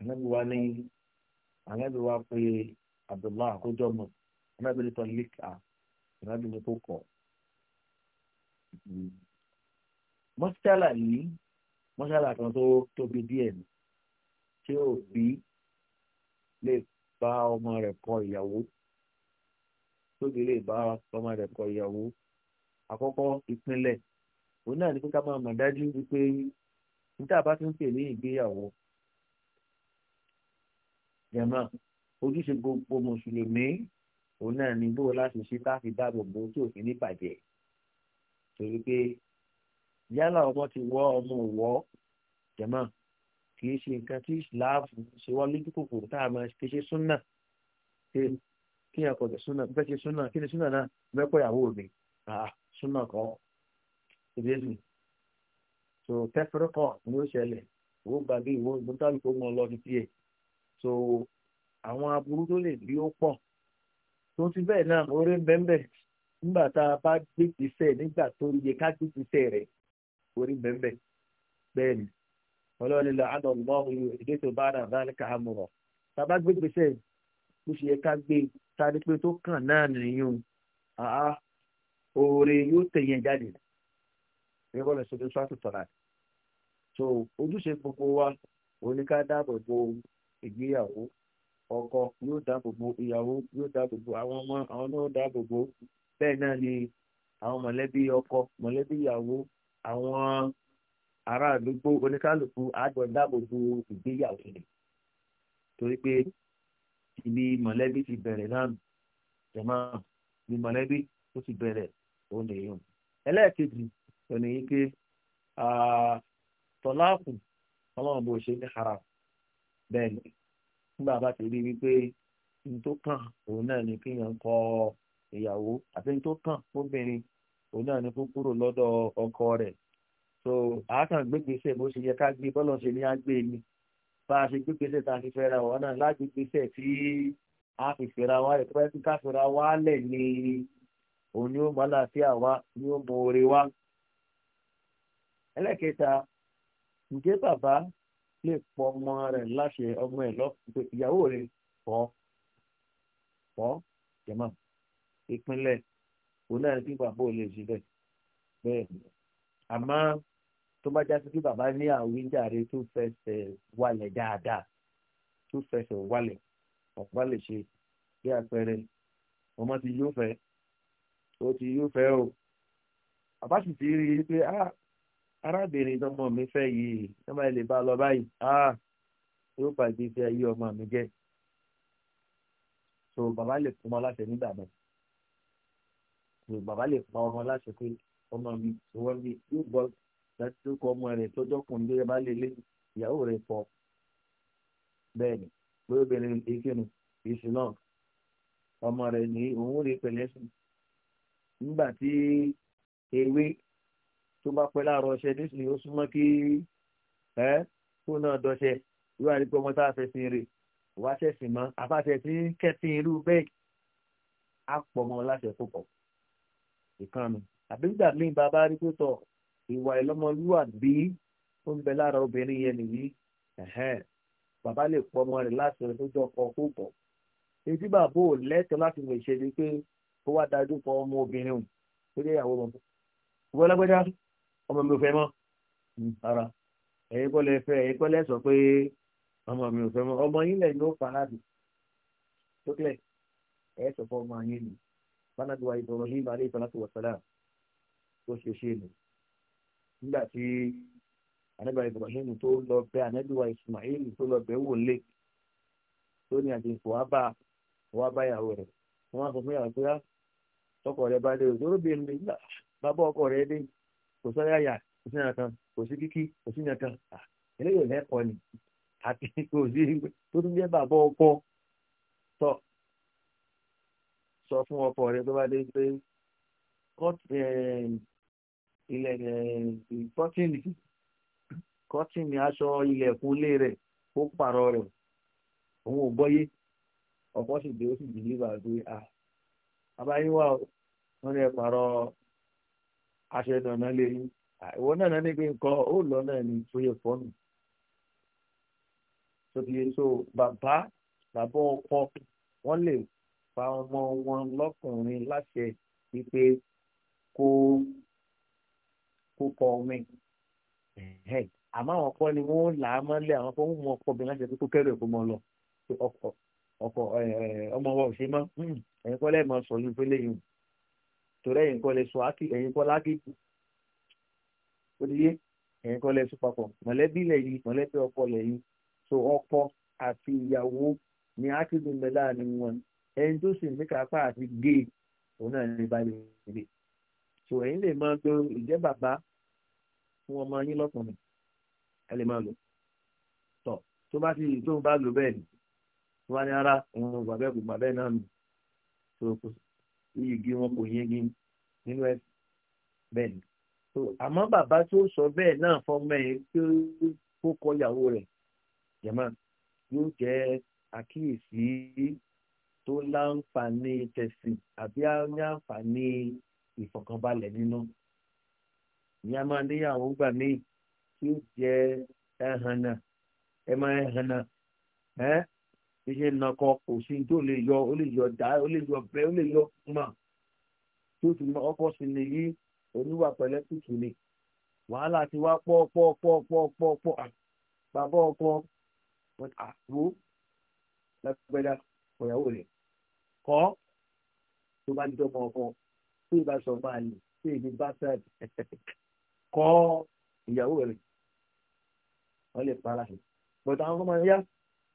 Ànábì wa ní Ànábì wa pé Abdullahi àkójọ mọ̀ arábìnrin tó lè kà arábìnrin tó kọ̀. mọ́ṣálà yìí mọ́ṣálà kan tó tóbi díẹ̀ ni tí òbí lè bá ọmọ rẹ̀ kọ ìyàwó tóbi lè bá ọmọ rẹ̀ kọ ìyàwó àkọ́kọ́ ìpínlẹ̀ òun náà ni pé ká máa mọ̀ dájú wípé níta bá ti ń pè ní ìgbéyàwó jẹ̀mọ́ ojúṣe gbogbo mùsùlùmí òun náà ni bó o láti ṣe káfí dáàbò bò tí òfin ní bàjẹ́ torí pé yálà ọmọ ti wọ ọmọ òwọ jẹmọ kì í ṣe nǹkan tí ìsìláàfù ṣe wá lójú kòkòrò tá a máa ṣe ṣe súnà ṣe kí ẹ kọjá súnà bẹ ṣe súnà kí ni súnà náà mẹpọ ìyàwó mi súnà kọ ìdésì so tẹfẹrẹ kọ ni ó ṣẹlẹ̀ owó gbàgbé ìwọ ìgbóntàlùkọ mọ lọ ní tiẹ̀ so àwọn aburú tó lè bí ó pọ̀ tó ti bẹ́ẹ̀ náà orí bẹ́ẹ̀ nígbà tá a bá gbé ìgbésẹ̀ nígbà tó yẹ ká gbé ìgbésẹ̀ rẹ̀ orí bẹ́ẹ̀ bẹ́ẹ̀ ni ọlọ́run ilẹ̀ adọ̀lọ́hùn ìdí tó bá rà bá ká mú ọ tá a bá gbé ìgbésẹ̀ bó ṣe yẹ ká gbé ta ni pé tó kàn náà nìyún àá oore yóò tẹ̀yìn jáde ní bọ́ọ̀lù ìṣòro sọ́ọ̀tù tọ̀lá so ojúṣe gbogbo wa oníká dáàbò bo ìgbéyàwó ọkọ yóò dáàbò bo ìyàwó yóò dáàbò bo àwọn ọmọ àwọn náà dáàbò bo bẹ́ẹ̀ náà ni àwọn mọ̀lẹ́bí ọkọ mọ̀lẹ́bí ìyàwó àwọn ará àdúgbò oníkálùkù àjọ dáàbò bo ìgbéyàwó ni torí pé ibi mọ̀lẹ́bí ti bẹ̀rẹ̀ náà jẹ̀mọ́ ibi mọ̀lẹ́bí ó ti bẹ̀rẹ̀ ó nìyẹn ẹlẹ́ẹ̀kejì òní yìí pé tọ́láàkù ọlọ́run bó ṣe ní haram bẹ́ẹ̀ ni nígbà bá ti rí wípé n tó kàn òun náà ni kéèyàn kọ ìyàwó àti n tó kàn obìnrin òun náà ni kó kúrò lọ́dọ̀ ọkọ rẹ̀ so àákàn gbégbèsè bó ṣe yẹ ká gbé bọ́lọ̀ ṣe ní á gbé ni bá a ṣe gbégbèsè tá a fi fẹ́ra wọn náà láti gbèsè tí a fi fẹ́ra wa rẹ̀ tó ká fẹ́ra wa lẹ̀ ni òun ni ó mọ àlàáfíà wa ni ó mọ oore wa. ẹlẹ́kẹta ǹjẹ́ bàbá lè pọ ọmọ rẹ̀ láṣẹ ọmọ ẹ̀ lọ́pọ̀ ìyàwó rẹ̀ pọ̀ pọ̀ jẹ̀mọ́ ìpínlẹ̀ òun náà bí bàbá ò lè ṣe bẹ́ẹ̀ bẹ́ẹ̀ àmọ́ tó bá já sí pé bàbá ní àwíjàre tó fẹsẹ̀ wálẹ̀ dáadáa tó fẹsẹ̀ wálẹ̀ ọ̀pá lè ṣe bí àpẹẹrẹ ọmọ ti yóò fẹ́ ó ti yóò fẹ́ o bàbá sì ti rí i pé ah arábìnrin tọmọ mi fẹ́ yìí tọmọ ẹ lè bá lọ báyìí ah yóò pàdé fi ayé ọmọ mi jẹ so bàbá lè fún ọmọ láṣẹ nígbà náà so bàbá lè fún ọmọ láṣẹ pé ọmọ mi ìwọ mi yóò bọ láti kọ ọmọ rẹ tọjọ kùn bí ẹ bá lè lé ìyàwó rẹ pọ bẹ́ẹ̀ ni pé obìnrin ìkíni ìṣù náà ọmọ rẹ ní òun rí pẹ̀lẹ́ sùn nígbà tí ewé tó bá pẹ́ láàárọ̀ ọṣẹ nísìnyí ó súnmọ́ kí ẹ fóònù náà dọṣẹ yóò wá rí pé ọmọ tá a fẹsìn rè wá ṣẹ̀sìn mọ́ àfàṣẹ tí kẹ́sìn irú bẹ́ẹ̀ á pọ̀ mọ́ láṣẹ púpọ̀ ìkànnì àbígbà míì bàbá rí pé tọ̀ ìwà ìlọ́mọlúwàbí ó ń bẹ lára obìnrin yẹn nìyí bàbá lè pọ̀ ọmọ rẹ̀ láti rẹ̀ ọkọ̀ kó ètí bàbá ò lẹ́tọ̀ọ́ láti lè ṣe pé kó wá dájú pọ̀ ọmọ obìnrin òun tó jẹ́ ìyàwó ọmọ ìwọ́lágbẹ́dá ọmọ mi ò fẹ́ mọ́ ara hmm. ẹ̀yin kọ́ lẹ fẹ́ ẹ̀yin kọ́ lẹ sọ pé ọmọ mi ò fẹ́ mọ́ ọmọ yín lẹ̀ ló fara dùn tó kílẹ̀ ẹ̀ sọ fún ọmọ yín nù bánàdùwà Ibrahim alayhi salatu wa salam tó ṣe ṣe nù nígbà tí tó lọ Ismail tó lọ wò lé tó ní àdínkù bá bá rẹ̀ wọ́n á sọ fún pé ah, rẹ̀ bí ah, kò sọ yáyà kò sí nǹkan kò sí kíkí kò sí nǹkan eléyìí ò lẹ́kọ̀ọ́ ni àti kò sí tó tún jẹ́ bàbá ọkọ tọ sọ fún ọkọ rẹ tó bá dé pé ilẹ̀ kọ́tìnì kọ́tìnì aṣọ ilẹ̀kùn ilé rẹ̀ ó pààrọ̀ rẹ̀ òun ò gbọ́yé ọ̀pọ̀ sì dé ó sì dìlíbà pé à abáyé wà ó ní ẹ pààrọ̀ aṣọ ìdàná lé yín ìwọ náà náà ní pé nǹkan ó lọ náà ní tó yẹ fọ́nù tóbi so bàbá bàbá ọkọ wọn lè fa ọmọ wọn lọkùnrin láṣẹ wípé kó kó kọ ọmọ ẹ àmọ́ àwọn ọkọ ni wọn là á mọ́lẹ̀ àwọn ọkọ wọn mú ọkọ obìnrin láṣẹ kó kẹrù ẹ̀kọ́ mọ́ lọ ọkọ ọmọ wa ò mọ́ hmm. ẹ̀yin kọ́lẹ́ mọ́ sọ yín pé lẹ́yìn torí ẹ̀yin kọ́ lẹ sọ ákì ẹ̀yin kọ́ lákìkù ó ti yé ẹ̀yin kọ́ lẹ sọ papọ̀ mọ̀lẹ́bí lẹ́yìn mọ̀lẹ́bí ọkọ lẹ́yìn so ọkọ àti ìyàwó ni ákìkù ń bẹ láàrin wọn ẹni tó sì ní kápá àti gé òun náà ní balẹ̀ ìdè so ẹ̀yin lè máa lo ìjẹ́ bàbá fún ọmọ yín lọ́kùnrin ẹ lè máa lò tọ̀ tó bá ti tó ń bá lò bẹ́ẹ̀ ni wọ́n á ní ara òun gbàgbẹ́ kò náà nù so kò sí igi wọn kò yege nínú ẹ bẹ́ẹ̀ ni so àmọ́ bàbá tó sọ bẹ́ẹ̀ náà fọmọ ẹ pé kó kọ ìyàwó rẹ̀ jẹmọ yóò jẹ àkíyèsí tó láǹfààní tẹsìn àbí àǹfààní ìfọ̀kànbalẹ̀ nínú ìyá máa níyàwó gbà míì tí ó jẹ ẹhànà ẹ máa ẹhànà ẹ bí ṣe ń tó lè yọ ó lè yọ dá ó lè yọ bẹ ó lè yọ mà tó tún mọ ọkọ sí ni yí oníwà pẹ̀lẹ́ tutù ni wàhálà ti wá pọ̀ pọ̀ pọ̀ pọ̀ pọ̀ pọ̀ bàbá ọkọ àbúrò lágbẹdà ọyàwó rẹ kọ tó bá dídọ́ mọ ọkọ tó ìbá sọ máa lè tó ìdí bá sẹ́ẹ̀d kọ ìyàwó rẹ wọ́n lè para sí bọ̀dọ̀ àwọn ọmọ yẹn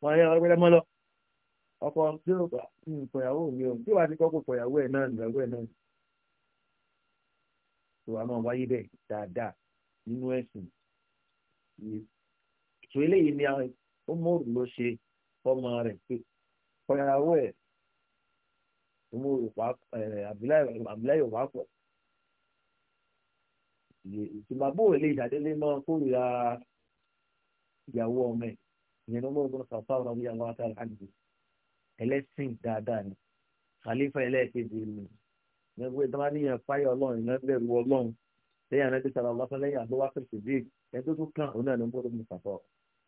yá yẹ ọgbẹ́dẹ́ mọ́ lọ ọkọ tí ó bá ìfọyàwó mi ò tí wàá ti kọ́kọ́ fọyàwó ẹ̀ náà ìgbàgbọ́ ẹ̀ náà tó wàá máa wáyé bẹ́ẹ̀ dáadáa nínú ẹ̀sìn yìí tó eléyìí ni ó mòrò ló ṣe fọmọ rẹ̀ pé fọyàwó ẹ̀ mo rò pa àbíláyọ̀ wá pọ̀ ìtumọ̀ o lè ṣàdélé máa kórìíra ìyàwó ọmọ ẹ̀ ìyẹn ló mọ̀ ọ́n sọ̀tọ̀ ọ̀rọ̀ bí àwọn àtàlẹ́ àdìgbò ẹlẹ́sìn dáadáa ni khalifa ẹlẹ́ẹ̀kejì ni gbogbo ìdánwà níyàn fáyà ọlọ́run iná bẹ̀rù ọlọ́run lẹ́yìn anábì sara ọlọ́sán lẹ́yìn àgbọ̀wá pèsè bí ẹni tó tún kàn òun náà ní gbọ́dọ̀ mú sàfọ́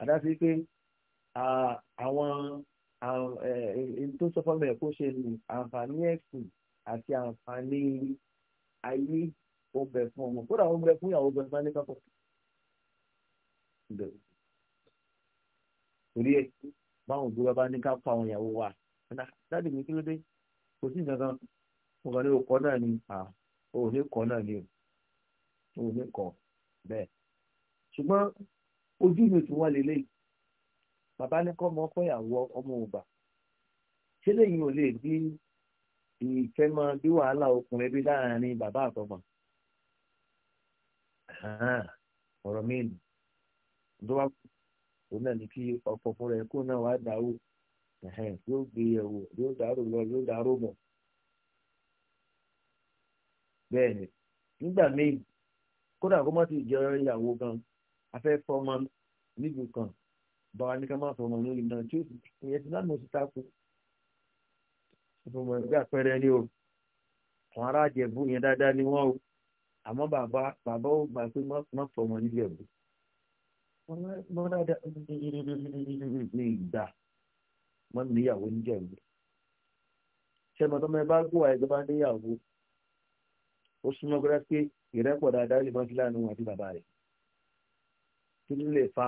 àdáṣe pé àwọn tó sọ fọ́mọ ẹ̀ kó ṣe ní àǹfààní ẹ̀sìn àti àǹfààní ayé ó bẹ fún ọmọ kódà ó bẹ fún ìyàwó bẹ fún ẹnìkankan torí ẹ báwọn òbí wa bá ní ká pa àwọn ìyàwó wa dáàdì mi kí ló dé kò sí nǹkan kan mo kàn ní okọ náà ni o ò ní kọ náà ni o ò ní kọ bẹ́ẹ̀ ṣùgbọ́n ojú mi ti wá lélẹ̀ bàbá ní kọ́ ọmọ fẹ́yàwó ọmọ ògbà ṣé lẹ́yìn ò lè bí ìfẹ́ máa bí wàhálà ọkùnrin bí láàrin bàbá àtọmọ ọ̀rọ̀ mi nù tó wá kó náà ní kí ọ̀pọ̀ fúnra ẹ̀ kó náà wàá dáwó yóò gbé yẹ̀wò yóò dárò lọ yóò dárò mọ̀ bẹ́ẹ̀ ni nígbà míì kódà kó má ti jẹ ìyàwó gan afẹ fọmọ níbi kan bàbá ní ká má fọmọ lórí náà tí ìyẹn ti lánàá tako fọmọ ni o àwọn ará yẹn dáadáa o bàbá bàbá gbà pé má fọmọ níbi wọ́n níyàwó níjẹ̀bú ṣẹ́mi ọ̀tọ́ mẹ́rin bá gbówà ẹ̀gbẹ́ bá níyàwó ó súnmọ́ gbọ́dá pé ìrẹ́pọ̀ dáadáa lè máa fi láàánú àti bàbá rẹ̀ kí ló lè fa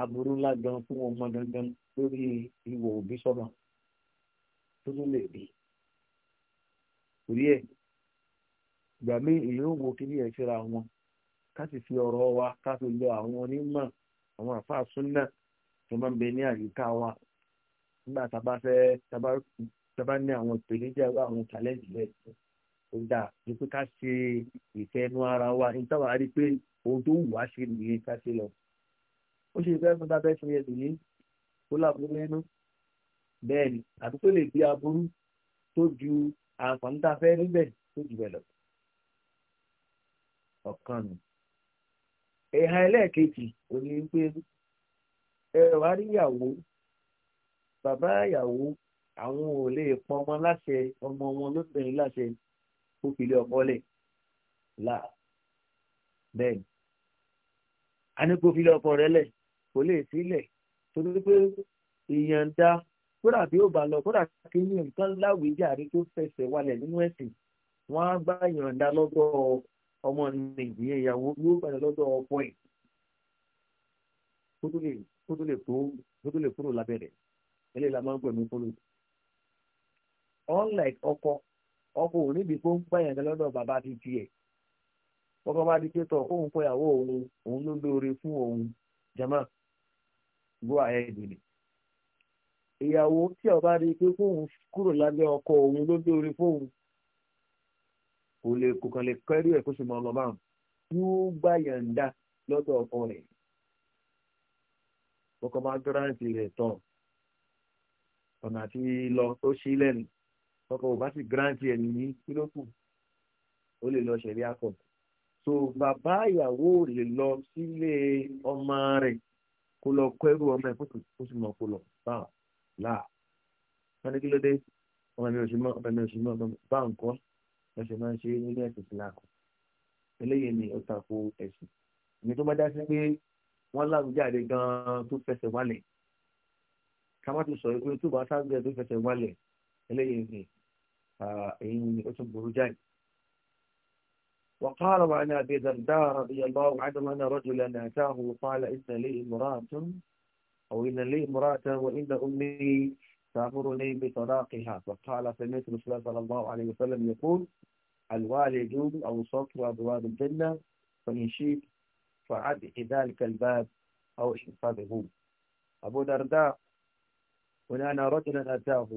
aburú ńlá gan fún ọmọ gangan lórí ìwò òbí sọ́mọ tó tún lè bí orí ẹ̀ ìgbà míì èyí ò wo kí ní ẹ̀ síra wọn ká fi ọ̀rọ̀ wa ká fi lọ àwọn onímọ̀ àwọn àfáà súnà tó máa ń bẹ ní àyíká wa nígbà tá a bá fẹ́ tá a bá ní àwọn ìpèníjà àwọn challenge bẹ́ẹ̀ ó dáa ju pé ká ṣe ìfẹ́ ẹnu ara wa ní táwọn àárí pé ohun tó wù wá ṣe nìyẹn ká ṣe lọ ó ṣe ìfẹ́ fún tábẹ́ fún yẹn nìyẹn kó láàbùrú lẹ́nu bẹ́ẹ̀ ni àti tó lè bí aburú tó ju àǹfààní tá a fẹ́ níbẹ̀ tó jù bẹ́ẹ̀ lọ ọ̀kan nù ẹ̀ha ẹlẹ́ẹ̀kejì ò pé ẹ̀rọ àríyàwó bàbá ìyàwó àwọn ò lè pọn ọmọ láṣẹ ọmọ wọn lóbìnrin láṣẹ kó fìlẹ ọkọ lẹ là bẹ́ẹ̀ ni a ní kó fìlẹ ọkọ rẹ lẹ kò lè sílẹ̀ torí pé ìyànda kódà bí ó bá lọ kódà kí ní nǹkan láwùjá rí tó fẹsẹ̀ walẹ̀ nínú ẹ̀sìn wọn á gbá ìyànda lọ́dọ̀ ọmọ nìyẹn ìyàwó yóò gbàdá lọ́dọ̀ ọkọ ẹ̀ kó tó lè kó tó lè kúrò lábẹ́rẹ́ eléyìí la máa ń pè ní fólò unlike ọkọ ọkọ ò níbi kó ń pẹ̀yàn kan lọ́dọ̀ bàbá ti tiẹ̀ ọkọ bá di pé tọ̀ òun fọyàwó òun òun ló lóore fún òun jama go ahead ni ìyàwó tí ọba rí i pé fóun kúrò lábẹ́ ọkọ òun ló lóore fóun kò lè kò kàn lè kẹ́rí ẹ̀ kó sì mọ ọlọ́ba hàn yóò gbà yàǹda lọ́dọ̀ ọkọ rẹ̀ ọkọ máa dúró láti rẹ̀ tán ọ̀nà àti lọ tó ṣí lẹ́nu ọkọ̀ ò bá sì gírántì ẹni ní kílókù ó lè lọ ṣẹ̀rí akọ̀ so bàbá ìyàwó lè lọ sílé ọmọ rẹ̀ kó lọ kọ́ ẹrú ọmọ ẹ̀ kó sì mọ̀ kó lọ báà láà wọ́n ní kí ló dé ọmọ mi ò sí mọ́ ọmọ mi ò sí mọ́ ọmọ mi bá nǹkan ẹsẹ̀ máa ń ṣe nílé ẹ̀sìn ìsìláàkù eléyìí ni ó tako ẹ̀sìn ìyẹn tó bá dá sí pé wọ́n láwùjáde gan-an tó fẹsẹ̀ wálẹ̀ ti pé bá tó fẹsẹ̀ wálẹ̀ ni ni ó tún burú وقال وعن أبي درداء رضي الله عنه أن رجلا أتاه وقال إن لي امرأة أو إن لي امرأة وإن أمي تأمرني بطلاقها فقال سمعت رسول الله صلى الله عليه وسلم يقول الوالد أوسط أبواب الجنة فإن شئت فعد ذلك الباب أو احفظه أبو درداء ó ní àná rọ́jìnà àti àhù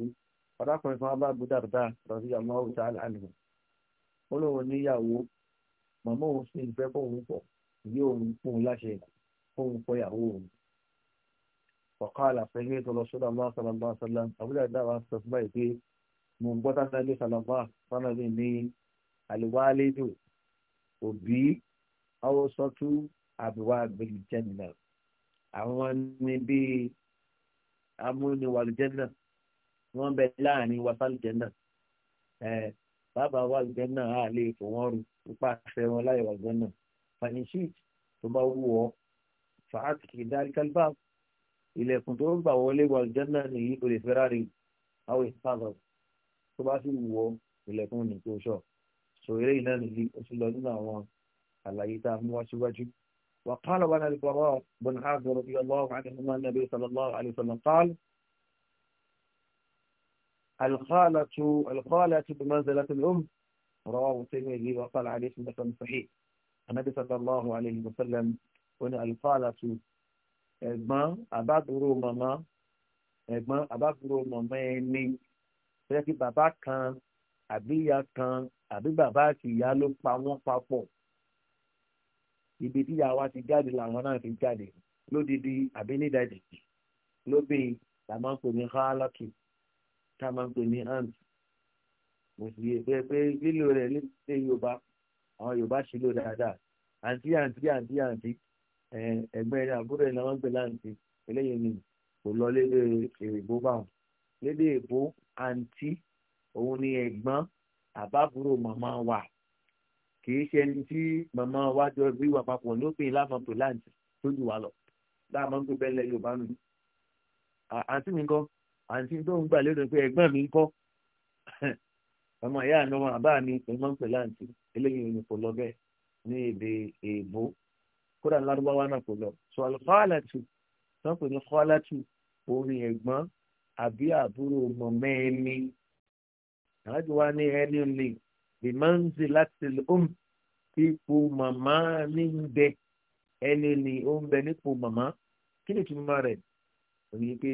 ọ̀dọ́kùnrin kan bá gbúdà dá rọ̀sí àmọ́ òòtà àlùmọ́ ó lóun níyàwó màmá òun sì ń fẹ́ fóun pọ̀ ìyé òun fún un láṣẹ fóun pọ̀ ìyàwó òun. ọ̀kàlà fẹ́yìn tó lọ sọ́dọ̀ àmọ́ sàlámbà sàlám àbúlé àdáwà sọ fún báyìí pé mo ń gbọ́ tánálé sàlámbà sàlámbà ní àlùwálẹ́dù òbí àwòsọ́tú àbíwá gbẹ̀lì jẹ́nìlá àwọn níbi amúni wàlùjẹ́nà wọ́n bẹ láàrin wasálùjẹ́nà bàbá wàlùjẹ́nà á lè fò wọ́n rú nípa àṣẹ wọn láyé wàlùjẹ́nà fàyẹ̀nsì tó bá wù ọ́ fàákì dárí kálíbà ilẹ̀kùn tó ń bà wọlé wàlùjẹ́nà nìyí kò lè fẹ́ràn rí àwọn ìfàgọ́ tó bá sì wù ọ́ ilẹ̀kùn nìkó sọ sọ eré ìnáni yìí ó sì lọ nínú àwọn àlàyé tá a mú wá síwájú. وقال وانا البراء بن عازب رضي الله عنهما النبي صلى الله عليه وسلم قال الخالة الخالة بمنزلة الأم رواه الترمذي وقال عليه مثل صحيح النبي صلى الله عليه وسلم هنا الخالة ẹ̀gbọ́n àbábúrò màmá ẹ̀gbọ́n àbábúrò màmá ẹni fẹ́ kí bàbá kan كان أبي kan àbí bàbá àti ìyá ló ibi tí ìyá wa ti jáde làwọn náà ti jáde lódìdí àbí nídàjì lóbi la máa ń pè ní hálàkì tá a máa ń pè ní hand mo sì yẹ pé pé lílo rẹ̀ nílé yorùbá àwọn yorùbá sì lò dáadáa àǹtí àǹtí àǹtí àǹtí ẹgbẹ́ rẹ̀ àbúrò rẹ̀ làwọn gbé láǹtí eléyìí ni kò lọ lédè èrìgbó báwọn lédè èbó àǹtí òun ni ẹ̀gbọ́n àbábúrò màmá wa kì í ṣe ẹni tí màmá wa jọ wíwà papọ̀ ní òpin láfọ̀n tó láǹtì tó jù wá lọ láàmú tó bẹ́ẹ̀ lẹ yorùbá nù. àǹtí mi kọ́ àǹtí tó ń gbà lérò pé ẹ̀gbọ́n mi kọ́ ọmọ ìyá àná wọn àbá mi ẹ̀gbọ́n pè láǹtì eléyìí ni kò lọ bẹ́ẹ̀ ní èdè èèbó kódà lárúbáwá náà kò lọ. sọ àlùfáàlàtù tó ń pè ní fáàlàtù orin ẹ̀gbọ́n àbí àbúrò mọ̀mẹ́ẹ̀ni àlájọ wa ní ẹni lè bí manzi láti om um, ipò màmá ní ń bẹ ẹni ni ó ń mama, nípò màmá kí ni ìtumọ̀ rẹ̀ òní pé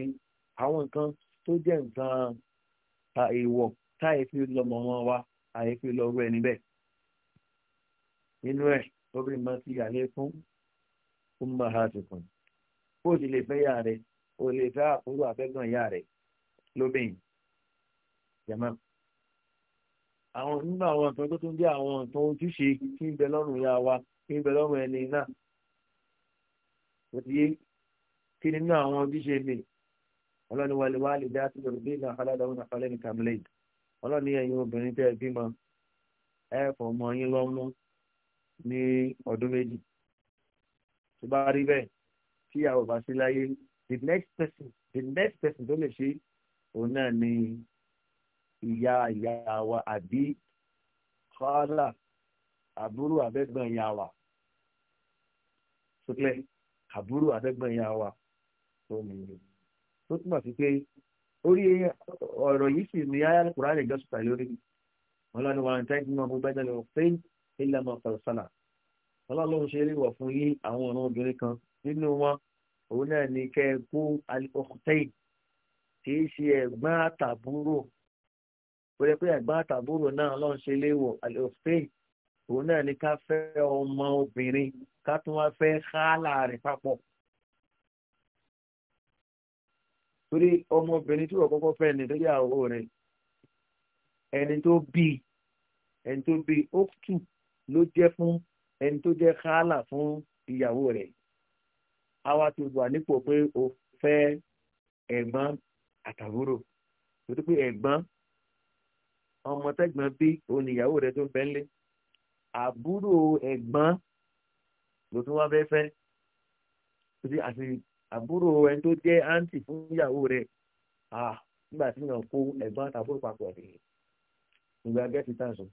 àwọn nǹkan tó jẹ́ nǹkan ta èèwọ̀ táyé e fi lọ mọ̀mọ́ wa àyè e fi lọ rú ẹni bẹ́ẹ̀ nínú ẹ̀ obìnrin máa ti yàlé fún ọmọ àtìkùn ó sì lè fẹ́ yà rẹ̀ ó lè fẹ́ àkúrò àfẹ́gàn yà rẹ̀ lóbìn jẹ̀mọ́ àwọn nínú àwọn nǹkan tó tún jẹ́ àwọn nǹkan ojúṣe kí ń bẹ lọ́rùn ìyá wa kí ń bẹ lọ́rùn ẹni náà kò sí kí nínú àwọn ojúṣe mi ọlọ́ni wàlẹ̀ wà lè dá sílẹ̀ bí ìlànà aládàáwọn àfàlẹ́ ní kamilade ọlọ́ni ẹ̀yin obìnrin tẹ́ ẹ bímọ ẹ fọ ọmọ yín lọ́mú ní ọdún méjì tó bá rí bẹ́ẹ̀ tí ìyàwó bá sí láyé the next person the next person tó lè ṣe òun náà ni ìyá ìyá wa àbí fàálà àbúrò àbẹ́gbọ̀n ìyá wa sókè àbúrò àbẹ́gbọ̀n ìyá wa tó nìyẹn tó túmọ̀ sí pé orí ọ̀rọ̀ yìí sì ní ayé Al-Qur'an lè gọ́sùpà lórí wọn lọ́nà wọn tẹ́jú náà bó gbẹ́dẹ̀ lọ pé ilẹ̀ ọmọ fẹ̀sánà wọn lọ́nà lóun ṣe é wọ̀ fún yí àwọn ọ̀nà obìnrin kan nínú wọn òun náà ní kẹ́ ẹ kó alikokutai kì í ṣe ẹ̀gbọ́n àtàbúrò kò yẹ pé ẹ̀gbọ́n àtàbúrò náà lọ́n ṣe léwọ̀ àlòfẹ́ òun náà ni ká fẹ́ ọmọ obìnrin ká tún wá fẹ́ hálà rẹ̀ papọ̀. torí ọmọbìnrin tí wọ́n kọ́kọ́ fẹ́ ni tó yà owó rẹ̀ ẹni tó bí ẹni tó bí ó tù ló jẹ́ fún ẹni tó jẹ́ hálà fún ìyàwó rẹ̀ àwa ti wà nípò pé o fẹ́ ẹ̀gbọ́n àtàbúrò torí pé ẹ̀gbọ́n ọmọ tẹ́gbọ́n bí òun ìyàwó rẹ̀ tó ń bẹ́ńlé àbúrò ẹ̀gbọ́n ló tún wá fẹ́ fẹ́ àti àbúrò ẹni tó jẹ́ àǹtì fún ìyàwó rẹ̀ nígbà tí yàn kó ẹ̀gbọ́n àtàbúrò papọ̀ rèé ìgbà gẹ́tì tàǹsùn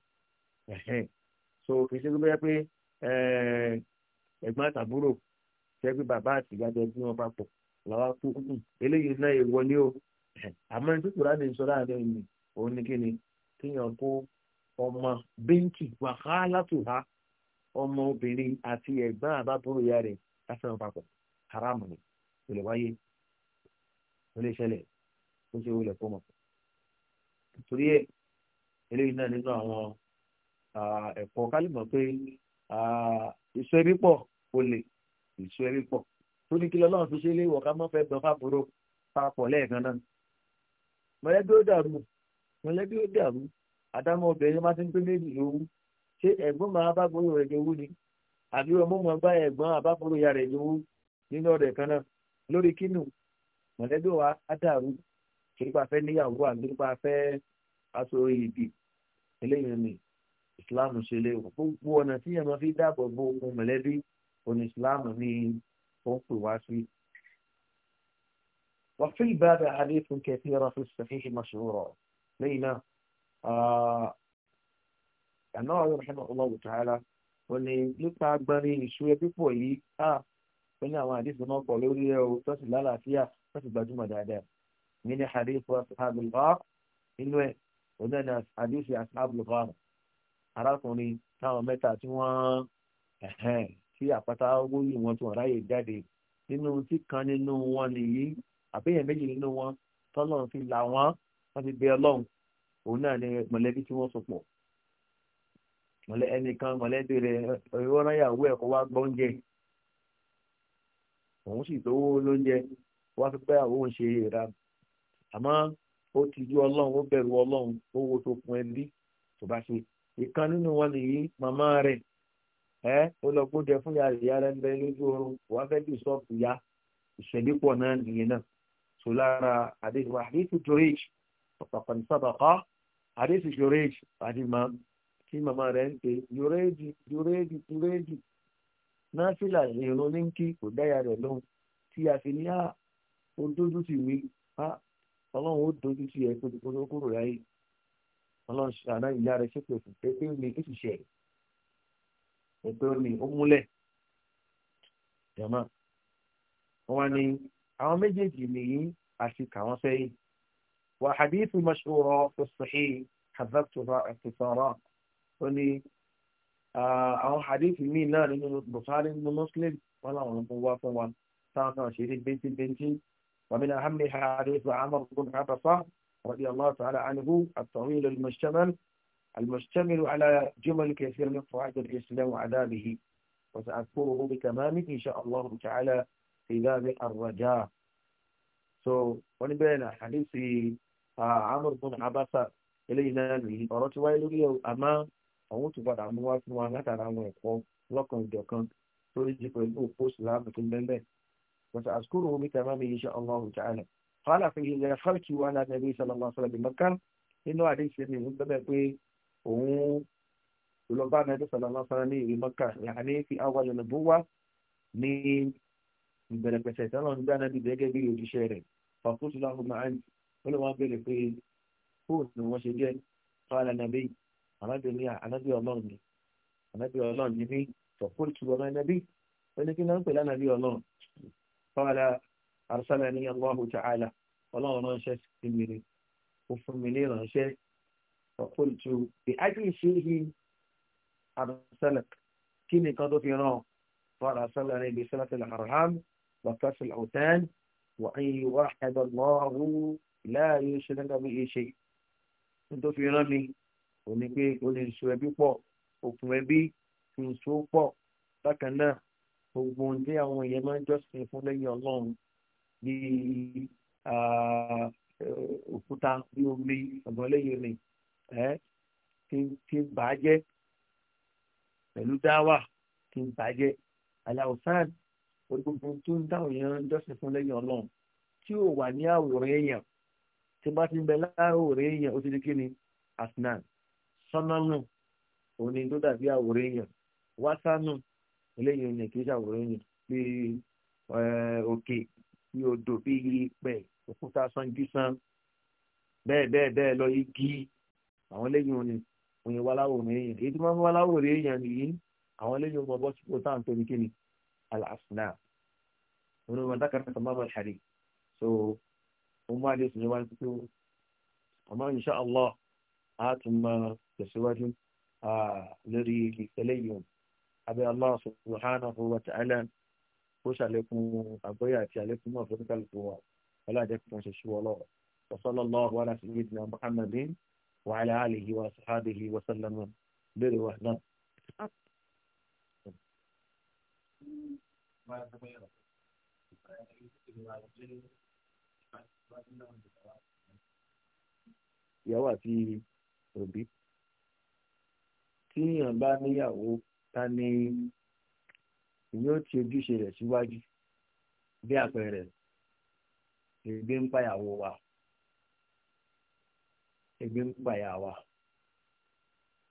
so kì í ṣe gbé pé ẹ̀gbọ́n àtàbúrò jẹ́ pé bàbá àti ìyá jẹ́ bí wọ́n papọ̀ làwa kú eléyìí náà èèwọ̀ ni ó àmọ́ ní tó kùrá ní ìṣọ́ra rẹ̀ ni òun ni kí ni kéèyàn kó ọmọ bíntì wàhálà tó ha ọmọ obìnrin àti ẹ̀gbọ́n àbábúrò ìyá rẹ̀ lásán papọ̀ haramu ni kò lè wáyé kò lè ṣẹlẹ̀ kó ṣe wọlé fún wọn. torí ẹ eléyìí náà nínú àwọn ẹ̀kọ́ kálímọ̀ pé ìṣó ẹbí pọ̀ olè ìṣó ẹbí pọ̀ tó ní kí lọ́lọ́run fi ṣe léwọ̀ ká mọ́ fẹ́ gbọ́n fàbúrò papọ̀ lẹ́ẹ̀kan náà mọ̀lẹ́bí ó dàrú mọ̀lẹ́bí ó dàrú àtàwọn obìnrin máa ti ń pé méjì lóru ṣé ẹ̀gbọ́n máa bá gbóyò rẹ̀ jowú ni àbí ọmọ mọ̀ bá ẹ̀gbọ́n àbáfóró ya rẹ̀ jowú nínú ọ̀rẹ́ kan náà lórí kínú mọ̀lẹ́bí wa á dàrú nípa fẹ́ níyàwó àbí nípa fẹ́ aṣọ ìbí eléyìí ni Islam ṣe lé wọ gbogbo ọ̀nà tí yẹn máa fi dáàbò bo ohun mọ̀lẹ́bí òní Islam ni ó ń pè wá sí. وفي الباب حديث كثير في الصحيح مشهورا لينا náà àná ọ̀rọ̀ ìrìnàmọ̀ ọlọ́wọ́ tààlà wọ́n ní nípa agbárí ìṣúrẹ́ pípọ̀ yìí á wọ́n ní àwọn àdìsí náà pọ̀ lórí ẹ̀ o tó sì lálàáfíà tó sì gbajúmọ̀ dáadáa ní ní àdìsí ashabul ghar inú ẹ̀ òun náà ní àdìsí ashabul ghar arákùnrin táwọn mẹ́ta tí wọ́n tí àpáta owó yìí wọn tí wọ́n ráyè jáde nínú tí kan nínú wọn nìyí àbẹ́yẹ̀ méjì nínú wọn tọ́lọ́run fi là wọ́n wọ́n ti bẹ ọlọ́run òun náà ni mọ̀lẹ́bí tí wọ́n so pọ̀ ẹnìkan mọ̀lẹ́bí rẹ̀ ìwọ́n náà yàwó ẹ̀kọ́ wá gbọ́ oúnjẹ òun sì tó lóúnjẹ wá fi pẹ́ àwọn òun ṣe ìra àmọ́ ó ti ju ọlọ́run ó bẹ̀rù ọlọ́run ó wo tó kun ẹbí tó bá ṣe ìkan nínú ọ̀pọ̀pọ̀ ní sábàkọ́ àdéhùn yòrèjì àdìmọ́ tí màmá rẹ̀ ń pe yòrèjì yòrèjì yòrèjì náfìlà ìrún ní kí kò dáyà rẹ̀ lóhùn tí a fi ní à ah, ó dójú tì mí à ah, ọlọ́run ó dójú tì ẹ̀ kójú kójú kúrò láyé ọlọ́run ṣe àná ìyá rẹ̀ ṣépè fún pépé mi kí sì ṣe pépé mi ó múlẹ̀ jama wọn ni àwọn méjèèjì nìyí àti kà وحديث مشهورة في الصحيح حذفتها اختصارات وني أو آه، حديث مين لا لأنه Bukhari nínú Muslim wọn làwọn ọmọ wa fún wa sáàtàn ṣeré ومن أهم حديث عمر بن عبسة رضي الله تعالى عنه الطويل المشتمل المشتمل على جمل كثير من فوائد الإسلام وعذابه وسأذكره بتمامه إن شاء الله تعالى في باب الرجاء. So, when you're in a hadith, amúr fún abasa eléyìí náà nìyí ọ̀rọ̀ ti wáyé lórí ẹ̀ àmọ́ àwọn tó padà mú wá fún wa látara àwọn ẹ̀kọ́ lọ́kàn ìjọ̀kan tó lè jí pẹ̀lú òpó ìsìlámù tó ń bẹ́ẹ̀ bẹ́ẹ̀ àsìkòrò omi tẹ̀mọ́ mi yíṣẹ́ ọlọ́run jàánà fàálà fi ilẹ̀ fáàkì wa láti ẹbí sọlọ́mọ sọlọ́ bí mọ́kán nínú àdéhìṣẹ́ mi ń bẹ́ẹ̀ pé òun lọ́ba nàbí ìbẹ̀rẹ̀ pẹ̀sẹ̀ tọ́lọ́ nígbà náà bí gẹ́gẹ́ bí òjíṣẹ́ rẹ̀ fàkútù láhùn máa ń wọ́n lè wá béèrè pé fóònù ni wọ́n ṣe jẹ́ fáwọn nàbí ànábì ní ànábì ọlọ́run ni ànábì ọlọ́run ni bí tọ̀kúrú tu ọmọ nàbí wọ́n ní kí náà ń pè lánàbí ọlọ́run fáwọn àrùsálà ní Allahu ta'ala ọlọ́run ránṣẹ́ sí mi ni ó fún mi ní ránṣẹ́ tọ̀kúrú tu bí ájú ìṣèhì àrùsálà kí ni kan tó fi ràn fáwọn àrùsálà ní ibi sálàtì àrùhám wàkásìlì ọ̀tán wà láàyè ṣe nígbà bí iye ṣe nítorí fi rán mi ò ní pé o lè so ẹbí pọ̀ òkun ẹbí kì í so pọ̀ bákan náà gbogbo ohun tí àwọn èèyàn máa ń jọ́sìn fún lẹ́yìn ọlọ́run bíi eh, òkúta bíi omi ọ̀gbọ́n lẹ́yìn omi kí n bàá jẹ́ pẹ̀lú dáwà kí n bàá jẹ́ aláwòsàn gbogbo ohun tó ń dáhùn yẹn ń jọ́sìn fún lẹ́yìn ọlọ́run tí ò wà ní àwòrán èèyàn tí bá ti ń bẹ láàárọ̀ òré èèyàn ó ti di kí ni asnan sọnánù òní tó dàbí àwòrán èèyàn wásánù eléyìí ni kì í ṣàwòrán èèyàn bíi òkè bíi odò bíi iyẹ̀pẹ̀ òkúta sanjúsan bẹ́ẹ̀ bẹ́ẹ̀ bẹ́ẹ̀ lọ igi àwọn eléyìí òní òní wàláwòrán èèyàn èyí tí wọ́n mú wàláwòrán èèyàn nìyí àwọn eléyìí ọmọ bọ́ sípò tóbi kí ni al òní wọn dákàtà tó má bọ̀ ṣàrí so. mo máa dé sìn wájú pé àmọ́ insha Allah a tún máa tẹ̀síwájú lórí eléyìí abẹ́ Allah subhanahu wa ta'ala ó ṣàlékún àgbọ́yé àti àlékún náà fún kálukú wa ọlọ́dẹ kan ṣe ṣe ọlọ́wọ́ وصلى الله على سيدنا محمد وعلى آله وصحبه وسلم بالوحدة Thank you. ìyàwó àti òbí tíyàn bá níyàwó ta ni ìyẹn ó ti ojúṣe rẹ̀ síwájú bí àpẹẹrẹ ègbé ń pàyàwó wa ègbé ń pàyàwó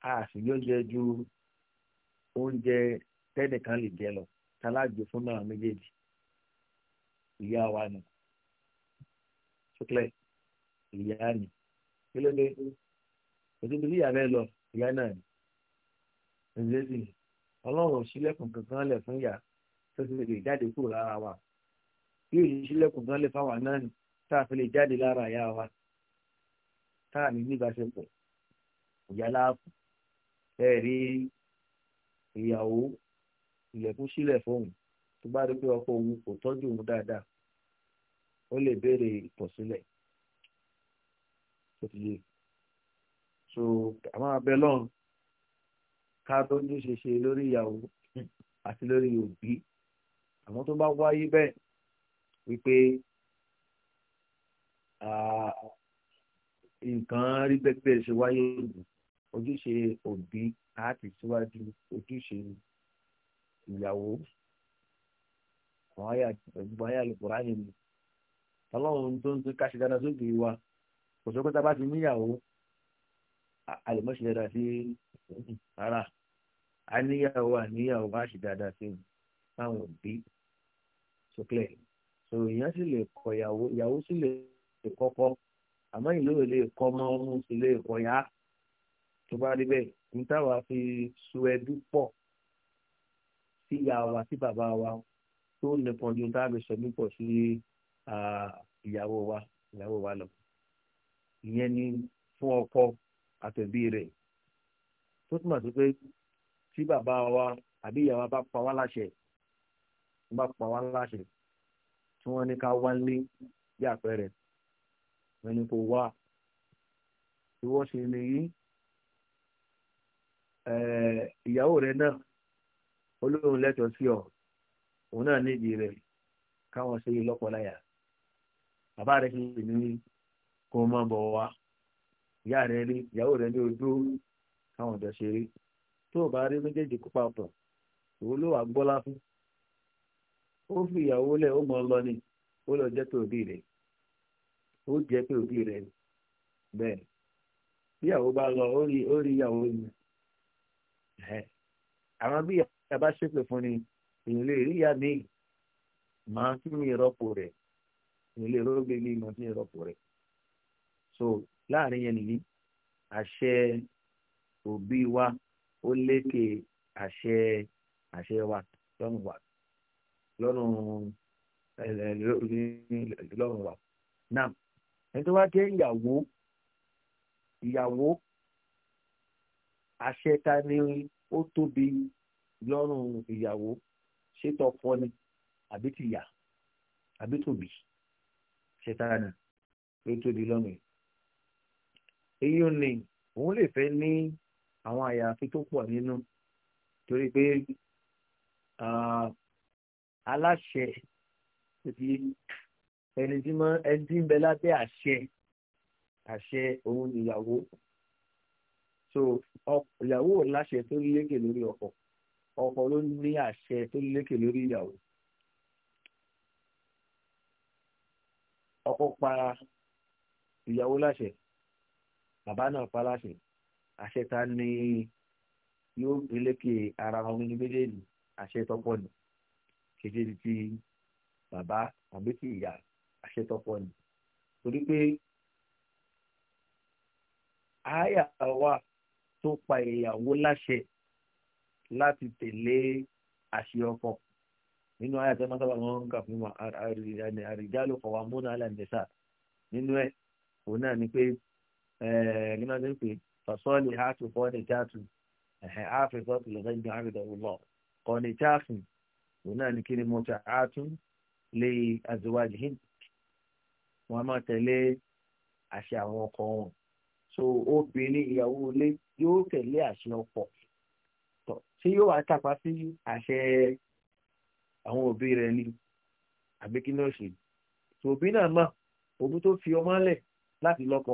a sì yóò jẹ ju oúnjẹ tẹnìkan lè jẹ lọ talájò fún náà méjèèjì ìyá wa nù sókèlè ìyá ni kí ló dé òtítù bí ìyá rẹ lọ ìyá náà ni ìrẹsì ọlọ́run sílẹ̀kùn kankan lẹ̀ fún ìyá tó ti lè jáde kúrò lára wa yóò yí sílẹ̀kùn kan lẹ̀ fáwa náà ni tá a fi lè jáde lára ìyá wa tá a ní níbáṣepọ̀ ìyá láàpù ẹ rí ìyàwó ilẹ̀kùn sílẹ̀ fóun tó bá rí pé ọkọ òun kò tọ́jú òun dáadáa ó lè béèrè ìtọ̀sílẹ̀ tó ti yé so àwọn abẹ lọ́run ká tó ní ṣeṣe lórí ìyàwó àti lórí òbí àwọn tó bá wáyé bẹ́ẹ̀ wípé nǹkan rí bẹ́ẹ̀ ṣe wáyé ojúṣe òbí àti síwájú ojúṣe ìyàwó àwọn àyà ìgbọ̀n àyà ìgbọ̀n àyà ìgbọ̀n ọlọ́run tó ń tún ká ṣe dáadáa sókè wa kò sọ pé tá a bá ti níyàwó a dáadáa sí rárá a níyàwó bá ṣe dáadáa sí àwọn òbí sókè so èèyàn sì lè kọ ìyàwó ìyàwó sì lè kọ́kọ́ àmọ́ ìlú ò lè kọ́ ọmọ ọmọ sì lè kọ́ ya tó bá rí bẹ́ẹ̀ ní táwa fi so ẹbí pọ̀ sí ìyá wa sí bàbá wa tó nípọn ju táwa fi so ẹbí pọ̀ sí ìyàwó wa ìyàwó wa lọ ìyẹn ni fún ọkọ àtẹ̀bí rẹ̀ tó túmọ̀ sí pé tí bàbá wa àbí ìyàwó bá pa wá láṣẹ bá pa wá láṣẹ tí wọ́n ní ká wá lé bí àpẹẹrẹ wọ́n ní kó wá ìwọ ṣe lè yí ìyàwó rẹ náà olóhùn lẹ́tọ̀ọ́ sí ọ òun náà nídìí rẹ káwọn ṣe lọ́pọ̀ láyà bàbá rẹ̀ ṣe pè ní kó máa bọ̀ wá ìyá rẹ̀ rí ìyàwó rẹ̀ ní ojú káwọn ọ̀dọ́ ṣe rí tó o bá rí méjèèjì kó papọ̀ òun ló wà gbọ́lá fún ó fi ìyàwó lẹ̀ ó mọ lọ ni ó lọ jẹ́ pé òbí rẹ̀ ó jẹ́ pé òbí rẹ̀ bẹ́ẹ̀ bíyàwó bá lọ ó rí ó rí ni àwọn bí bá ni nílé rọ́gbé ilé ìmọ̀ tí ń rọ́pò rẹ̀ so láàrin yẹn nìyí àṣẹ òbí wa ó lékè àṣẹ àṣẹ wa lọ́rùn wa lọ́rùn eh, lọ́rùn wa náà ẹni tó wá jẹ́ ìyàwó ìyàwó àṣẹ ta ni ó tóbi lọ́rùn ìyàwó ṣé tọkọ ni àbí tìyà àbí tòbí ṣètàní ló tó di lọ́mìn èyí ò ní òun lè fẹ́ ní àwọn àyàfi tó pọ̀ nínú torí pé aláṣẹ ti ẹni tí mọ ẹni tí ń bẹ lábẹ́ àṣẹ àṣẹ òun ìyàwó so ìyàwó láṣẹ tó lékè lórí ọkọ ọkọ ló ní àṣẹ tó lékè lórí ìyàwó ọkọ pa ìyàwó láṣẹ bàbá náà pa láṣẹ àṣẹ ta ni yóò gbélékè ara wọn ní méjèèjì àṣẹ tọpọ ni kéjèèjì ti bàbá àbí ti ìyá àṣẹ tọpọ ni torí pé àyà wa tó pa ìyàwó láṣẹ láti tẹ̀lé àṣẹ ọkọ nínú ayé àti mọ́sábà wọn ń kà fún wa àrìjálù qawwamuna 'ala an-nisa nínú ẹ̀ òun náà ni pé nínú ọdún pé fasọ́ọ̀lì hàtù kọ́ni jáàtù ẹ̀hẹ̀ áfíríkà tó lọ́gá ìgbà áfíríkà lọ́ kọ́ni jáàtù òun náà ni kí ni mo ta àtún lé azwajihin wọn máa tẹ̀lé àṣẹ àwọn ọkọ wọn so obìnrin ìyàwó ilé yóò tẹ̀lé àṣẹ ọkọ tí yóò wá tàpá sí àṣẹ àwọn òbí rẹ̀ ni àbí kí náà ṣe òbí náà mà òbí tó fi ọmọ lẹ̀ láti lọ́kọ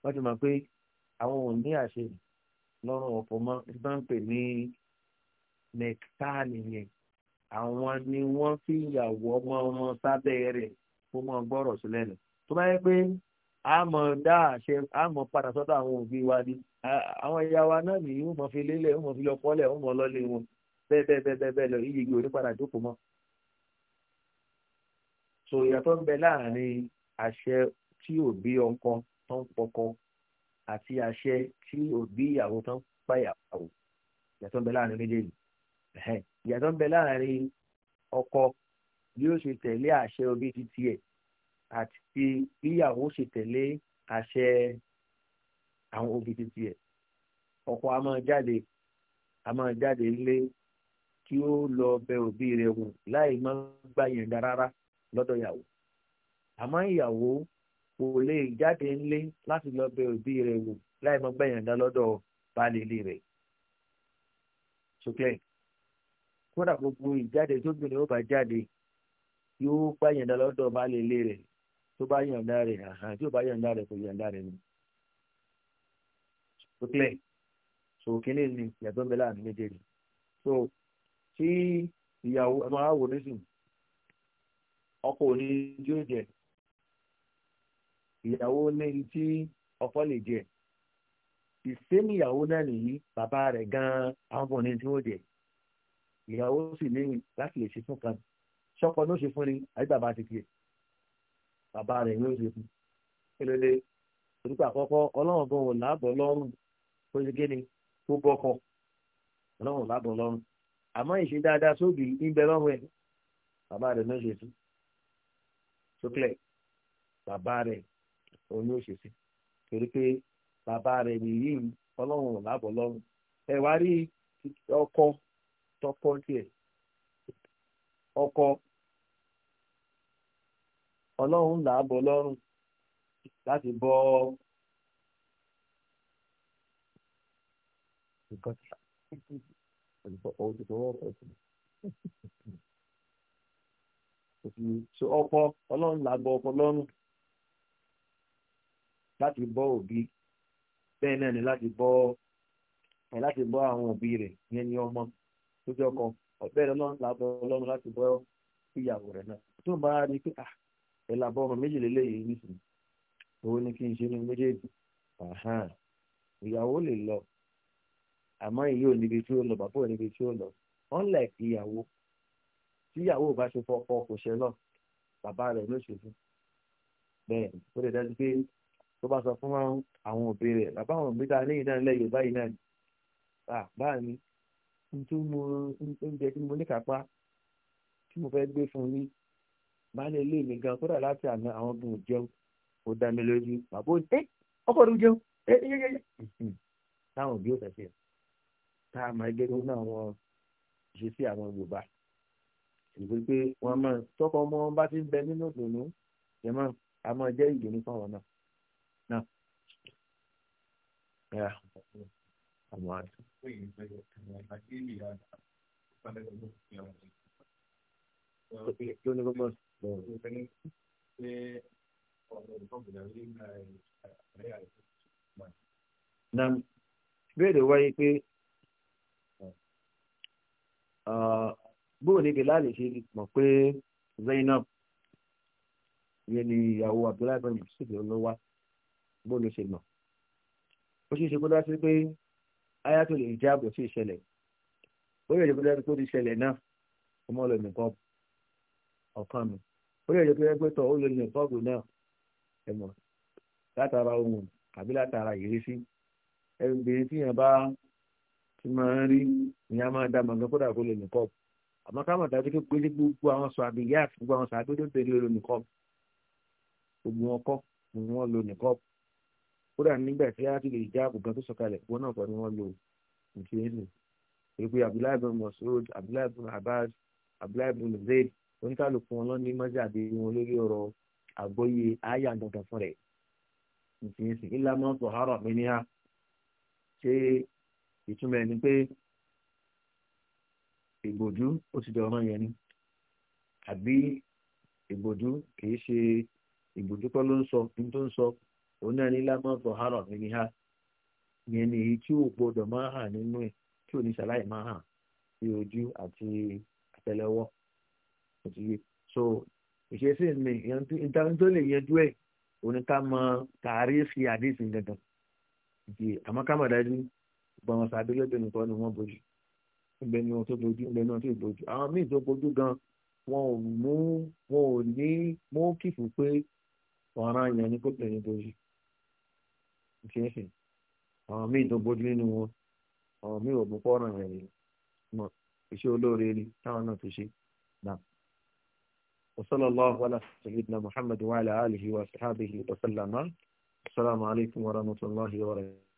wọ́n ti mọ̀ pé àwọn ò ní àṣẹ lọ́rùn ọ̀pọ̀ mọ́ tí wọ́n ń pè ní mẹ́ta nìyẹn àwọn ni wọ́n fi ìyàwó ọmọ wọn sábẹ́ rẹ̀ fún wọn gbọ́rọ̀ sí lẹ́nu tó bá yẹ pé àmọ́ dá àṣẹ àmọ́ padà sọ́dọ̀ àwọn òbí wa ni àwọn ìyá wa náà nìyí wọ́n fi lélẹ̀ wọ́n fi lọ kọ́lẹ̀ wọ́n mọ̀ lọ́lé wọn bẹ́ẹ̀ bẹ́ẹ̀ bẹ́ẹ̀ bẹ́ẹ̀ bẹ́ẹ̀ lọ iye igi onípadà jókòó mọ́. so ìyàtọ̀ ń bẹ láàrin àṣẹ tí òbí ọkọ tó ń pọkọ àti àṣẹ tí òbí ìyàwó tó ń pa ìyàwó ìyàtọ̀ ń bẹ láàrin méjèèjì ìyàtọ̀ ń bẹ láàrin ọkọ bí ó ṣe tẹ̀lé àṣẹ òbí ti tiẹ̀ àti bí ìyàwó ṣe tẹ̀lé àṣẹ àwọn òbí ti tiẹ̀ ọkọ a máa jáde a máa jáde nílé kí ó lọ bẹ òbí rẹ̀ wò láì má gbà yẹ̀ǹda rárá lọ́dọ̀ ìyàwó àmọ́ ìyàwó kò lè jáde ńlé láti lọ bẹ òbí rẹ̀ wò láì má gbà yẹ̀ǹda lọ́dọ̀ baálé rẹ̀ sókè kódà gbogbo ìjáde tóbìnrin ó bá jáde yóò gbà yẹ̀ǹda lọ́dọ̀ baálé rẹ̀ tó bá yọ̀ǹda rẹ̀ àhàn tí ò bá yọ̀ǹda rẹ̀ kò yọ̀ǹda rẹ̀ ni sókè so kíní ni ń bẹ láàrin méjèèjì tí ìyàwó ẹ máa wò nísìn ọkọ ò ní tí ó jẹ ìyàwó ní tí ọkọ lè jẹ ìsẹ́mi ìyàwó náà nìyí bàbá rẹ̀ gan-an àwọn ní tí ó jẹ ìyàwó sì léwu láti lè ṣe fún kan ṣọkọ ní ó ṣe fún ni àbí bàbá ti tiẹ̀ bàbá rẹ̀ ní ó ṣe fún kí ló dé orúkọ àkọ́kọ́ ọlọ́run gan ò láàbọ̀ lọ́rùn tó ṣe kí ni tó bọ́kọ ọlọ́run ò láàbọ̀ lọ́rùn àmọ́ ìṣe dáadáa sóbì ìbẹ̀ lọ́wọ́ ẹ̀ bàbá rẹ̀ ló ń ṣe sí sókè bàbá rẹ̀ òun ló ṣe sí torí pé bàbá rẹ̀ ọlọ́run làbọ̀ ẹ wá rí ọkọ tọkọ tiẹ̀ ọkọ ọlọ́run làbọ̀ láti bọ́ nǹkan òtún tó wọ́pọ̀ ẹ̀sìn. so ọkọ ọlọ́run làgbọ ọkọ lọ́rùn láti bọ́ òbí bẹ́ẹ̀ náà ni láti bọ́ ẹ̀ láti bọ́ àwọn òbí rẹ̀ yẹn ní ọmọ tó jẹ́ ọkọ ọ̀bẹ́ rẹ̀ náà làbọ̀ ọlọ́run láti bọ́ ìyàwó rẹ̀ náà tó bá rí pé à ah, ẹ̀ làbọ̀ ọmọ méjìlélẹ́ yìí nìsín owó ni kí n ṣe ní méjèèjì ìyàwó lè lọ àmọ́ èyí ò níbi tí ó lọ bàbá ò níbi tí ó lọ unlike ìyàwó tí ìyàwó ò bá ṣe fọkọ kò ṣe lọ bàbá rẹ̀ ló ṣe fún bẹ́ẹ̀ ó lè dájú pé tó bá sọ fún àwọn òbí rẹ̀ bàbá àwọn òbí ta lẹ́yìn náà lẹ́yìn báyìí náà báà ní oúnjẹ tí mo ní kápá tí mo fẹ́ gbé fún yín baálé ilé mi gan kódà láti àná àwọn ọdún jẹun kò dá mi lójú bàbá òní ẹ ọkọ òní jẹun ẹ ẹ ẹ ẹ táwọn òbí ò fẹ́ sí ẹ tá a máa gẹ́gẹ́ náà wọ́n ṣe sí àwọn yorùbá ìwé pé wọ́n máa tọkọ ọmọ wọn bá ti ń bẹ nínú ìdùnnú yẹn máa a máa jẹ́ ìdùnnú fáwọn náà náà. Yeah. I'm right. Nam, bẹ́ẹ̀ wáyé pé bóò ní Bilal ṣe mọ̀ pé Zainab yẹn ni ìyàwó Abdullahi bin Masud olówá bóò ló ṣe mọ̀ ó ṣeé ṣe kó dá sí pé ayatul hijab sí ìṣẹ̀lẹ̀ ó yẹ kó dá sí pé ó ti ṣẹlẹ̀ náà ọmọ lọ nìkan ọ̀kan mi ó yẹ kó dá sí pé tọ̀ ó lọ nìkan ọ̀gbìn náà ẹ̀mọ̀ látara ohun àbí látara ìrísí ẹ̀mí tí yẹn bá tí máa ń rí ìyá máa dá màgán kódà kó lè nìkọ́ àmọ́ ká mọ̀ dájú pé pé gbogbo àwọn sọ àbíyá àti gbogbo àwọn sọ àbíyá tó lè lo nìkọ́ gbogbo wọn kọ́ gbogbo wọn lo nìkọ́ kódà nígbà tí a ti lè já àbùkán tó sọ̀kalẹ̀ wọn náà kọ́ ni wọ́n lo nìkíyèsí èpè Abdullahi bin Mas'ud Abdullahi bin Abbas Abdullahi bin Zayd oníkàlùkù wọn lọ́ní mọ́jà àbí wọn lórí ọ̀rọ̀ àgbọ́yé àyà dandan fún rẹ̀ nìkíyèsí ìlànà ọ̀tọ̀ àárọ̀ ìtumọ̀ ẹni pé ìgbòjú ó ti dọ̀rọ̀ yẹn ni àbí ìgbòjú kìí ṣe ìgbòjú kọ́ ló ń sọ ní tó ń sọ òun náà ní lámọ́ tó mi ní ha yẹn ni èyí tí ò gbọdọ̀ máa hàn nínú ẹ̀ tí ò ní ṣàlàyé máa hàn sí ojú àti àtẹ́lẹwọ́ òtíye so ìṣesí mi ìtàn tó lè yanjú ẹ̀ òun ni ká mọ tààrí fi àdéhùn dandan àmọ́ ká mọ̀ dájú gbọ́n wọn sàbí lọ́dọ̀ nìkan ni wọ́n bojú ìbẹ̀ ni wọ́n tó bojú ìbẹ̀ ni wọ́n tó bojú àwọn míì tó bojú gan wọn ò mú wọn ò ní mú kìfù pé ọ̀ràn yẹn ni kò tẹ̀lé bojú ìṣẹ́ṣẹ́ àwọn míì tó bojú nínú wọn àwọn míì ò mú kọ́ràn yẹn ni mọ̀ iṣẹ́ olóore ni táwọn náà ti ṣe náà. وصلى الله على سيدنا محمد وعلى آله وصحبه وسلم السلام عليكم ورحمة الله وبركاته